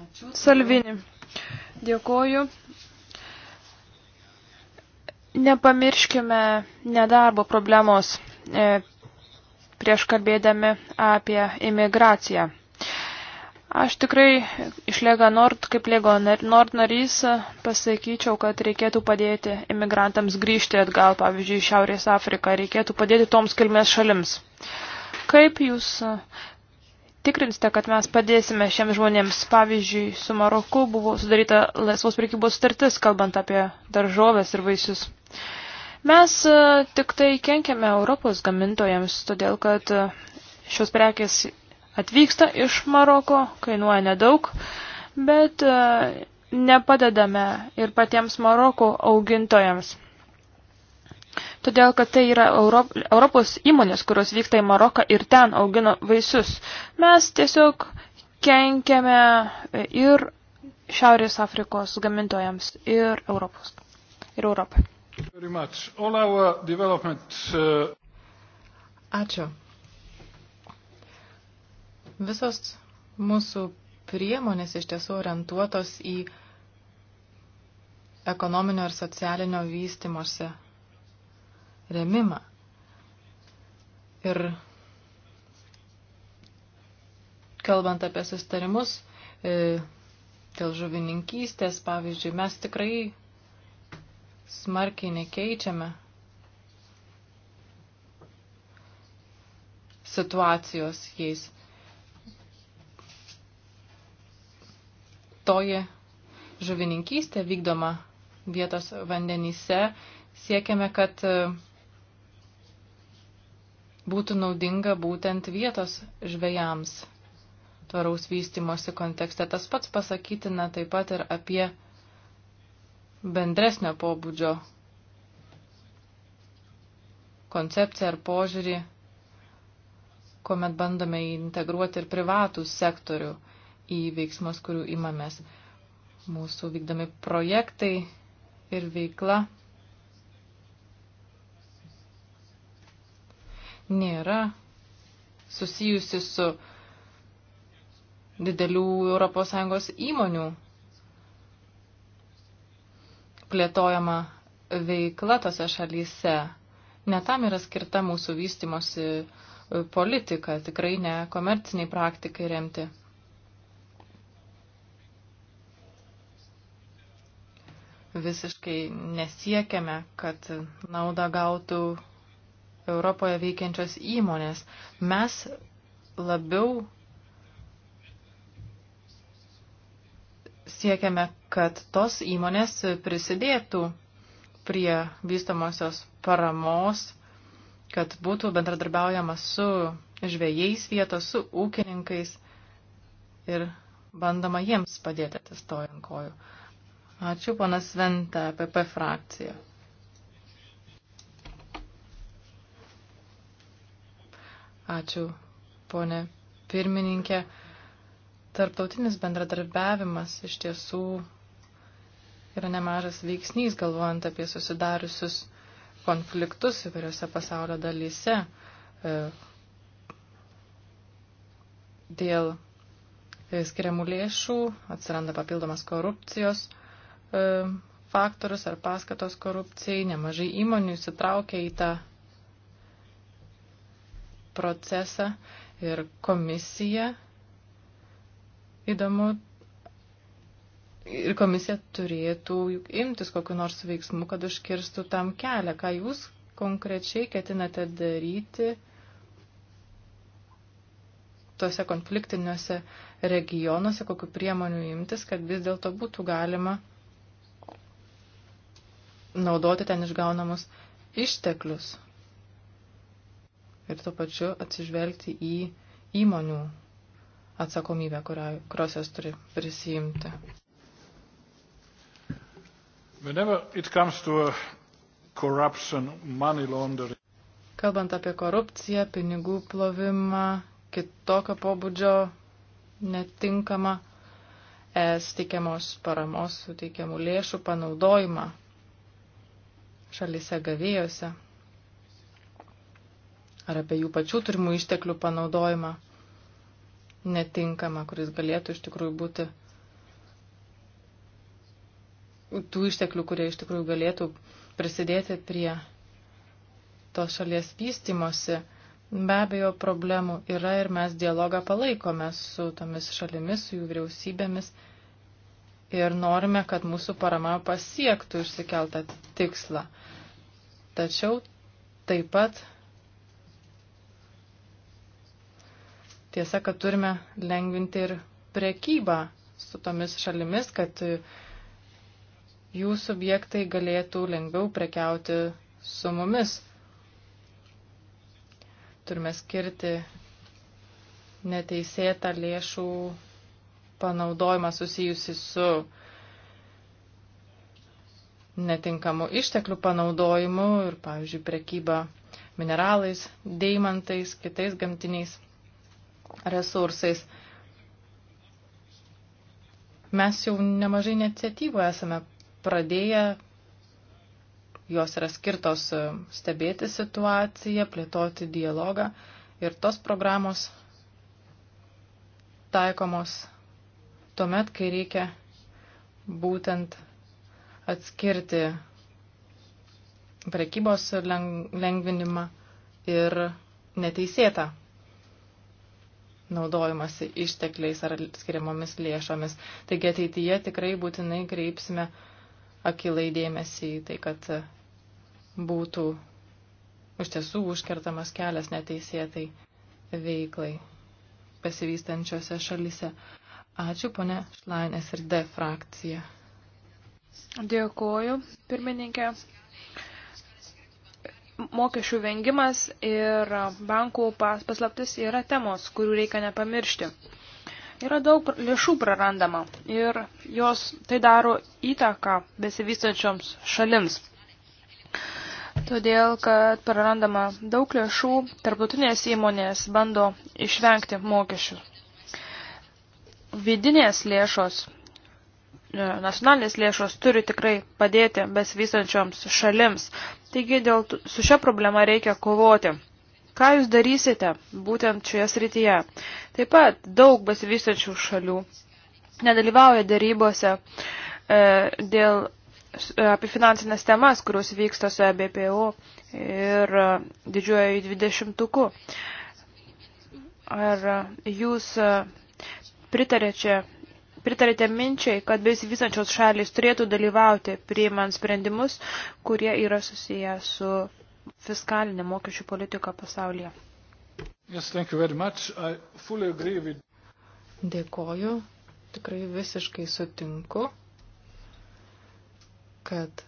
Ačiū. Salvini. Dėkoju. Nepamirškime nedarbo problemos e, prieš kalbėdami apie imigraciją. Aš tikrai iš Lega Nord, kaip Lego Nord narys, pasakyčiau, kad reikėtų padėti imigrantams grįžti atgal, pavyzdžiui, Šiaurės Afriką, reikėtų padėti toms kilmės šalims. Kaip jūs tikrinsite, kad mes padėsime šiems žmonėms? Pavyzdžiui, su Maroku buvo sudaryta laisvos prekybos sutartis, kalbant apie daržovės ir vaisius. Mes e, tik tai kenkiame Europos gamintojams, todėl kad e, šios prekės atvyksta iš Maroko, kainuoja nedaug, bet e, nepadedame ir patiems Maroko augintojams todėl kad tai yra Europos įmonės, kurios vyksta į Maroką ir ten augina vaisius. Mes tiesiog kenkiame ir Šiaurės Afrikos gamintojams ir Europos. Ir Europai. Ačiū. Visos mūsų priemonės iš tiesų orientuotos į ekonominio ir socialinio vystimosi remimą. Ir kalbant apie sustarimus e, dėl žuvininkystės, pavyzdžiui, mes tikrai smarkiai nekeičiame situacijos jais. Toji žuvininkystė vykdoma vietos vandenyse siekiame, kad e, būtų naudinga būtent vietos žvejams tvaraus vystimosi kontekste. Tas pats pasakytina taip pat ir apie bendresnio pobūdžio koncepciją ar požiūrį, kuomet bandome integruoti ir privatų sektorių į veiksmus, kurių imamės. Mūsų vykdomi projektai ir veikla nėra susijusi su didelių ES įmonių plėtojama veikla tose šalyse. Netam yra skirta mūsų vystimosi e, politika, tikrai ne komerciniai praktikai remti. Visiškai nesiekiame, kad naudą gautų Europoje veikiančios įmonės. Mes labiau siekiame, kad tos įmonės prisidėtų prie vystamosios paramos, kad būtų bendradarbiaujama su žvėjais vietos, su ūkininkais ir bandoma jiems padėti atsistojant kojų. Ačiū, ponas Venta, PP frakcija. Ačiū, ponė pirmininkė. Tarptautinis bendradarbiavimas iš tiesų yra nemažas veiksnys, galvojant apie susidariusius konfliktus įvairiose pasaulio dalyse e, dėl e, skiriamų lėšų, atsiranda papildomas korupcijos e, faktorius ar paskatos korupcijai, nemažai įmonių įsitraukia į tą procesą ir komisija. Įdomu, ir komisija turėtų imtis kokiu nors veiksmu, kad užkirstų tam kelią. Ką jūs konkrečiai ketinate daryti tose konfliktiniuose regionuose, kokiu priemonių imtis, kad vis dėlto būtų galima naudoti ten išgaunamus išteklius ir tuo pačiu atsižvelgti į įmonių atsakomybę, kurios jas turi prisijimti. Kalbant apie korupciją, pinigų plovimą, kitokio pobūdžio netinkamą es teikiamos paramos suteikiamų lėšų panaudojimą šalise gavėjose ar apie jų pačių turimų išteklių panaudojimą netinkamą, kuris galėtų iš tikrųjų būti tų išteklių, kurie iš tikrųjų galėtų prisidėti prie tos šalies vystimosi. Be abejo, problemų yra ir mes dialogą palaikome su tomis šalimis, su jų vyriausybėmis ir norime, kad mūsų parama pasiektų išsikeltą tikslą. Tačiau taip pat Tiesa, kad turime lengvinti ir prekybą su tomis šalimis, kad jų subjektai galėtų lengviau prekiauti su mumis. Turime skirti neteisėtą lėšų panaudojimą susijusi su netinkamu išteklių panaudojimu ir, pavyzdžiui, prekyba mineralais, deimantais, kitais gamtiniais resursais. Mes jau nemažai iniciatyvų esame pradėję, jos yra skirtos e, stebėti situaciją, plėtoti dialogą ir tos programos taikomos tuomet, kai reikia būtent atskirti prekybos lengvinimą ir neteisėtą naudojimasi ištekliais ar skiriamomis lėšomis. Taigi ateityje tikrai būtinai kreipsime akilai dėmesį į tai, kad būtų iš tiesų užkertamas kelias neteisėtai veiklai pasivystančiose šalise. Ačiū, ponė Šlainės ir D frakcija. Dėkoju, pirmininkė mokesčių vengimas ir bankų paslaptis yra temos, kurių reikia nepamiršti. Yra daug lėšų prarandama ir jos tai daro įtaką besivystančioms šalims. Todėl, kad prarandama daug lėšų, tarptautinės įmonės bando išvengti mokesčių. Vidinės lėšos E, nacionalinės lėšos turi tikrai padėti besivystančioms šalims. Taigi dėl su šia problema reikia kovoti. Ką jūs darysite būtent šioje srityje? Taip pat daug besivystančių šalių nedalyvauja dėrybose e, dėl e, apie finansinės temas, kurios vyksta su EBPO ir e, didžiuoju dvidešimtuku. Ar jūs pritarėte pritarėte minčiai, kad besivysančios šalis turėtų dalyvauti priimant sprendimus, kurie yra susiję su fiskalinė mokesčių politika pasaulyje. Yes, thank you very much. I fully agree with... Dėkoju. Tikrai visiškai sutinku, kad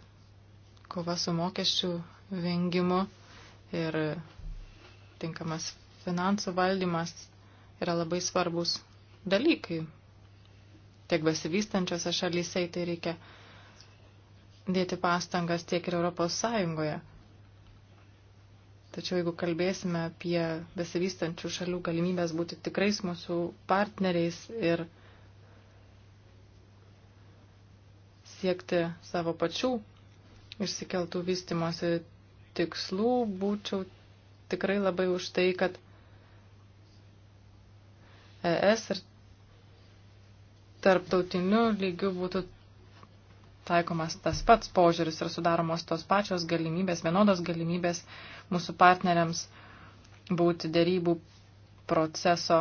kova su mokesčių vengimu ir tinkamas finansų valdymas yra labai svarbus dalykai tiek besivystančiose šalyse, tai reikia dėti pastangas tiek ir Europos Sąjungoje. Tačiau jeigu kalbėsime apie besivystančių šalių galimybės būti tikrais mūsų partneriais ir siekti savo pačių išsikeltų vystimosi tikslų, būčiau tikrai labai už tai, kad ES ir tarptautiniu lygiu būtų taikomas tas pats požiūris ir sudaromos tos pačios galimybės, vienodos galimybės mūsų partneriams būti dėrybų proceso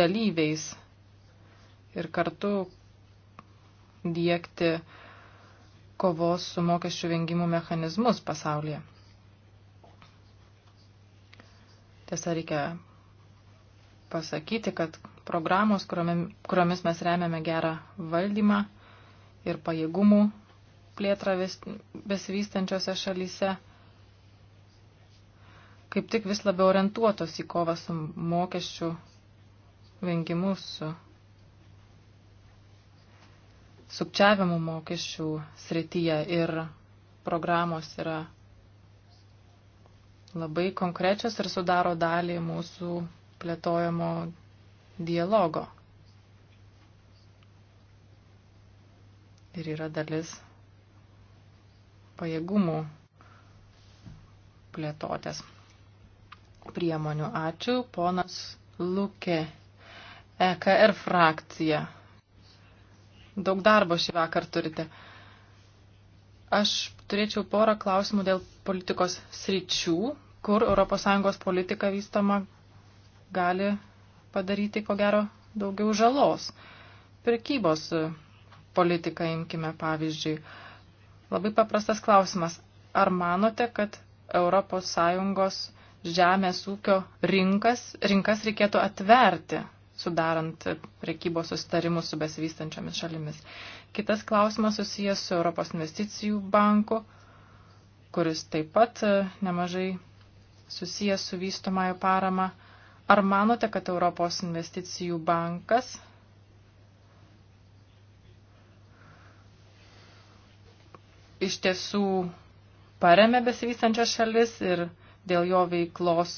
dalyviais ir kartu dėkti kovos su mokesčių vengimų mechanizmus pasaulyje. Tiesa, reikia pasakyti, kad programos, kuriomis mes remiame gerą valdymą ir pajėgumų plėtrą besivystančiose šalyse, kaip tik vis labiau orientuotos į kovą su mokesčių vengimu, su sukčiavimu mokesčių srityje ir programos yra labai konkrečios ir sudaro dalį mūsų plėtojamo dialogo. Ir yra dalis pajėgumų plėtotės priemonių. Ačiū, ponas Lukė, EKR frakcija. Daug darbo šį vakar turite. Aš turėčiau porą klausimų dėl politikos sričių, kur ES politika vystoma gali padaryti ko gero daugiau žalos. Pirkybos politiką imkime pavyzdžiui. Labai paprastas klausimas. Ar manote, kad ES žemės ūkio rinkas, rinkas reikėtų atverti, sudarant prekybos sustarimus su besivystančiomis šalimis? Kitas klausimas susijęs su Europos investicijų banku, kuris taip pat nemažai susijęs su vystomajo parama Ar manote, kad Europos investicijų bankas iš tiesų paremė besivystančias šalis ir dėl jo veiklos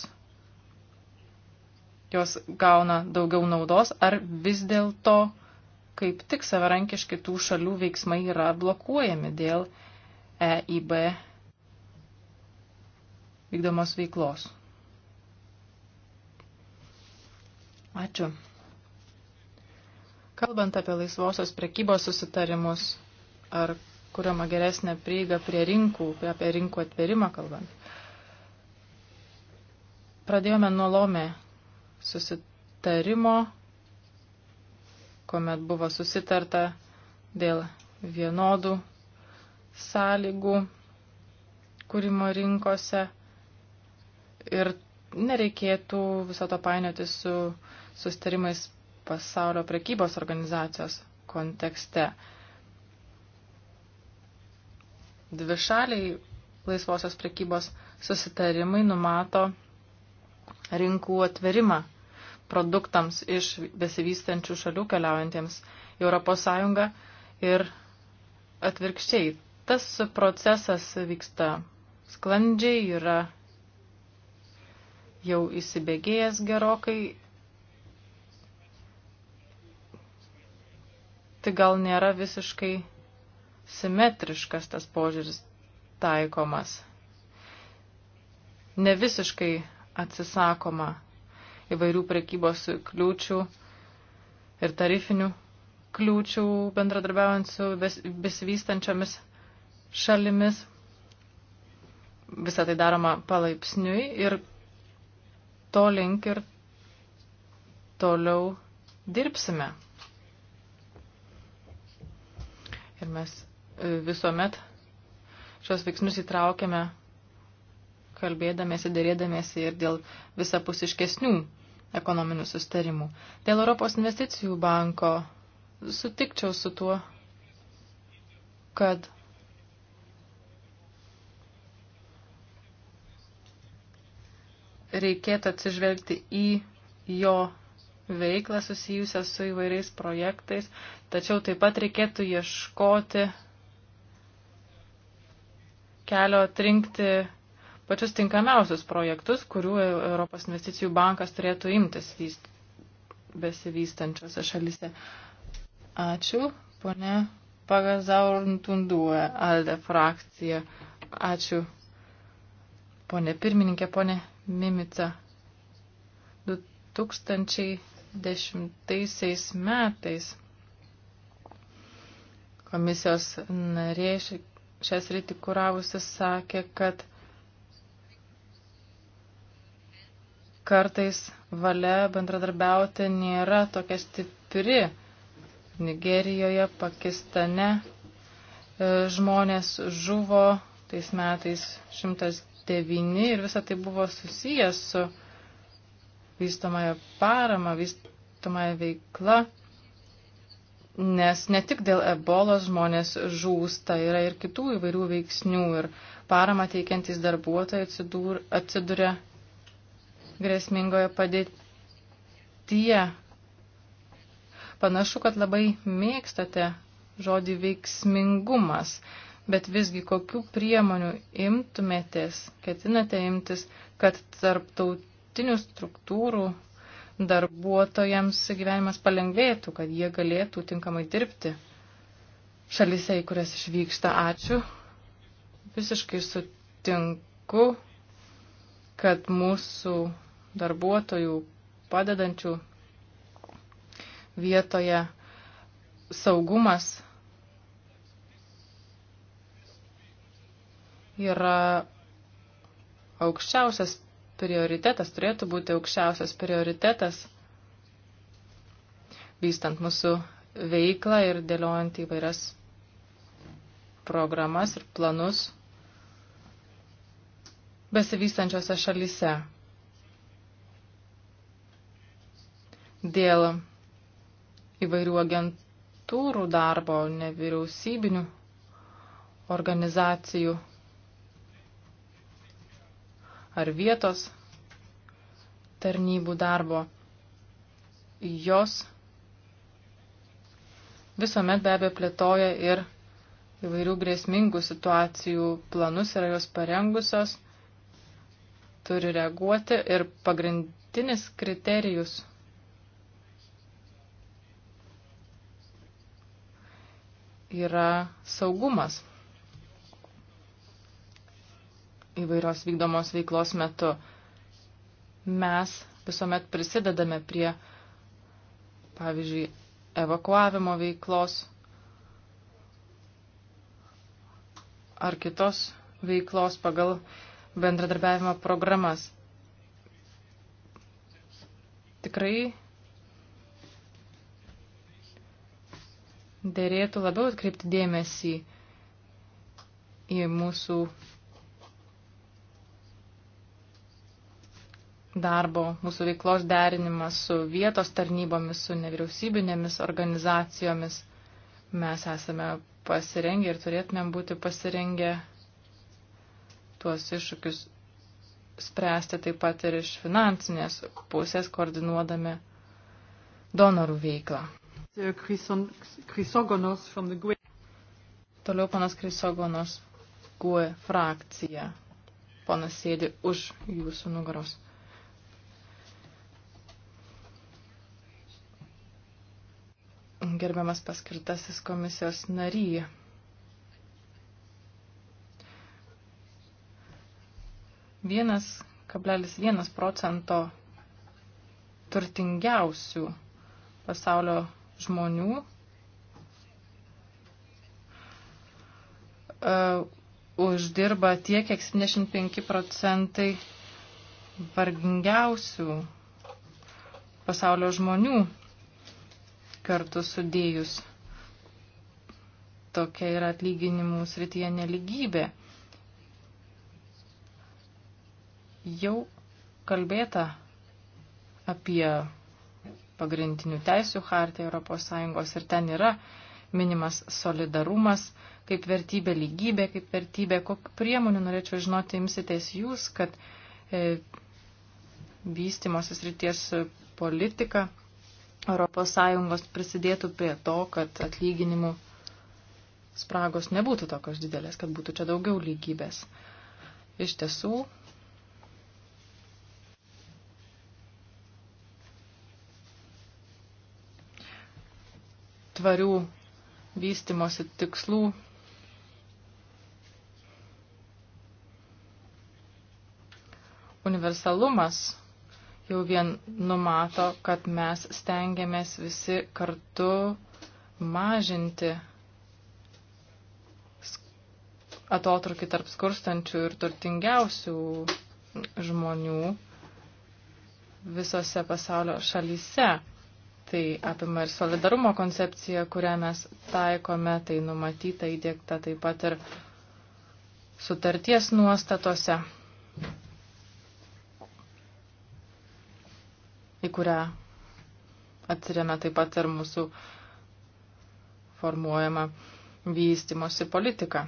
jos gauna daugiau naudos, ar vis dėlto kaip tik savarankiškai tų šalių veiksmai yra blokuojami dėl EIB vykdomos veiklos. Ačiū. Kalbant apie laisvosios prekybos susitarimus, ar kuriama geresnė prieiga prie rinkų, apie rinkų atverimą kalbant, pradėjome nuo lomė susitarimo, kuomet buvo susitarta dėl vienodų sąlygų kūrimo rinkose ir nereikėtų viso to painioti su uh, sustarimais pasaulio prekybos organizacijos kontekste. Dvišaliai laisvosios prekybos susitarimai numato rinkų atverimą produktams iš besivystančių šalių keliaujantiems į ES ir atvirkščiai. Tas procesas vyksta sklandžiai, yra jau įsibėgėjęs gerokai tai gal nėra visiškai simetriškas tas požiūris taikomas. Ne visiškai atsisakoma įvairių prekybos kliūčių ir tarifinių kliūčių bendradarbiaujant su besivystančiomis šalimis. Visą tai daroma palaipsniui ir to link ir toliau dirbsime. Ir mes e, visuomet šios veiksmus įtraukiame, kalbėdamėsi, dėrėdamėsi ir dėl visapusiškesnių ekonominių sustarimų. Dėl Europos investicijų banko sutikčiau su tuo, kad reikėtų atsižvelgti į jo veiklą susijusią su įvairiais projektais, tačiau taip pat reikėtų ieškoti kelio atrinkti pačius tinkamiausius projektus, kurių Europos investicijų bankas turėtų imtis vyst, besivystančiose šalise. Ačiū, ponė Pagazaurntundue, Alde frakcija. Ačiū, ponė pirmininkė, ponė Mimica. 2000 2010 metais komisijos narė šias rytį kuravusi sakė, kad kartais valia bendradarbiauti nėra tokia stipri. Nigerijoje, Pakistane e, žmonės žuvo tais metais 109 ir visa tai buvo susijęs su vystomąją paramą, vystomąją veiklą, nes ne tik dėl ebolos žmonės žūsta, yra ir kitų įvairių veiksnių ir paramą teikiantys darbuotojai atsidur, atsiduria grėsmingoje padėtyje. Panašu, kad labai mėgstate žodį veiksmingumas, bet visgi kokių priemonių imtumėtės, ketinate imtis, kad tarptautiniai dabartinių struktūrų darbuotojams gyvenimas palengvėtų, kad jie galėtų tinkamai dirbti šalise, į kurias išvyksta. Ačiū. Visiškai sutinku, kad mūsų darbuotojų padedančių vietoje saugumas yra aukščiausias prioritetas, turėtų būti aukščiausias prioritetas, vystant mūsų veiklą ir dėliojant įvairias programas ir planus besivystančiose šalyse. Dėl įvairių agentūrų darbo, nevyriausybinių organizacijų ar vietos tarnybų darbo, jos visuomet be abejo plėtoja ir įvairių grėsmingų situacijų planus yra jos parengusios, turi reaguoti ir pagrindinis kriterijus yra saugumas įvairios vykdomos veiklos metu. Mes visuomet prisidedame prie, pavyzdžiui, evakuavimo veiklos ar kitos veiklos pagal bendradarbiavimo programas. Tikrai dėrėtų labiau atkreipti dėmesį į mūsų darbo, mūsų veiklos derinimas su vietos tarnybomis, su nevyriausybinėmis organizacijomis. Mes esame pasirengę ir turėtumėm būti pasirengę tuos iššūkius spręsti taip pat ir iš finansinės pusės, koordinuodami donorų veiklą. E. Toliau panas Krisogonos GUE frakcija. Ponas sėdi už jūsų nugaros. gerbiamas paskirtasis komisijos nary. Vienas kablelis vienas procento turtingiausių pasaulio žmonių uh, uždirba tiek, kiek 75 procentai vargingiausių pasaulio žmonių kartu sudėjus. Tokia yra atlyginimų srityje neligybė. Jau kalbėta apie pagrindinių teisių hartį ES ir ten yra minimas solidarumas kaip vertybė, lygybė kaip vertybė. Kokiu priemonių norėčiau žinoti imsitės jūs, kad e, vystimosis ryties politika ES prisidėtų prie to, kad atlyginimų spragos nebūtų tokios didelės, kad būtų čia daugiau lygybės. Iš tiesų, tvarių vystimosi tikslų universalumas jau vien numato, kad mes stengiamės visi kartu mažinti atotrukį tarp skurstančių ir turtingiausių žmonių visose pasaulio šalyse. Tai apima ir solidarumo koncepcija, kurią mes taikome, tai numatyta įdėkta taip pat ir sutarties nuostatose. į kurią atsiriame taip pat ir mūsų formuojama vystimosi politika.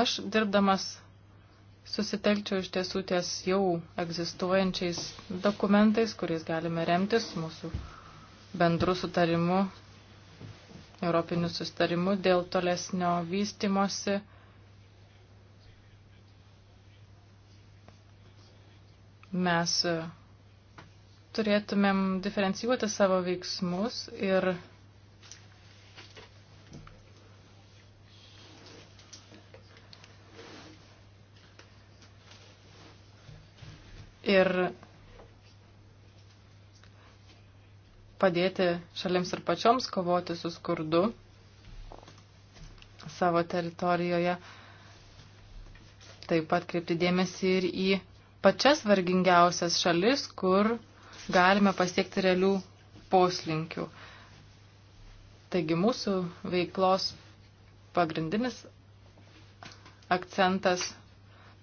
Aš dirbdamas susitelkčiau iš tiesų ties jau egzistuojančiais dokumentais, kuriais galime remtis mūsų bendrų sutarimų, europinių sustarimų dėl tolesnio vystimosi mes e, turėtumėm diferencijuoti savo veiksmus ir ir padėti šalims ir pačioms kovoti su skurdu savo teritorijoje. Taip pat kreipti dėmesį ir į pačias vargingiausias šalis, kur galime pasiekti realių poslinkių. Taigi mūsų veiklos pagrindinis akcentas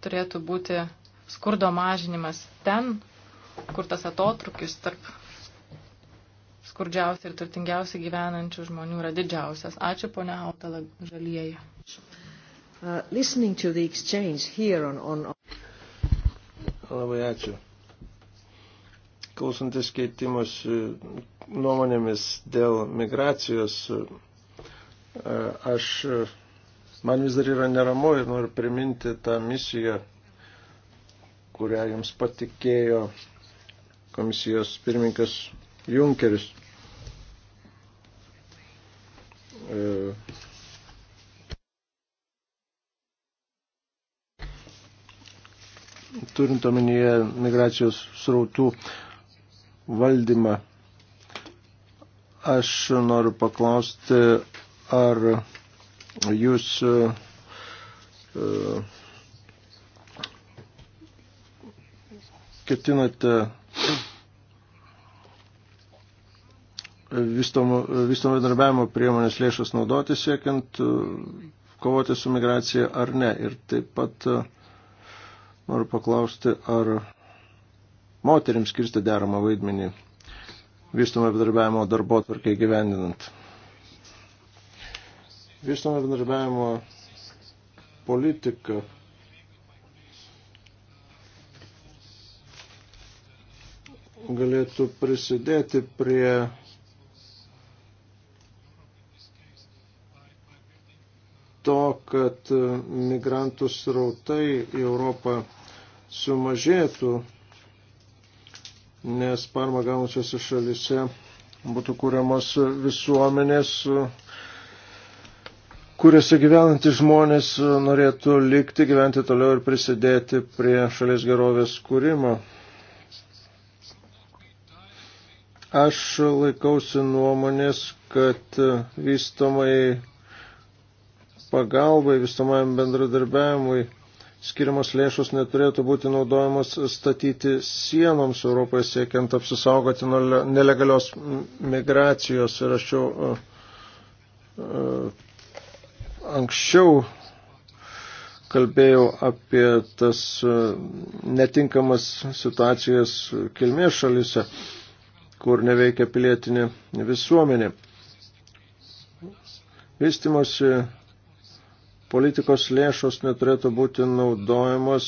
turėtų būti skurdo mažinimas ten, kur tas atotrukis tarp skurdžiausiai ir turtingiausiai gyvenančių žmonių yra didžiausias. Ačiū, ponia Autala, žalieji. Uh, listening to the exchange here on, on Labai ačiū. Klausantis keitimus e, nuomonėmis dėl migracijos, e, aš, e, man vis dar yra neramu ir noriu priminti tą misiją, kurią jums patikėjo komisijos pirmininkas Junkeris. E, turint omenyje migracijos srautų valdymą. Aš noriu paklausti, ar jūs e, ketinate vystomo darbiavimo priemonės lėšas naudoti siekiant e, kovoti su migracija ar ne. Ir taip pat uh, Noriu paklausti, ar moteriams skirsti deramą vaidmenį vystomą bendarbiavimo darbo tvarkai gyvendinant. Vystomą bendarbiavimo politika galėtų prisidėti prie to, kad migrantų srautai į Europą sumažėtų, nes parma gaunančiose šalise būtų kūriamos visuomenės, kuriuose gyvenantys žmonės norėtų likti, gyventi toliau ir prisidėti prie šalies gerovės kūrimo. Aš laikausi nuomonės, kad vystomai pagalbai, vystomajam bendradarbiavimui skiriamos lėšos neturėtų būti naudojamos statyti sienoms Europoje siekiant apsisaugoti nuo nelegalios migracijos. Ir aš jau e, e, anksčiau kalbėjau apie tas e, netinkamas situacijas kilmės šalise, kur neveikia pilietinė visuomenė. Vystimosi politikos lėšos neturėtų būti naudojamos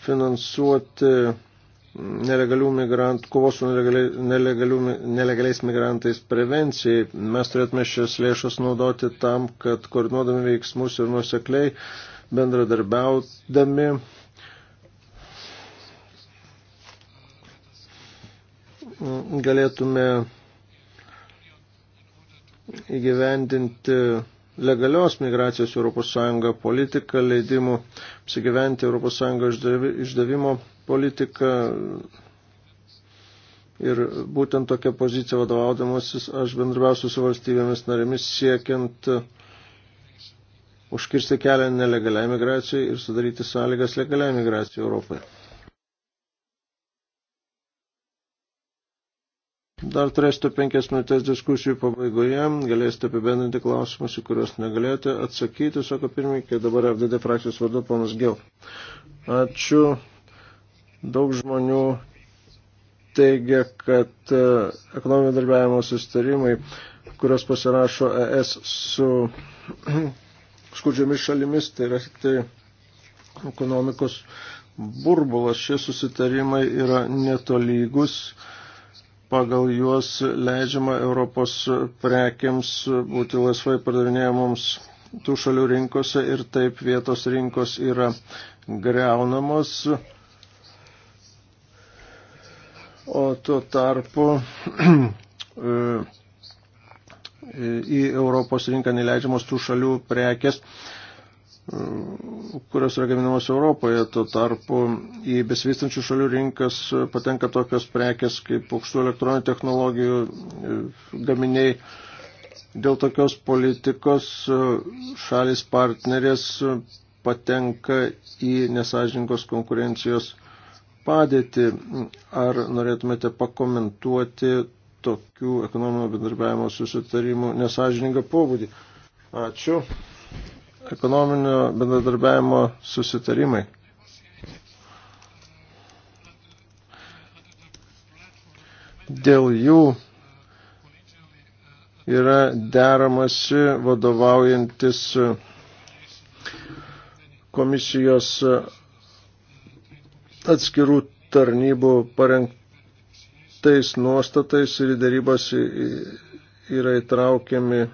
finansuoti nelegalių migrantų, kovos su nelegaliais migrantais prevencijai. Mes turėtume šias lėšas naudoti tam, kad koordinuodami veiksmus ir nusekliai bendradarbiaudami galėtume įgyvendinti legalios migracijos ES politiką, leidimų apsigyventi ES išdavimo politiką. Ir būtent tokia pozicija vadovaudamasis aš bendrabiausiu su valstybėmis narėmis siekiant užkirsti kelią nelegaliai migracijai ir sudaryti sąlygas legaliai migracijai Europoje. Dar turėsite penkias minutės diskusijų pabaigoje, galėsite apibendrinti klausimus, į kuriuos negalėjote atsakyti, sako pirmininkė, dabar FDD frakcijos vardu panas Gil. Ačiū. Daug žmonių teigia, kad e, ekonominio darbiavimo sustarimai, kurios pasirašo ES su skurdžiomis šalimis, tai yra tik tai ekonomikos burbulas. Šie susitarimai yra netolygus pagal juos leidžiama Europos prekiams būti laisvai pardavinėjamoms tų šalių rinkose ir taip vietos rinkos yra greunamos. O tuo tarpu į Europos rinką neleidžiamos tų šalių prekes kurios yra gaminamos Europoje. Tuo tarpu į besivystančių šalių rinkas patenka tokios prekes kaip aukštų elektroninių technologijų e, gaminiai. Dėl tokios politikos e, šalis partnerės patenka į nesažingos konkurencijos padėtį. Ar norėtumėte pakomentuoti tokių ekonominio bendarbiavimo susitarimų nesažiningą pobūdį? Ačiū ekonominio bendradarbiavimo susitarimai. Dėl jų yra deramasi vadovaujantis komisijos atskirų tarnybų parengtais nuostatais ir darybos yra įtraukiami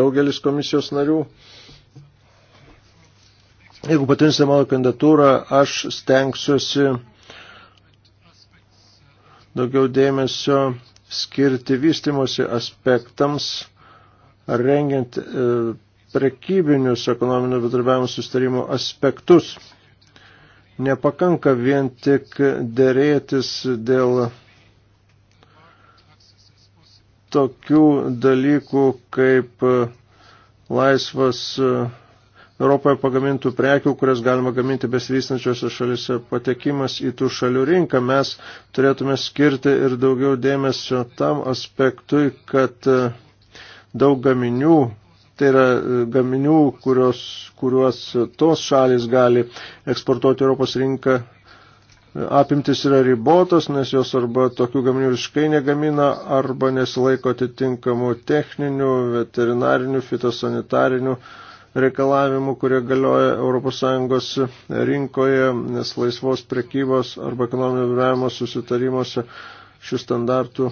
daugelis komisijos narių. Jeigu patinsite mano kandidatūrą, aš stengsiuosi daugiau dėmesio skirti vystimosi aspektams, rengiant e, prekybinius ekonominio bedarbiavimo sustarimo aspektus. Nepakanka vien tik dėrėtis dėl tokių dalykų kaip e, laisvas e, Europoje pagamintų prekių, kurias galima gaminti besivystančiose šalise, patekimas į tų šalių rinką. Mes turėtume skirti ir daugiau dėmesio tam aspektui, kad e, daug gaminių, tai yra e, gaminių, kurios, kuriuos tos šalis gali eksportuoti Europos rinką, apimtis yra ribotos, nes jos arba tokių gaminių visiškai negamina, arba nesilaiko atitinkamų techninių, veterinarinių, fitosanitarinių reikalavimų, kurie galioja ES rinkoje, nes laisvos prekybos arba ekonominio gyvenimo susitarimuose šių standartų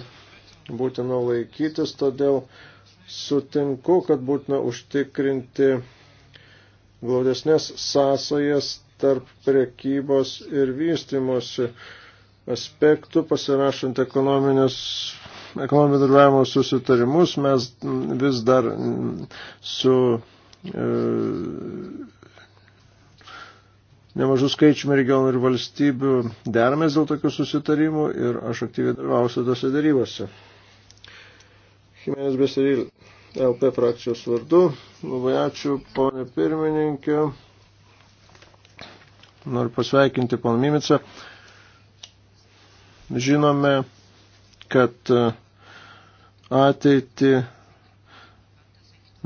būtina laikytis, todėl sutinku, kad būtina užtikrinti glaudesnės sąsajas tarp prekybos ir vystimosi aspektų, pasirašant ekonominės ekonominio dalyvavimo susitarimus mes vis dar su E, nemažų skaičių regionų ir valstybių deramės dėl tokių susitarimų ir aš aktyviai dalyvausiu tose darybose. Jimenez Beseril, LP frakcijos vardu. Labai ačiū, ponė pirmininkė. Noriu pasveikinti poną Mimicą. Žinome, kad ateitį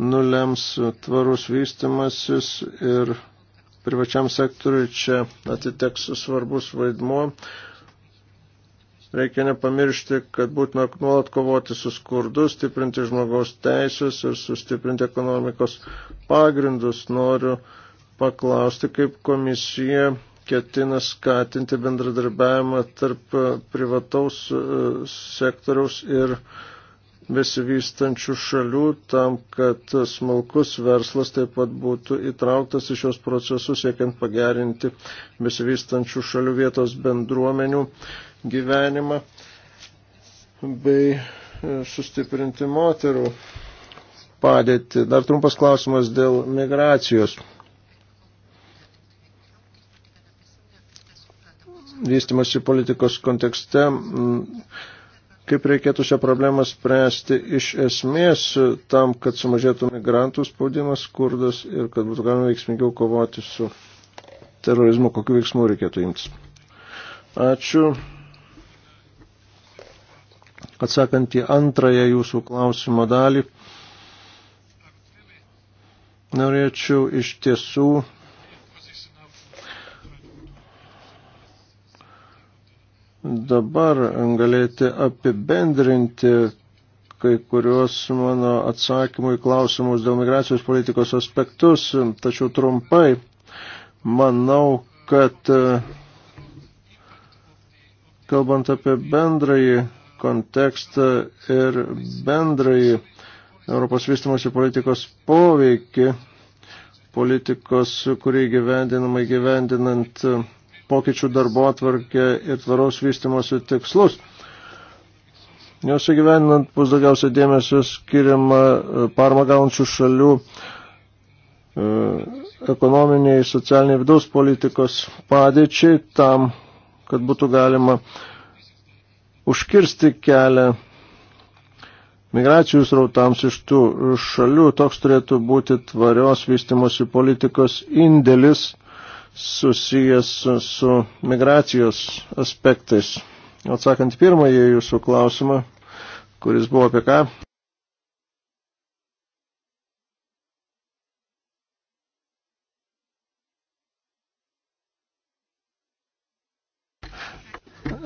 nulems tvarus vystimasis ir privačiam sektoriui čia atiteks svarbus vaidmuo. Reikia nepamiršti, kad būtina nuolat kovoti su skurdu, stiprinti žmogaus teisės ir sustiprinti ekonomikos pagrindus. Noriu paklausti, kaip komisija ketina skatinti bendradarbiavimą tarp privataus e, sektoriaus ir uh, besivystančių šalių tam, kad smulkus verslas taip pat būtų įtrauktas į šios procesus, siekiant pagerinti besivystančių šalių vietos bendruomenių gyvenimą bei e, sustiprinti moterų padėtį. Dar trumpas klausimas dėl migracijos. Vystimasi politikos kontekste kaip reikėtų šią problemą spręsti iš esmės tam, kad sumažėtų migrantų spaudimas, skurdas ir kad būtų galima veiksmingiau kovoti su terorizmu, kokiu veiksmu reikėtų imtis. Ačiū. Atsakant į antrąją jūsų klausimo dalį, norėčiau iš tiesų dabar galėti apibendrinti kai kuriuos mano atsakymų į klausimus dėl migracijos politikos aspektus, tačiau trumpai manau, kad kalbant apie bendrąjį kontekstą ir bendrąjį Europos vystimosi politikos poveikį, politikos, kurį gyvendinama gyvendinant pokyčių darbo atvarkę ir tvaraus vystimosi tikslus. Jos įgyveninant bus daugiausia dėmesio skiriama e, parma gaunančių šalių e, ekonominiai, socialiniai vidaus politikos padėčiai tam, kad būtų galima užkirsti kelią migracijų srautams iš tų šalių. Toks turėtų būti tvarios vystimosi politikos indėlis susijęs su, su migracijos aspektais. Atsakant pirmąjį jūsų klausimą, kuris buvo apie ką.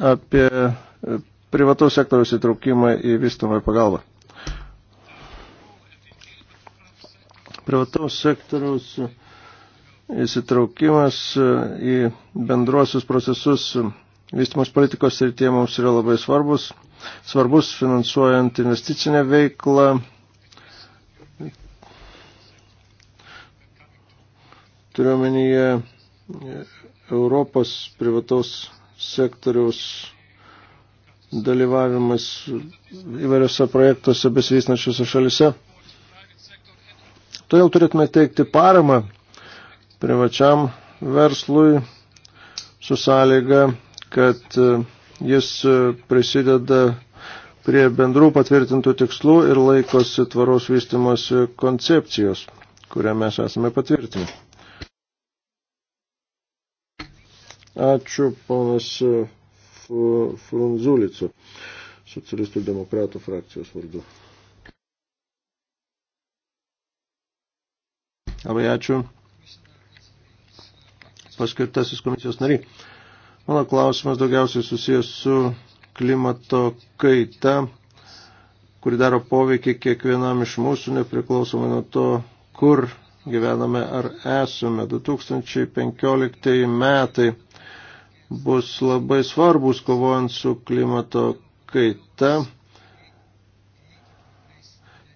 Apie e, privataus sektoriaus įtraukimą į vystomą pagalbą. Privataus sektoriaus uh, įsitraukimas e, į bendruosius procesus vystimos politikos srityje mums yra labai svarbus, svarbus finansuojant investicinę veiklą. Turiuomenyje e, Europos privataus sektoriaus dalyvavimas įvairiose projektuose besivysnačiose šalise. Todėl turėtume teikti paramą privačiam verslui su sąlyga, kad e, jis e, prisideda prie bendrų patvirtintų tikslų ir laikosi tvaros vystimosi koncepcijos, kurią mes esame patvirtinę. Ačiū ponas e, Frunzulicu, socialistų demokratų frakcijos vardu. Labai ačiū paskirtasis komisijos nariai. Mano klausimas daugiausiai susijęs su klimato kaita, kuri daro poveikį kiekvienam iš mūsų, nepriklausomai nuo to, kur gyvename ar esame. 2015 metai bus labai svarbus kovojant su klimato kaita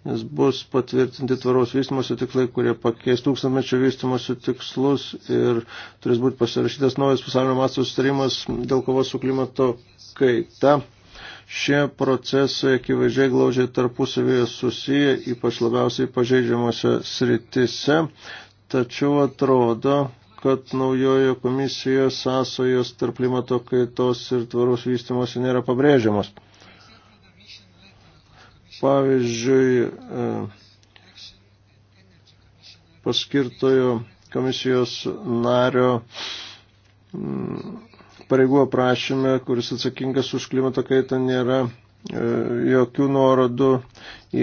nes bus patvirtinti tvaraus vystimosi tikslai, kurie pakeis tūkstantmečio vystimosi tikslus ir turės būti pasirašytas naujas pasaulio masto sustarimas dėl kovos su klimato kaita. Šie procesai akivaizdžiai glaudžiai tarpusavėje susiję, ypač labiausiai pažeidžiamose sritise, tačiau atrodo, kad naujojo komisijoje sąsojos tarp klimato kaitos ir tvaraus vystimosi nėra pabrėžiamos. Pavyzdžiui, e, paskirtojo komisijos nario mm, pareigų aprašyme, kuris atsakingas už klimato kaitą, nėra e, jokių nuorodų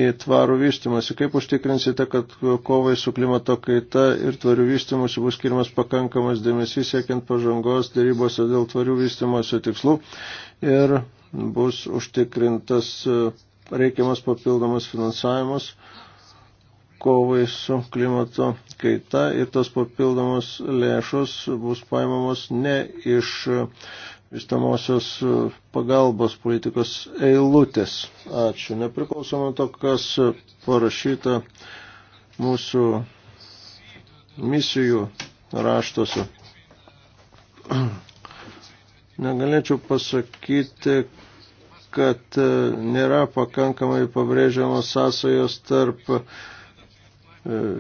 į tvarų vystimąsi. Kaip užtikrinsite, kad kovai su klimato kaita ir tvarių vystimusi bus skirimas pakankamas dėmesys siekiant pažangos darybose dėl tvarių vystimosi tikslų ir bus užtikrintas e, reikiamas papildomas finansavimas kovai su klimato kaita ir tos papildomos lėšos bus paimamos ne iš vystamosios pagalbos politikos eilutės. Ačiū. Nepriklausomai to, kas parašyta mūsų misijų raštuose. Negalėčiau pasakyti, kad e, nėra pakankamai pabrėžiamos sąsajos tarp e,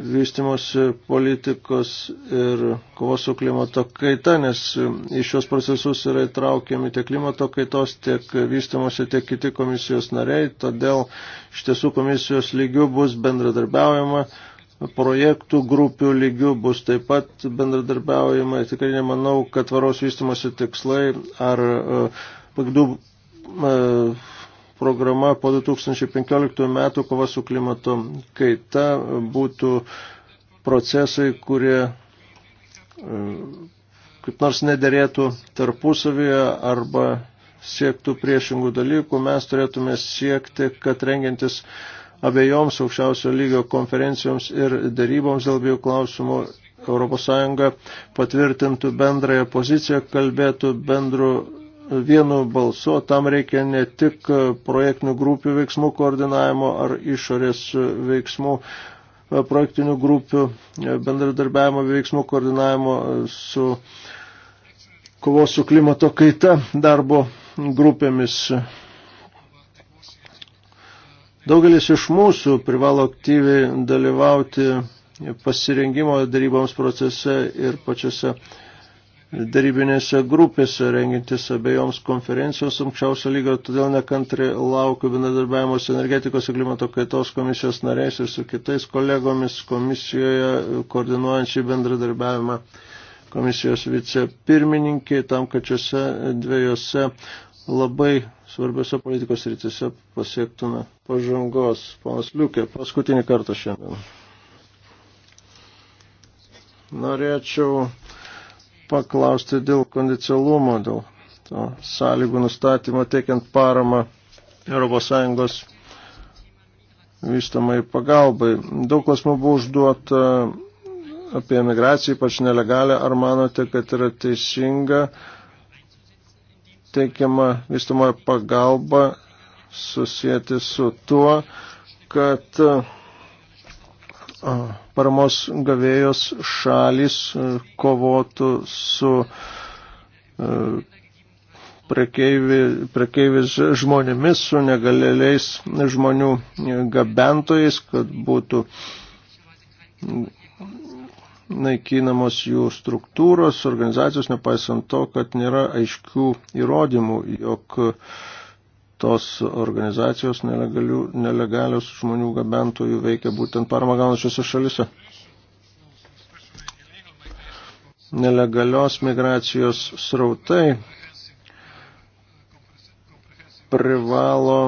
vystimosi politikos ir kovos su klimato kaita, nes e, į šios procesus yra įtraukiami tiek klimato kaitos, tiek vystimosi, tiek kiti komisijos nariai, todėl iš tiesų komisijos lygių bus bendradarbiaujama, projektų grupių lygių bus taip pat bendradarbiaujama, tikrai nemanau, kad varos vystimosi tikslai ar pagrindų E, programa po 2015 metų kova su klimato kaita būtų procesai, kurie e, kaip nors nederėtų tarpusavyje arba siektų priešingų dalykų, mes turėtume siekti, kad rengiantis abiejoms aukščiausio lygio konferencijoms ir daryboms dėl abiejų klausimų ES patvirtintų bendrąją poziciją, kalbėtų bendru vienu balsu, tam reikia ne tik projektinių grupių veiksmų koordinavimo ar išorės veiksmų projektinių grupių bendradarbiavimo veiksmų koordinavimo su kovos su klimato kaita darbo grupėmis. Daugelis iš mūsų privalo aktyviai dalyvauti pasirengimo daryboms procese ir pačiose darybinėse grupėse rengintis abejoms konferencijos aukščiausio lygio, todėl nekantri laukiu bendradarbiavimo su energetikos ir klimato kaitos komisijos nariais ir su kitais kolegomis komisijoje koordinuojančiai bendradarbiavimą komisijos vicepirmininkiai tam, kad šiuose dviejose labai svarbiose politikos rytise pasiektume pažangos. Panas Liukė, paskutinį kartą šiandien. Norėčiau paklausti dėl kondicionalumo, dėl to sąlygų nustatymo teikiant paramą ES vystamai pagalbai. Daug klausimų buvo užduota apie emigraciją, ypač nelegalę. Ar manote, kad yra teisinga teikiama vystamoje pagalba susijęti su tuo, kad uh, paramos gavėjos šalis e, kovotų su e, prekeivis žmonėmis, su negalėliais žmonių e, gabentojais, kad būtų naikinamos jų struktūros, organizacijos, nepaisant to, kad nėra aiškių įrodymų, jog uh, tos organizacijos nelegalios žmonių gabentojų veikia būtent paramą gaunančiose šalise. Nelegalios migracijos srautai privalo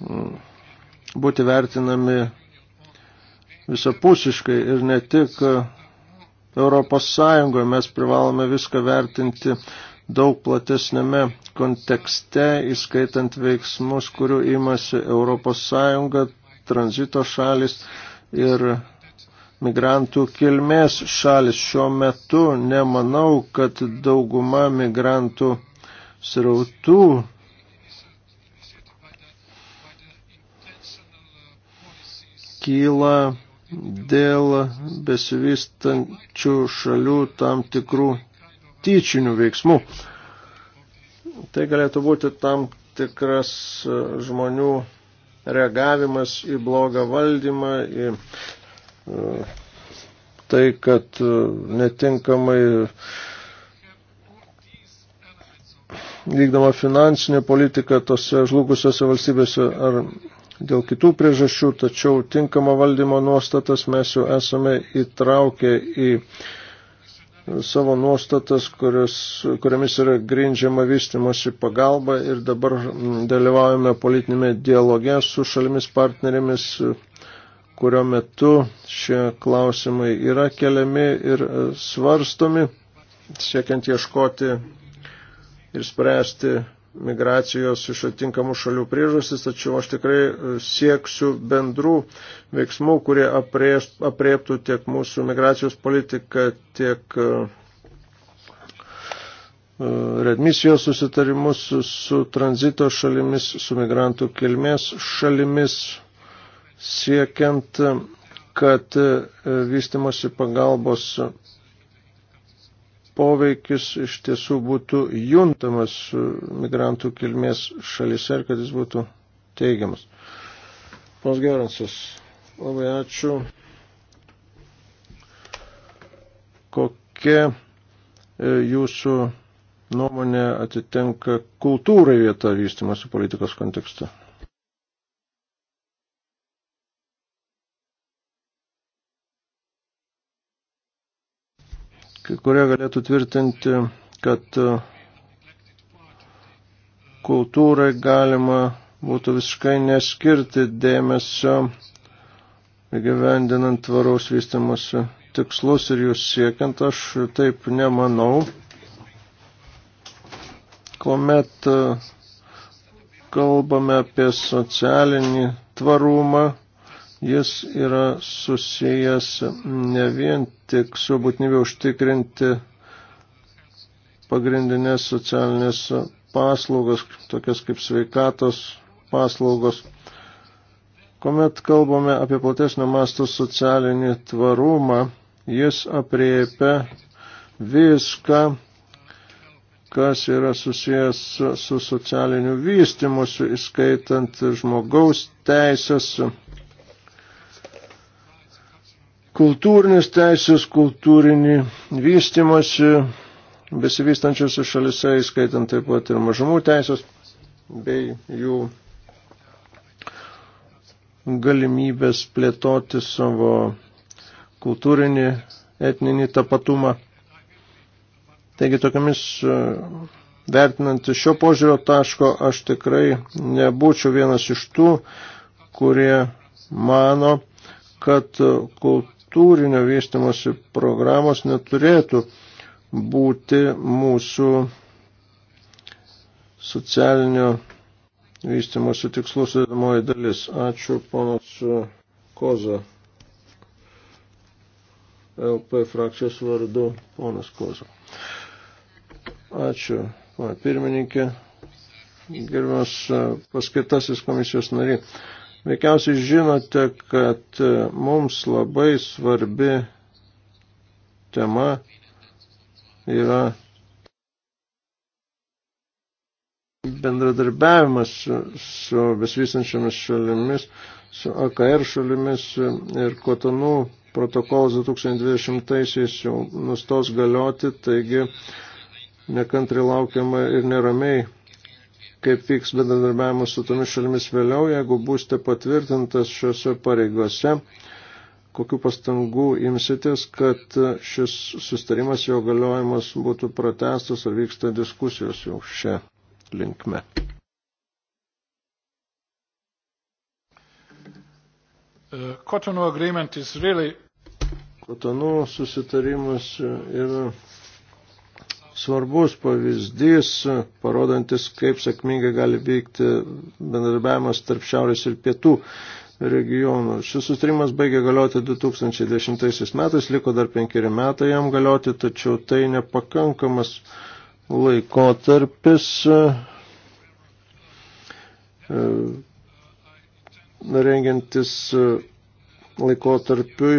mm, būti vertinami visapusiškai ir ne tik Europos Sąjungoje mes privalome viską vertinti daug platesnėme kontekste, įskaitant veiksmus, kurių imasi Europos Sąjunga, tranzito šalis ir migrantų kilmės šalis. Šiuo metu nemanau, kad dauguma migrantų srautų kyla dėl besivystančių šalių tam tikrų tyčinių veiksmų. Tai galėtų būti tam tikras e, žmonių reagavimas į blogą valdymą, į e, tai, kad e, netinkamai vykdoma finansinė politika tose žlugusiose valstybėse ar dėl kitų priežasčių, tačiau tinkamą valdymo nuostatas mes jau esame įtraukę į savo nuostatas, kuris, kuriamis yra grindžiama vystimosi pagalba ir dabar dalyvaujame politinėme dialoge su šalimis partnerėmis, kurio metu šie klausimai yra keliami ir svarstomi, siekiant ieškoti ir spręsti migracijos iš atinkamų šalių priežastis, tačiau aš tikrai e, sieksiu bendrų veiksmų, kurie apriektų tiek mūsų migracijos politiką, tiek e, e, redmisijos susitarimus su, su tranzito šalimis, su migrantų kilmės šalimis, siekiant, kad vystimosi pagalbos poveikis iš tiesų būtų juntamas migrantų kilmės šalyse ir kad jis būtų teigiamas. Pons Geransas, labai ačiū. Kokia e, jūsų nuomonė atitenka kultūrai vieta vystimasi politikos kontekste? kai kurie galėtų tvirtinti, kad e, kultūrai galima būtų visiškai neskirti dėmesio gyvendinant tvaraus vystimus tikslus ir jūs siekiant, aš taip nemanau. Komet e, kalbame apie socialinį tvarumą, Jis yra susijęs ne vien tik su būtinybė užtikrinti pagrindinės socialinės paslaugos, tokias kaip sveikatos paslaugos. Komet kalbame apie platesnio masto socialinį tvarumą, jis apriepia viską, kas yra susijęs su, su socialiniu vystimusi, įskaitant žmogaus teisės, kultūrinis teisės, kultūrinį vystimąsi besivystančiose šalise, įskaitant taip pat ir mažumų teisės bei jų galimybės plėtoti savo kultūrinį, etninį tapatumą. Taigi tokiamis e, vertinant šio požiūrio taško, aš tikrai nebūčiau vienas iš tų, kurie mano, kad kultūrinį turinio vystimosi programos neturėtų būti mūsų socialinio vystimosi tikslų sudėdamoji dalis. Ačiū ponas Koza. LP frakcijos vardu ponas Koza. Ačiū, pana pirmininkė. Gerbiamas paskaitasis komisijos nariai. Veikiausiai žinote, kad mums labai svarbi tema yra bendradarbiavimas su, su besivystančiamis šalimis, su AKR šalimis ir kotonų protokolas 2020-aisiais jau nustos galioti, taigi nekantri laukiama ir neramiai kaip vyks bendradarbiavimas su tomis šalimis vėliau, jeigu būsite patvirtintas šiuose pareigose, kokiu pastangu imsitės, kad šis sustarimas jo galiojimas būtų pratestas ar vyksta diskusijos jau šią linkme. Kotonų uh, really... susitarimas yra svarbus pavyzdys, parodantis, kaip sėkmingai gali vykti bendradarbiavimas tarp šiaurės ir pietų regionų. Šis sutarimas baigė galioti 2010 metais, liko dar penkeri metai jam galioti, tačiau tai nepakankamas laikotarpis e, rengiantis e, laikotarpiui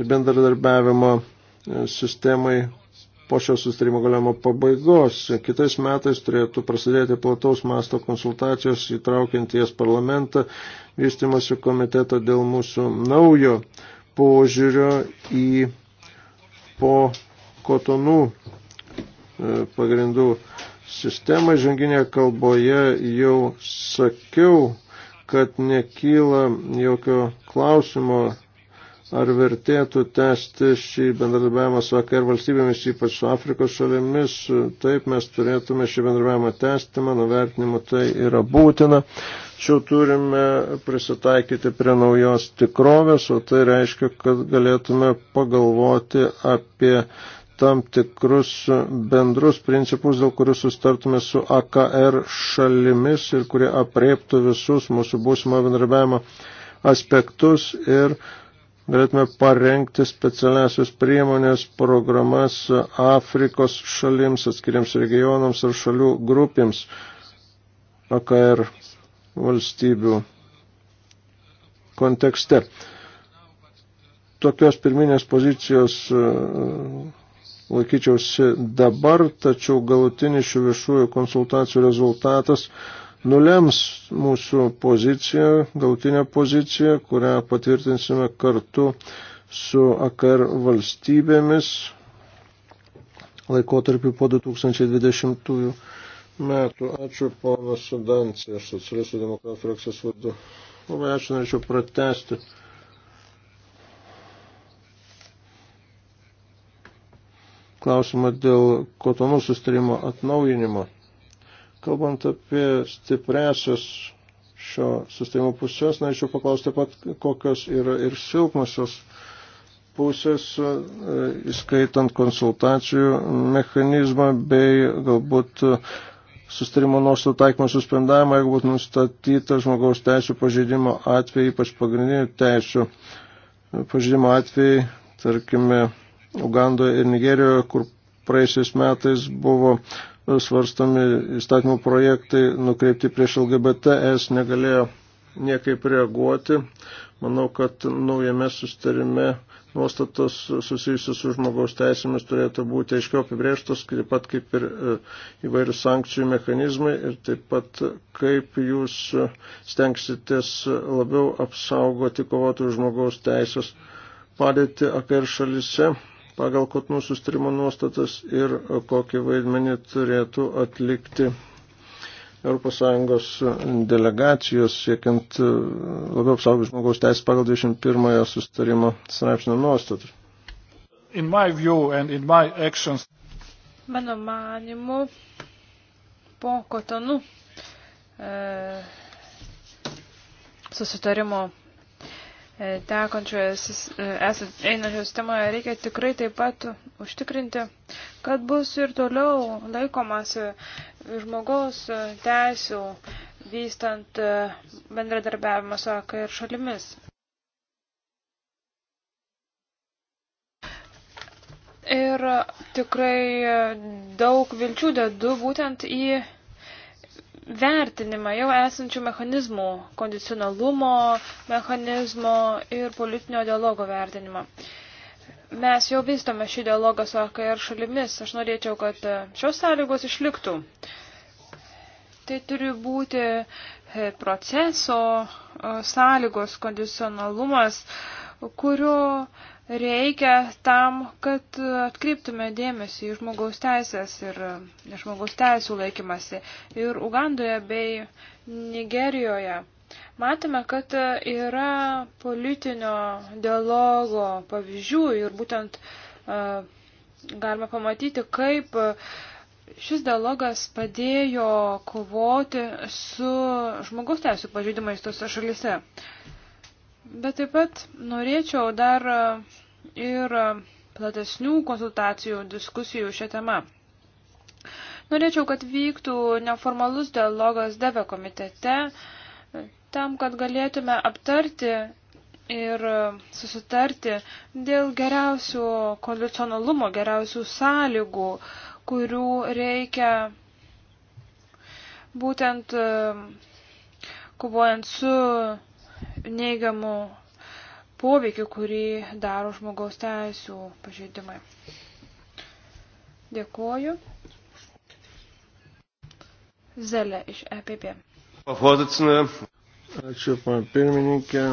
ir bendradarbiavimo e, sistemai po šio sustarimo galiamo pabaigos. Kitais metais turėtų prasidėti plataus masto konsultacijos įtraukiant jas parlamentą, vystimasi komitetą dėl mūsų naujo požiūrio į po kotonų e, pagrindų sistemą. Žanginėje kalboje jau sakiau, kad nekyla jokio klausimo ar vertėtų tęsti šį bendradarbiavimą su AKR valstybėmis, ypač su Afrikos šalimis. Taip mes turėtume šį bendradarbiavimą tęsti, mano vertinimu tai yra būtina. Čia turime prisitaikyti prie naujos tikrovės, o tai reiškia, kad galėtume pagalvoti apie tam tikrus bendrus principus, dėl kurių sustartume su AKR šalimis ir kurie apreiptų visus mūsų būsimo bendrabiavimo aspektus ir uh, galėtume parengti specialiasios priemonės programas Afrikos šalims, atskiriams regionams ar šalių grupėms AKR valstybių kontekste. Tokios pirminės pozicijos e, laikyčiausi dabar, tačiau galutinis šių viešųjų konsultacijų rezultatas nulems mūsų poziciją, galtinę poziciją, kurią patvirtinsime kartu su AKR valstybėmis laikotarpiu po 2020 metų. Ačiū ponas Sudancija, aš socialistų demokratų frakcijos vadu. Labai ačiū, norėčiau pratesti. Klausimą dėl kotonų sustarimo atnaujinimo. Kalbant apie stipresias šio sistemo pusės, norėčiau paklausti taip pat, kokios yra ir silpnosios pusės, e, įskaitant konsultacijų mechanizmą bei galbūt sustarimo nuostatų taikymo suspendavimą, jeigu būtų nustatyta žmogaus teisų pažeidimo atvejai, ypač pagrindinių teisų pažeidimo atvejai, tarkime, Ugandoje ir Nigerijoje, kur praeisiais metais buvo svarstami įstatymų projektai nukreipti prieš LGBTS negalėjo niekaip reaguoti. Manau, kad naujame sustarime nuostatos susijusios su žmogaus teisėmis turėtų būti aiškiau apibrėžtos, taip pat kaip ir e, įvairių sankcijų mechanizmai ir taip pat kaip jūs stengsitės labiau apsaugoti kovotojų žmogaus teisės padėti AKR šalise pagal kotnų sustrimo nuostatas ir kokį vaidmenį turėtų atlikti ES delegacijos siekiant e, labiau apsaugoti žmogaus teisės pagal 21 sustarimo straipsnio nuostatus. In my view and in my actions. Mano manimu, po kotonų e, susitarimo E, tekančioje e, einančioje sistemoje reikia tikrai taip pat užtikrinti, kad bus ir toliau laikomasi žmogaus teisų vystant e, bendradarbiavimą su AK ir šalimis. Ir tikrai daug vilčių dedu būtent į vertinimą jau esančių mechanizmų, kondicionalumo mechanizmo ir politinio dialogo vertinimą. Mes jau vystome šį dialogą su AKR šalimis. Aš norėčiau, kad šios sąlygos išliktų. Tai turi būti e, proceso e, sąlygos, kondicionalumas, kurio reikia tam, kad atkreiptume dėmesį į žmogaus teisės ir žmogaus teisų laikymasi. Ir Ugandoje bei Nigerijoje matome, kad yra politinio dialogo pavyzdžių ir būtent galime pamatyti, kaip šis dialogas padėjo kovoti su žmogaus teisų pažeidimais tose šalise. Bet taip pat norėčiau dar e, ir e, platesnių konsultacijų, diskusijų šią temą. Norėčiau, kad vyktų neformalus dialogas DEVE komitete, e, tam, kad galėtume aptarti ir susitarti dėl geriausių kondicionalumo, geriausių sąlygų, kurių reikia būtent kovojant su neigiamų poveikių, kurį daro žmogaus teisų pažeidimai. Dėkuoju. Zelė iš EPP. Ačiū, pan pirmininkė.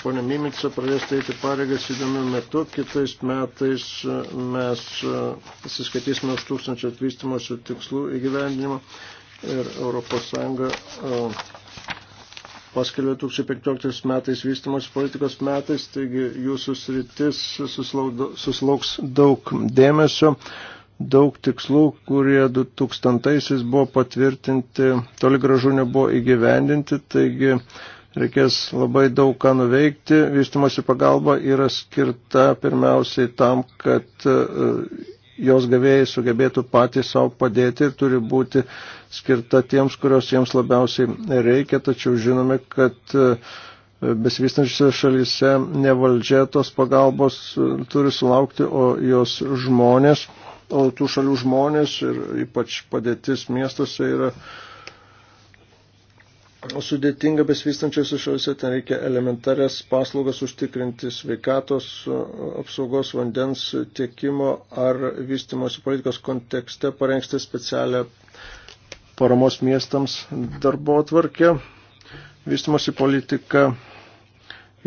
Pone Mimica pradės teiti pareigas įdomiu metu. Kitais metais mes pasiskaitysime už tūkstančio atvystymosi tikslų įgyvendinimo ir Europos Sąjunga paskelbė 2015 metais vystimos politikos metais, taigi jūsų sritis susilauks daug dėmesio, daug tikslų, kurie 2000-aisiais buvo patvirtinti, toli gražu nebuvo įgyvendinti, taigi reikės labai daug ką nuveikti. Vystimosi pagalba yra skirta pirmiausiai tam, kad jos gavėjai sugebėtų patys savo padėti ir turi būti skirta tiems, kurios jiems labiausiai reikia, tačiau žinome, kad e, besivystančiose šalyse ne valdžia tos pagalbos e, turi sulaukti, o jos žmonės, o tų šalių žmonės ir ypač padėtis miestuose yra sudėtinga besvystančiose šalise, ten reikia elementarias paslaugas užtikrinti sveikatos, apsaugos, vandens tiekimo ar vystimosi politikos kontekste parengsti specialią paramos miestams darbo atvarkę. Vystimosi politika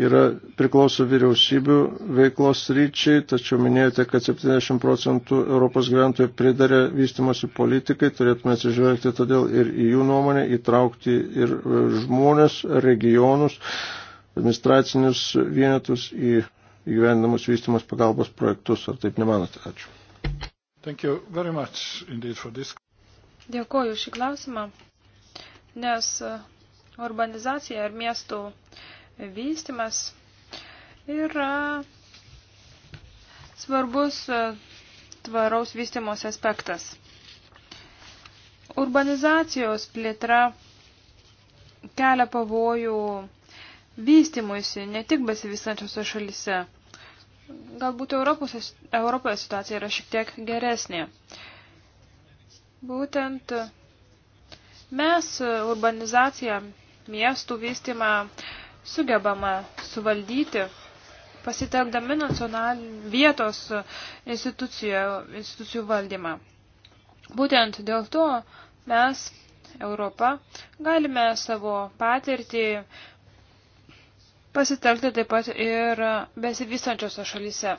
yra priklauso vyriausybių veiklos ryčiai, tačiau minėjote, kad 70 procentų Europos gyventojų pridarė vystimosi politikai, turėtume atsižvelgti todėl ir į jų nuomonę, įtraukti ir e, žmonės, regionus, administracinius vienetus į įgyvendinamus vystimos pagalbos projektus. Ar taip nemanote? Ačiū. Thank you very much indeed for this. Dėkuoju šį klausimą, nes e, urbanizacija ir miestų uh, vystimas yra svarbus e, tvaraus vystimos aspektas. Urbanizacijos plėtra kelia pavojų vystimuisi ne tik besivystančiose šalyse. Galbūt Europos, Europoje situacija yra šiek tiek geresnė. Būtent mes urbanizaciją, miestų vystimą sugebama suvaldyti, pasitelkdami vietos institucijų, institucijų valdymą. Būtent dėl to mes, Europa, galime savo patirtį pasitelkti taip pat ir besivystančiose šalyse.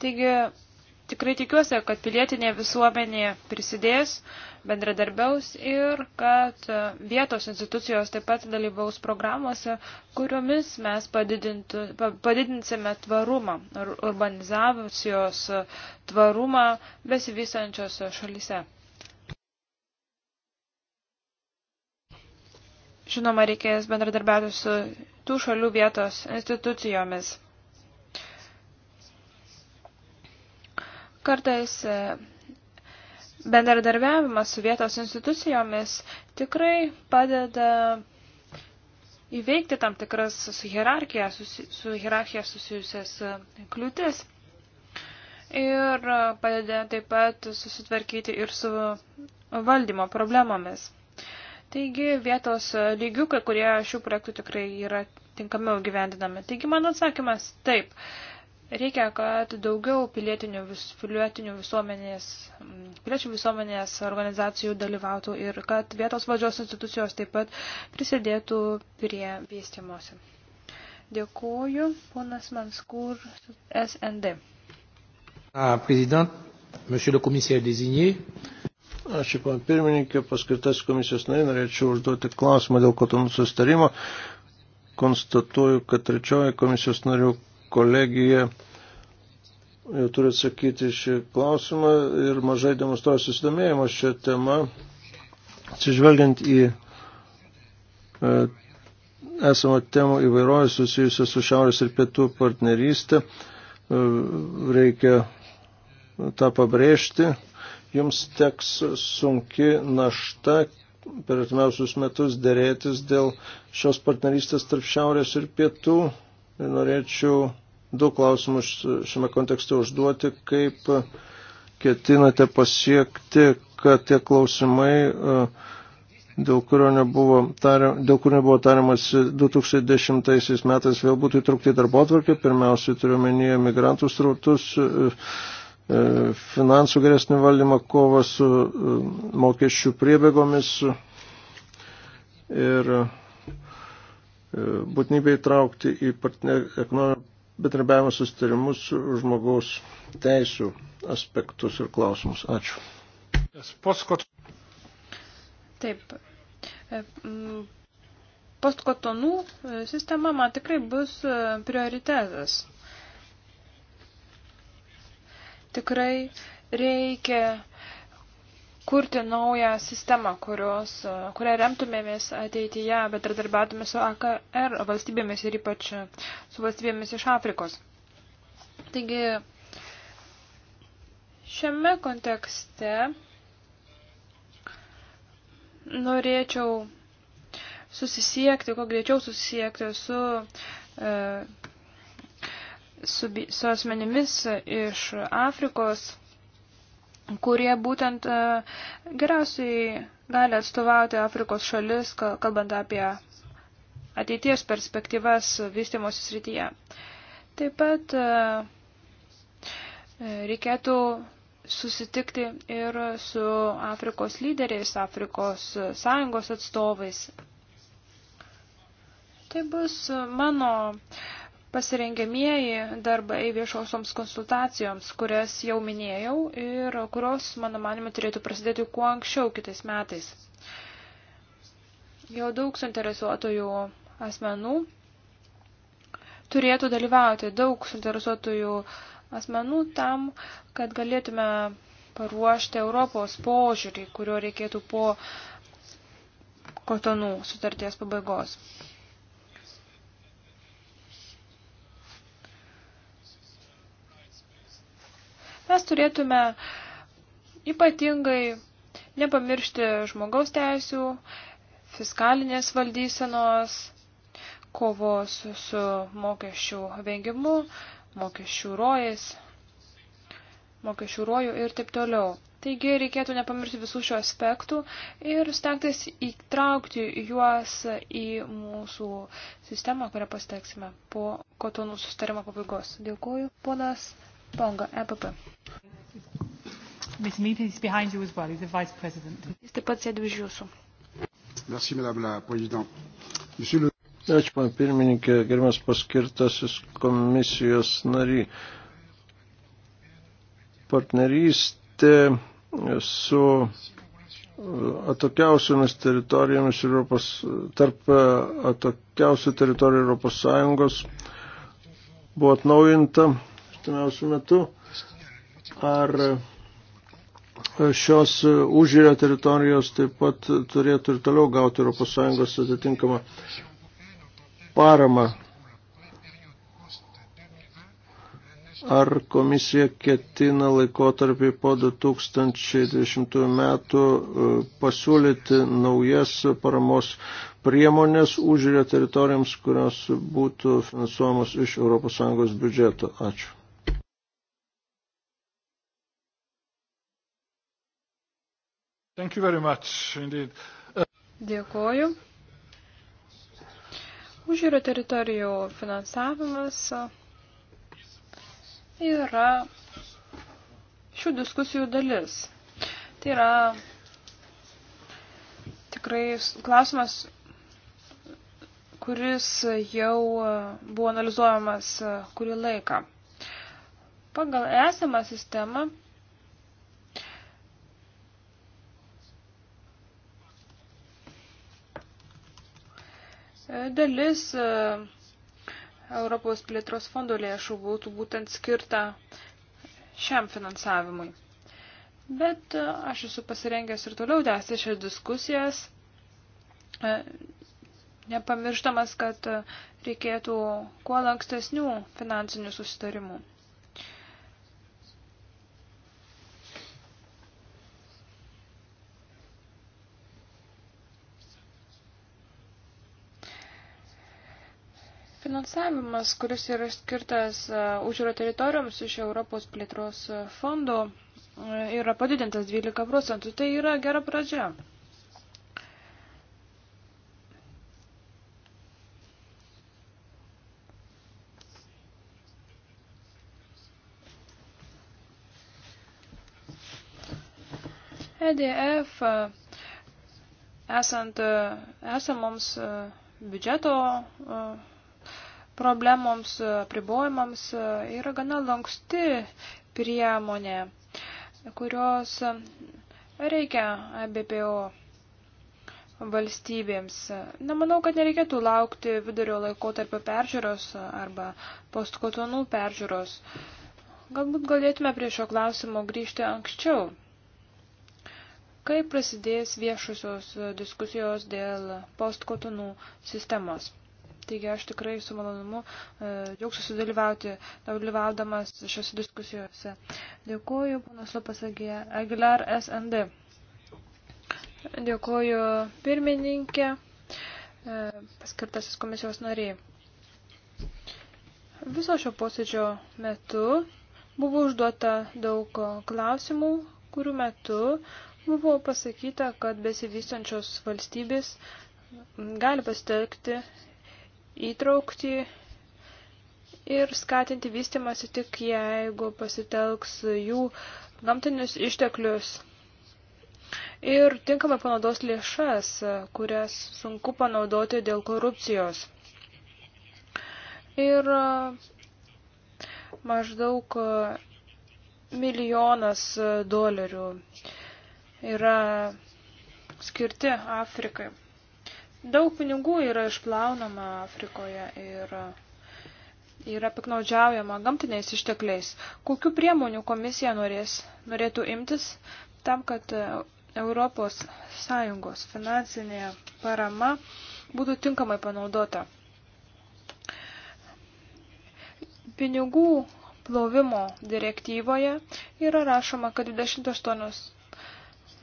Taigi, tikrai tikiuosi, kad pilietinė visuomenė prisidės uh, bendradarbiaus ir kad vietos institucijos taip pat dalyvaus programuose, kuriomis mes padidinsime tvarumą, urbanizacijos tvarumą besivysančios šalyse. Žinoma, reikės bendradarbiauti su tų šalių vietos institucijomis. Kartais bendradarbiavimas su vietos institucijomis tikrai padeda įveikti tam tikras su hierarchija, susi, su hierarchija susijusias e, kliūtis. Ir e, padeda taip pat susitvarkyti ir su valdymo problemomis. Taigi vietos lygių, kai kurie šių projektų tikrai yra tinkamiau gyvendinami. Taigi mano atsakymas taip. Uh, Reikia, kad daugiau pilietinių, vis, pilietinių visuomenės, piliečių visuomenės organizacijų dalyvautų ir kad vietos valdžios institucijos taip pat prisidėtų prie vystymosi. Dėkuoju, ponas Manskur, SND. Prezident, monsieur le commissaire désigné. Ačiū, pan pirmininkė, paskirtas komisijos nariai, norėčiau užduoti klausimą dėl kotonų sustarimo. Konstatuoju, kad trečioji komisijos narių kolegija e, turi atsakyti šį klausimą ir mažai demonstruoja susidomėjimo šią temą. Atsižvelgiant į e, esamą temų įvairovę susijusią su Šiaurės ir Pietų partnerystė, e, reikia tą pabrėžti. Jums teks sunki našta per atmiausius metus dėrėtis dėl šios partnerystės tarp Šiaurės ir Pietų Norėčiau du klausimus šiame kontekste užduoti, kaip ketinate pasiekti, kad tie klausimai, e, dėl kurio nebuvo, tariam, dėl kurio nebuvo tariamas 2010 metais, vėl būtų įtraukti į darbo atvarkę, pirmiausiai turiuomenyje migrantų srautus, e, e, finansų geresnį valdymą, kovą su mokesčių priebėgomis ir E, būtinybę įtraukti į ekonominio bendrabiavimo sustarimus žmogaus teisų aspektus ir klausimus. Ačiū. Taip. E, Postkotonų e, sistema man tikrai bus prioritetas. Tikrai reikia kurti naują sistemą, kurios, kurią remtumėmės ateityje, bet ir darbėtume su AKR valstybėmis ir ypač su valstybėmis iš Afrikos. Taigi, šiame kontekste norėčiau susisiekti, kuo greičiau susisiekti su, e, su, su asmenimis iš Afrikos kurie būtent e, geriausiai gali atstovauti Afrikos šalis, kalbant apie ateities perspektyvas vystimosi srityje. Taip pat e, reikėtų susitikti ir su Afrikos lyderiais, Afrikos sąjungos atstovais. Tai bus mano uh, pasirengiamieji darbai viešosioms konsultacijoms, kurias jau minėjau ir kurios, mano manimo, turėtų prasidėti kuo anksčiau kitais metais. Jau daug suinteresuotojų asmenų turėtų dalyvauti, daug suinteresuotojų asmenų tam, kad galėtume paruošti Europos požiūrį, kurio reikėtų po kotonų sutarties pabaigos. Mes turėtume ypatingai nepamiršti žmogaus teisų, fiskalinės valdysenos, kovos su mokesčių vengimu, mokesčių rojais, mokesčių rojų ir taip toliau. Taigi reikėtų nepamiršti visų šių aspektų ir stengtis įtraukti juos į mūsų sistemą, kurią pasteksime po kotonų sustarimo pabaigos. Dėkuoju, ponas Ponga, EPP. Miss Mead is behind you as well. He's the vice president. Jis taip pat sėdi už jūsų. Merci, madame la présidente. Monsieur le... Ačiū, pan pirmininkė, gerimas paskirtasis komisijos nary. Partnerystė su atokiausiamis teritorijomis Europos, tarp atokiausių teritorijų Europos Sąjungos buvo atnaujinta artimiausių metų. Ar šios e, užžiūrio teritorijos taip pat turėtų ir toliau gauti ES atitinkamą paramą. Ar komisija ketina laikotarpį po 2020 metų e, pasiūlyti naujas paramos priemonės užžiūrė teritorijoms, kurios būtų finansuomos iš ES biudžeto? Ačiū. Thank you very much indeed. Uh... Dėkoju. Užjūrio teritorijų finansavimas yra šių diskusijų dalis. Tai yra tikrai klausimas, kuris jau buvo analizuojamas kurį laiką. Pagal esamą sistemą dalis e, Europos plėtros fondo lėšų būtų būtent skirta šiam finansavimui. Bet e, aš esu pasirengęs ir toliau tęsti šias diskusijas, e, nepamirštamas, kad reikėtų kuo lankstesnių finansinių susitarimų. finansavimas, kuris yra skirtas e, užsienio teritorijoms iš Europos plėtros e, fondo, e, yra padidintas 12 procentų. Tai yra gera pradžia. EDF esant esamoms biudžeto problemoms, pribojimams e, yra gana lanksti priemonė, kurios reikia ABPO valstybėms. Nemanau, kad nereikėtų laukti vidurio laiko tarp peržiūros arba postkotonų peržiūros. Galbūt galėtume prie šio klausimo grįžti anksčiau. Kai prasidės viešusios diskusijos dėl postkotonų sistemos? Taigi aš tikrai su malonumu e, džiaugsiu dalyvauti, dalyvaudamas šiuose diskusijose. Dėkuoju, panas Lopasagė, Aguilar SND. Dėkuoju pirmininkė, e, paskirtasis komisijos nariai. Viso šio posėdžio metu buvo užduota daug klausimų, kurių metu buvo pasakyta, kad besivystančios valstybės gali pasitelkti įtraukti ir skatinti vystimąsi tik jeigu pasitelks jų gamtinius išteklius ir tinkamai panaudos lėšas, kurias sunku panaudoti dėl korupcijos. Ir maždaug milijonas dolerių yra skirti Afrikai. Daug pinigų yra išplaunama Afrikoje ir yra piknaudžiaujama gamtiniais ištekliais. Kokiu priemonių komisija norės, norėtų imtis tam, kad Europos Sąjungos finansinė parama būtų tinkamai panaudota? Pinigų plovimo direktyvoje yra rašoma, kad 28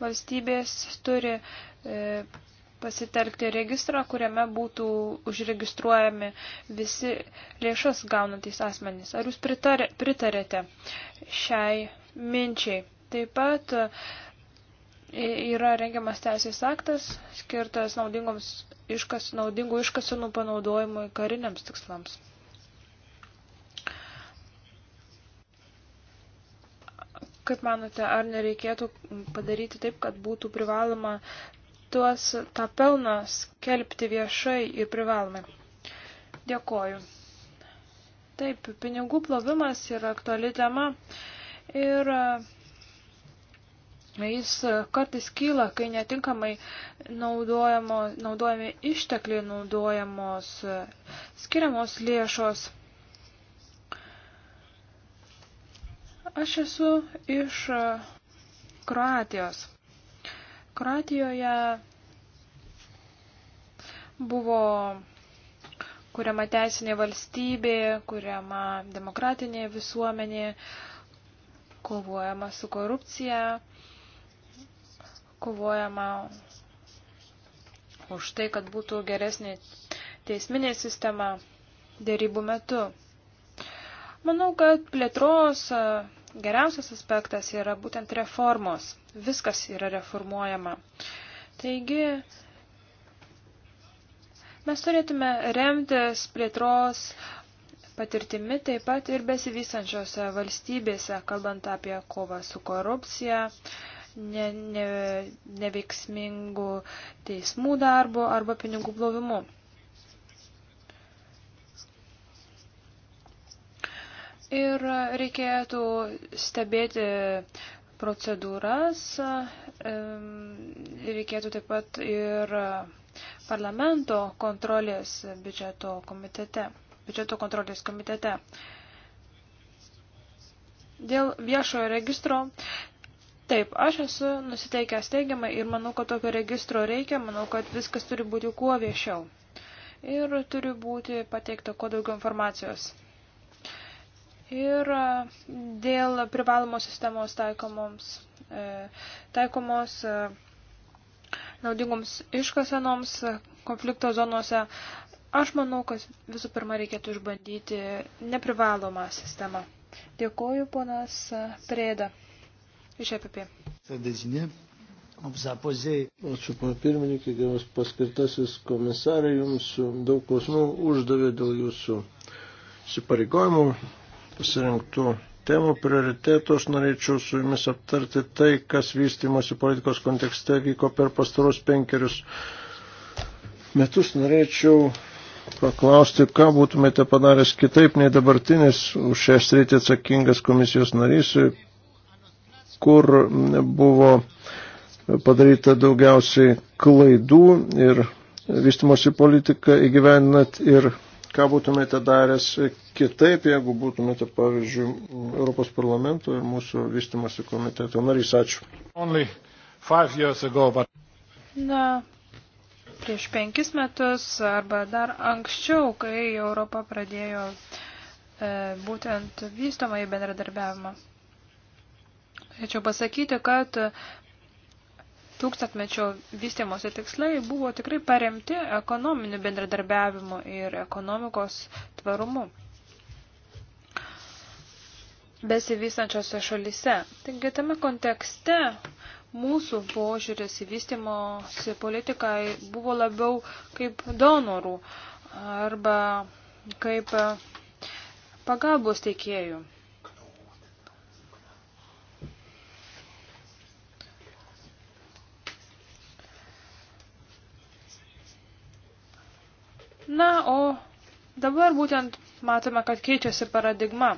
valstybės turi e, pasitelkti registrą, kuriame būtų užregistruojami visi lėšas gaunantys asmenys. Ar jūs pritarė, pritarėte šiai minčiai? Taip pat e, yra rengiamas teisės aktas skirtas iškas, naudingų iškasinų panaudojimui kariniams tikslams. Kaip manote, ar nereikėtų padaryti taip, kad būtų privaloma tuos tą pelną skelbti viešai ir privalomai. Dėkoju. Taip, pinigų plovimas yra aktuali tema ir e, jis kartais kyla, kai netinkamai naudojami ištekliai naudojamos e, skiriamos lėšos. Aš esu iš e, Kroatijos. Kroatijoje buvo kuriama teisinė valstybė, kuriama demokratinė visuomenė, kovojama su korupcija, kovojama už tai, kad būtų geresnė teisminė sistema dėrybų metu. Manau, kad plėtros geriausias aspektas yra būtent reformos. Viskas yra reformuojama. Taigi, mes turėtume remtis plėtros patirtimi taip pat ir besivystančiose valstybėse, kalbant apie kovą su korupcija, ne, ne, neveiksmingų teismų darbu arba pinigų plovimu. Ir reikėtų stebėti procedūras, reikėtų taip pat ir parlamento kontrolės biudžeto komitete, biudžeto kontrolės komitete. Dėl viešojo registro, taip, aš esu nusiteikęs teigiamai ir manau, kad tokio registro reikia, manau, kad viskas turi būti kuo viešiau. Ir turi būti pateikta kuo daugiau informacijos ir e, dėl privalomos sistemos taikomoms, e, taikomos e, naudingoms iškasenoms konflikto zonuose. Aš manau, kad visų pirma reikėtų išbandyti neprivalomą sistemą. Dėkuoju, ponas Prėda. Iš EPP. Ačiū, pana pirmininkė, geras paskirtasis komisarai, jums daug klausimų uždavė dėl jūsų įsipareigojimų pasirinktų temų prioritetų aš norėčiau su jumis aptarti tai, kas vystimosi politikos kontekste vyko per pastarus penkerius metus. Norėčiau paklausti, ką būtumėte padaręs kitaip nei dabartinis už šią sritį atsakingas komisijos narys, kur buvo padaryta daugiausiai klaidų ir vystimosi politiką įgyvendinat ir ką būtumėte daręs kitaip, jeigu būtumėte, pavyzdžiui, Europos parlamento ir mūsų vystimosi komiteto narys. Ačiū. Ago, but... Na, prieš penkis metus arba dar anksčiau, kai Europa pradėjo e, būtent vystomą į bendradarbiavimą. Norėčiau pasakyti, kad tūkstantmečio vystimosi tikslai buvo tikrai paremti ekonominiu bendradarbiavimu ir ekonomikos tvarumu besivystančiose šalyse. Taigi tame kontekste mūsų požiūris į vystimosi politiką buvo labiau kaip donorų arba kaip pagalbos teikėjų. Na, o dabar būtent matome, kad keičiasi paradigma.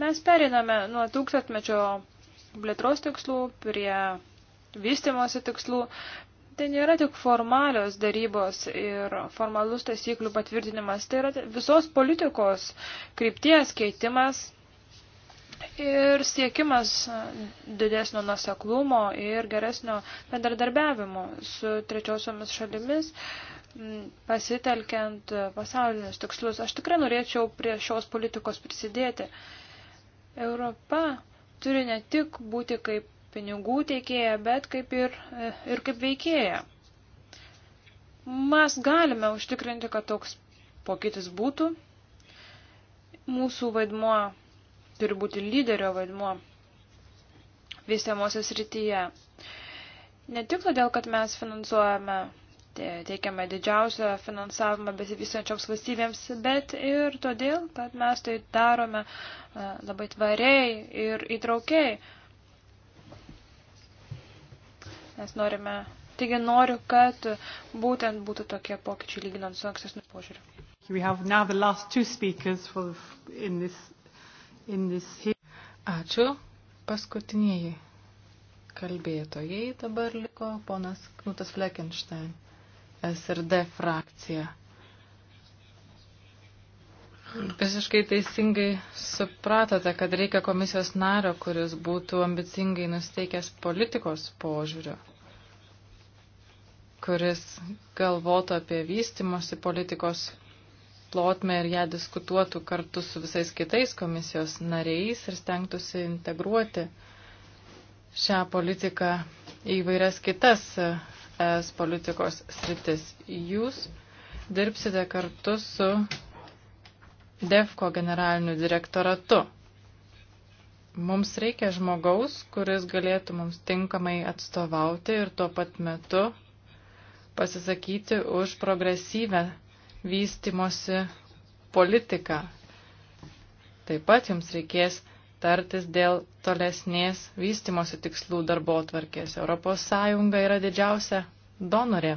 Mes periname nuo tūkstantmečio plėtros tikslų prie vystimosi tikslų. Tai nėra tik formalios darybos ir formalus taisyklių patvirtinimas, tai yra visos politikos krypties keitimas ir siekimas didesnio nuseklumo ir geresnio bendradarbiavimo su trečiosiomis šalimis. Uh, pasitelkiant pasaulinius tikslus. Aš tikrai norėčiau prie šios politikos prisidėti. Europa turi ne tik būti kaip pinigų teikėja, bet kaip ir, ir kaip veikėja. Mes galime užtikrinti, kad toks pokytis būtų. Mūsų vaidmuo turi būti lyderio vaidmuo vystiamosios rytyje. Ne tik todėl, kad mes finansuojame teikiame didžiausią finansavimą besivystančioms valstybėms, bet ir todėl, kad mes tai darome labai tvariai ir įtraukiai. Mes norime, taigi noriu, kad būtent būtų tokie pokyčiai lyginant su ankstesniu požiūriu. In this, in this... Ačiū. Paskutinieji kalbėtojai dabar liko ponas Knutas Fleckenstein. SRD frakcija. Visiškai teisingai supratote, kad reikia komisijos nario, kuris būtų ambicingai nusteikęs politikos požiūriu, kuris galvotų apie vystimosi politikos plotmę ir ją diskutuotų kartu su visais kitais komisijos nariais ir stengtųsi integruoti šią politiką į vairias kitas es politikos sritis. Jūs dirbsite kartu su DEFCO generaliniu direktoratu. Mums reikia žmogaus, kuris galėtų mums tinkamai atstovauti ir tuo pat metu pasisakyti už progresyvę vystimosi politiką. Taip pat jums reikės tartis dėl tolesnės vystimosi tikslų darbo tvarkės. Europos Sąjunga yra didžiausia donorė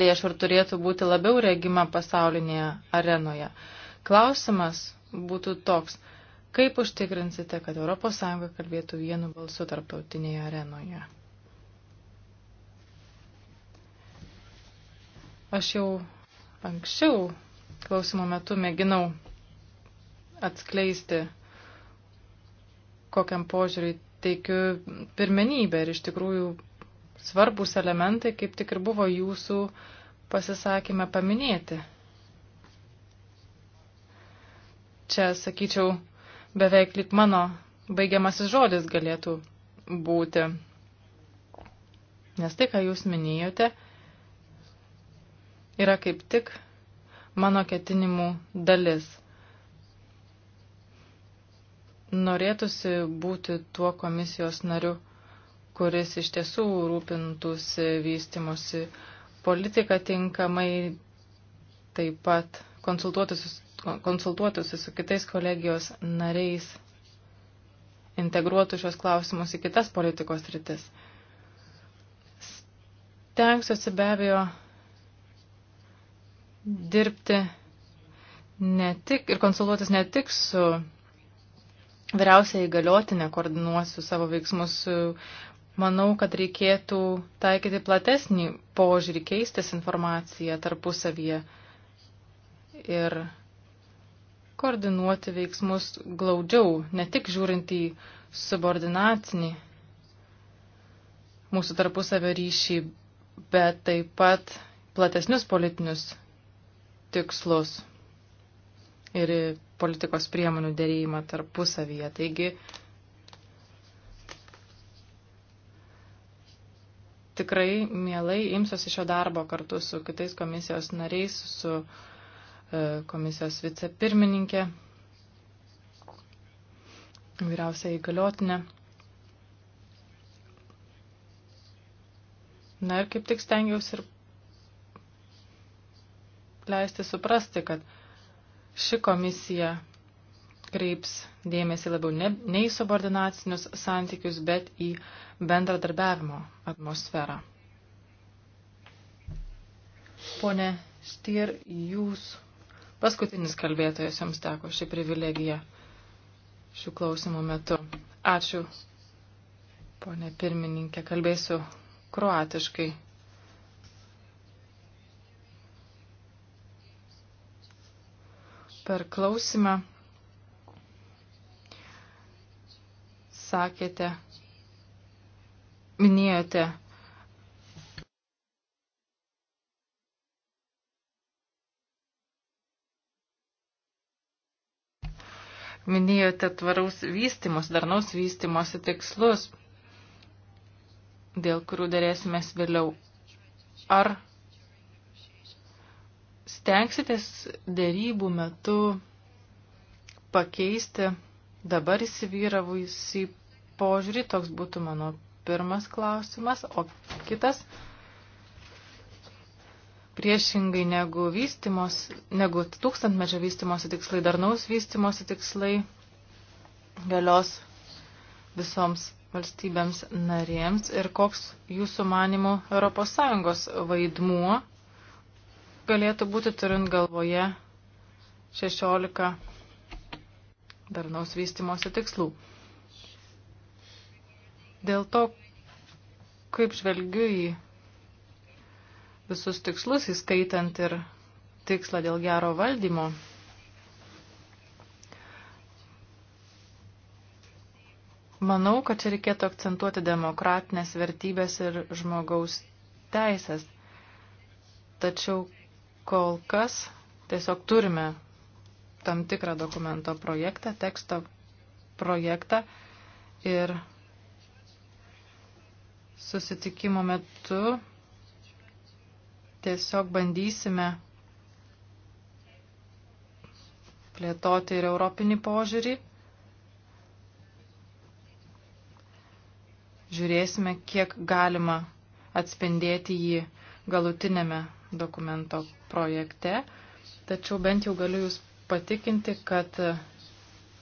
lėšų ir turėtų būti labiau regima pasaulinėje arenoje. Klausimas būtų toks, kaip užtikrinsite, kad ES kalbėtų vienu balsu tarptautinėje arenoje? Aš jau anksčiau klausimo metu mėginau atskleisti kokiam požiūriui teikiu pirmenybę ir iš tikrųjų svarbus elementai kaip tik ir buvo jūsų pasisakymę paminėti. Čia, sakyčiau, beveik lik mano baigiamasis žodis galėtų būti. Nes tai, ką jūs minėjote, yra kaip tik mano ketinimų dalis norėtųsi būti tuo komisijos nariu, kuris iš tiesų rūpintųsi vystimosi politiką tinkamai, taip pat konsultuotųsi su kitais kolegijos nariais, integruotų šios klausimus į kitas politikos rytis. Stengsiuosi be abejo dirbti ne tik ir konsultuotis ne tik su vyriausiai įgaliotinę koordinuosiu savo veiksmus. Manau, kad reikėtų taikyti platesnį požiūrį, keistis informaciją tarpusavyje ir koordinuoti veiksmus glaudžiau, ne tik žiūrint į subordinacinį mūsų tarpusavio ryšį, bet taip pat platesnius politinius tikslus ir politikos priemonių dėrėjimą tarpusavyje. Taigi tikrai mielai imsiuosi šio darbo kartu su kitais komisijos nariais, su e, komisijos vicepirmininkė, vyriausia įgaliotinė. Na ir kaip tik stengiausi ir leisti suprasti, kad ši komisija kreips dėmesį labiau ne, ne į subordinacinius santykius, bet į bendradarbiavimo atmosferą. Pone Štir, jūs paskutinis kalbėtojas jums teko šį privilegiją šių klausimų metu. Ačiū, ponė pirmininkė, kalbėsiu kroatiškai. per klausimą sakėte, minėjote, minėjote tvaraus vystimus, darnaus vystimosi tikslus, dėl kurių dėrėsimės vėliau. Ar stengsitės dėrybų metu pakeisti dabar įsivyravusį požiūrį? Toks būtų mano pirmas klausimas. O kitas, priešingai negu, vystimos, negu tūkstantmečio vystimosi tikslai, darnaus vystimosi tikslai galios visoms valstybėms narėms ir koks jūsų manimo ES vaidmuo galėtų būti turint galvoje 16 darnaus vystimosi tikslų. Dėl to, kaip žvelgiu į visus tikslus, įskaitant ir tikslą dėl gero valdymo, manau, kad čia reikėtų akcentuoti demokratinės vertybės ir žmogaus teisės. Tačiau kol kas tiesiog turime tam tikrą dokumento projektą, teksto projektą ir susitikimo metu tiesiog bandysime plėtoti ir europinį požiūrį. Žiūrėsime, kiek galima atspindėti jį galutinėme dokumento projekte, tačiau bent jau galiu Jūs patikinti, kad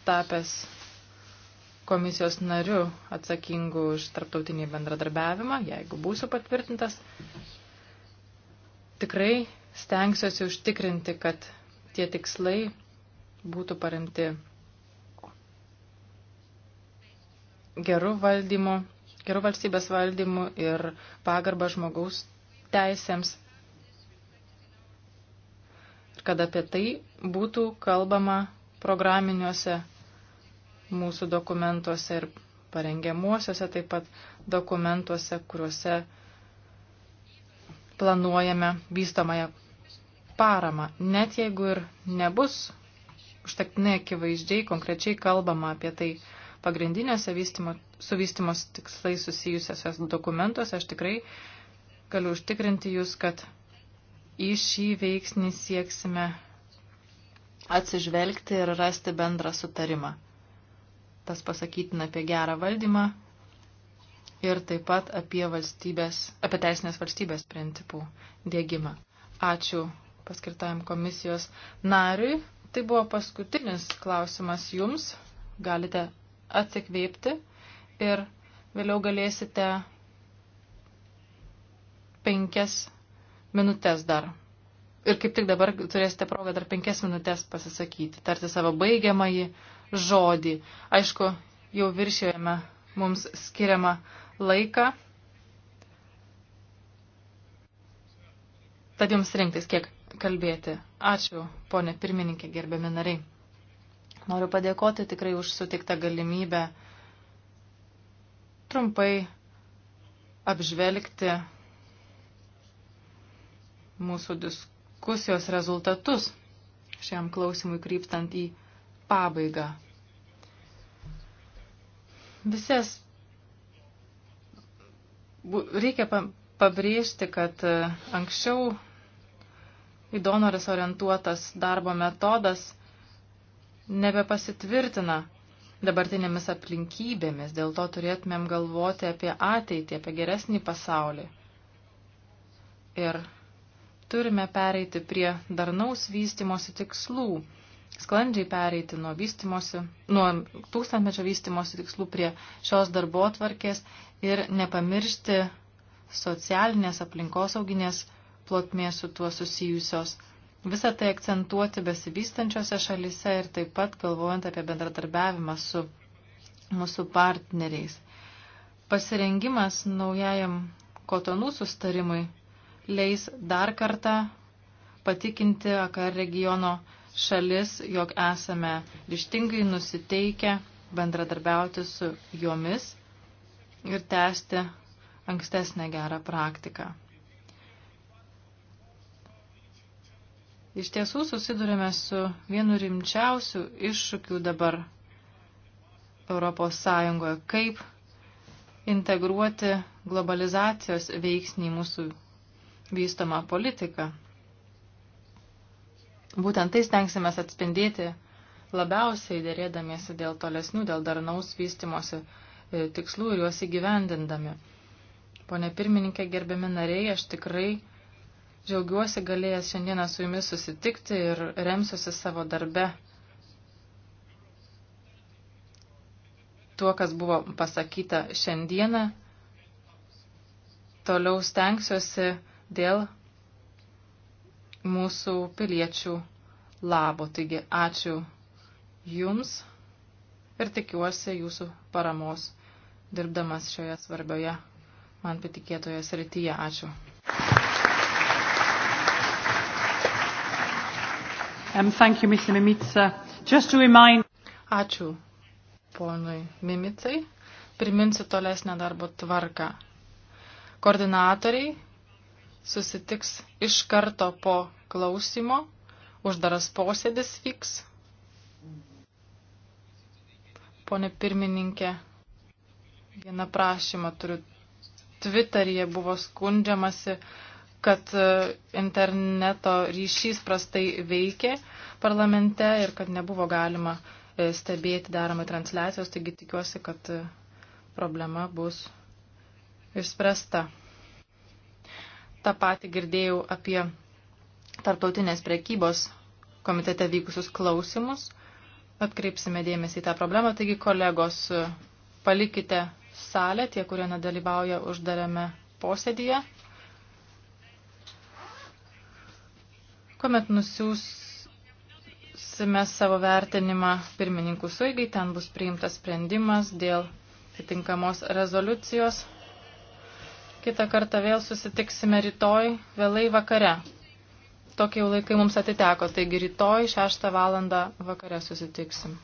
tapęs komisijos nariu atsakingu už tarptautinį bendradarbiavimą, jeigu būsiu patvirtintas, tikrai stengsiuosi užtikrinti, kad tie tikslai būtų paremti gerų valdymų, gerų valstybės valdymų ir pagarba žmogaus teisėms kad apie tai būtų kalbama programiniuose mūsų dokumentuose ir parengiamuosiuose taip pat dokumentuose, kuriuose planuojame vystamąją paramą. Net jeigu ir nebus užtektinai akivaizdžiai, konkrečiai kalbama apie tai pagrindinėse vystimo, su vystimos tikslai susijusiose dokumentuose, aš tikrai galiu užtikrinti jūs, kad į šį veiksnį sieksime atsižvelgti ir rasti bendrą sutarimą. Tas pasakytina apie gerą valdymą ir taip pat apie, valstybės, apie teisinės valstybės principų dėgymą. Ačiū paskirtajam komisijos nariui. Tai buvo paskutinis klausimas jums. Galite atsikvėpti ir vėliau galėsite penkias minutės dar. Ir kaip tik dabar turėsite progą dar penkias minutės pasisakyti, tarti savo baigiamąjį žodį. Aišku, jau viršėjame mums skiriamą laiką. Tad jums rinktis, kiek kalbėti. Ačiū, ponė pirmininkė, gerbiami nariai. Noriu padėkoti tikrai už sutiktą galimybę trumpai apžvelgti mūsų diskusijos rezultatus šiam klausimui krypstant į pabaigą. Visas reikia pabrėžti, kad e, anksčiau į donoras orientuotas darbo metodas nebepasitvirtina dabartinėmis aplinkybėmis, dėl to turėtumėm galvoti apie ateitį, apie geresnį pasaulį. Ir Turime pereiti prie darnaus vystimosi tikslų, sklandžiai pereiti nuo, vystimosi, nuo tūkstantmečio vystimosi tikslų prie šios darbo atvarkės ir nepamiršti socialinės aplinkosauginės plotmės su tuo susijusios. Visą tai akcentuoti besivystančiose šalise ir taip pat galvojant apie bendradarbiavimą su mūsų partneriais. Pasirengimas naujajam kotonų sustarimui leis dar kartą patikinti AKR regiono šalis, jog esame ryštingai nusiteikę bendradarbiauti su jomis ir tęsti ankstesnę gerą praktiką. Iš tiesų susidurime su vienu rimčiausių iššūkių dabar Europos Sąjungoje, kaip integruoti globalizacijos veiksnį mūsų vystomą politiką. Būtent tai stengsime atspindėti labiausiai dėrėdamiesi dėl tolesnių, dėl darnaus vystimosi e, tikslų ir juos įgyvendindami. Pone pirmininkė, gerbiami nariai, aš tikrai džiaugiuosi galėjęs šiandieną su jumis susitikti ir remsiuosi savo darbe tuo, kas buvo pasakyta šiandieną. Toliau stengsiuosi dėl mūsų piliečių labo. Taigi ačiū Jums ir tikiuosi Jūsų paramos dirbdamas šioje svarbioje man patikėtoje srityje. Ačiū. Um, thank you, Mr. Mimica. Just to remind... Ačiū ponui Mimicai. Priminsiu tolesnę darbo tvarką. Koordinatoriai susitiks iš karto po klausimo. Uždaras posėdis vyks. Pone pirmininkė, vieną prašymą turiu. Twitteryje buvo skundžiamasi, kad e, interneto ryšys prastai veikė parlamente ir kad nebuvo galima e, stebėti daromai transliacijos, taigi tikiuosi, kad e, problema bus išspręsta tą patį girdėjau apie tarptautinės prekybos komitete vykusius klausimus. Atkreipsime dėmesį į tą problemą. Taigi, kolegos, palikite salę, tie, kurie nedalyvauja uždarame posėdyje. Kuomet nusiūsime savo vertinimą pirmininkų suigai, ten bus priimtas sprendimas dėl atitinkamos rezoliucijos Kita kartą vėl susitiksime rytoj vėlai vakare. Tokie jau laikai mums atiteko, taigi rytoj 6 valandą vakare susitiksim.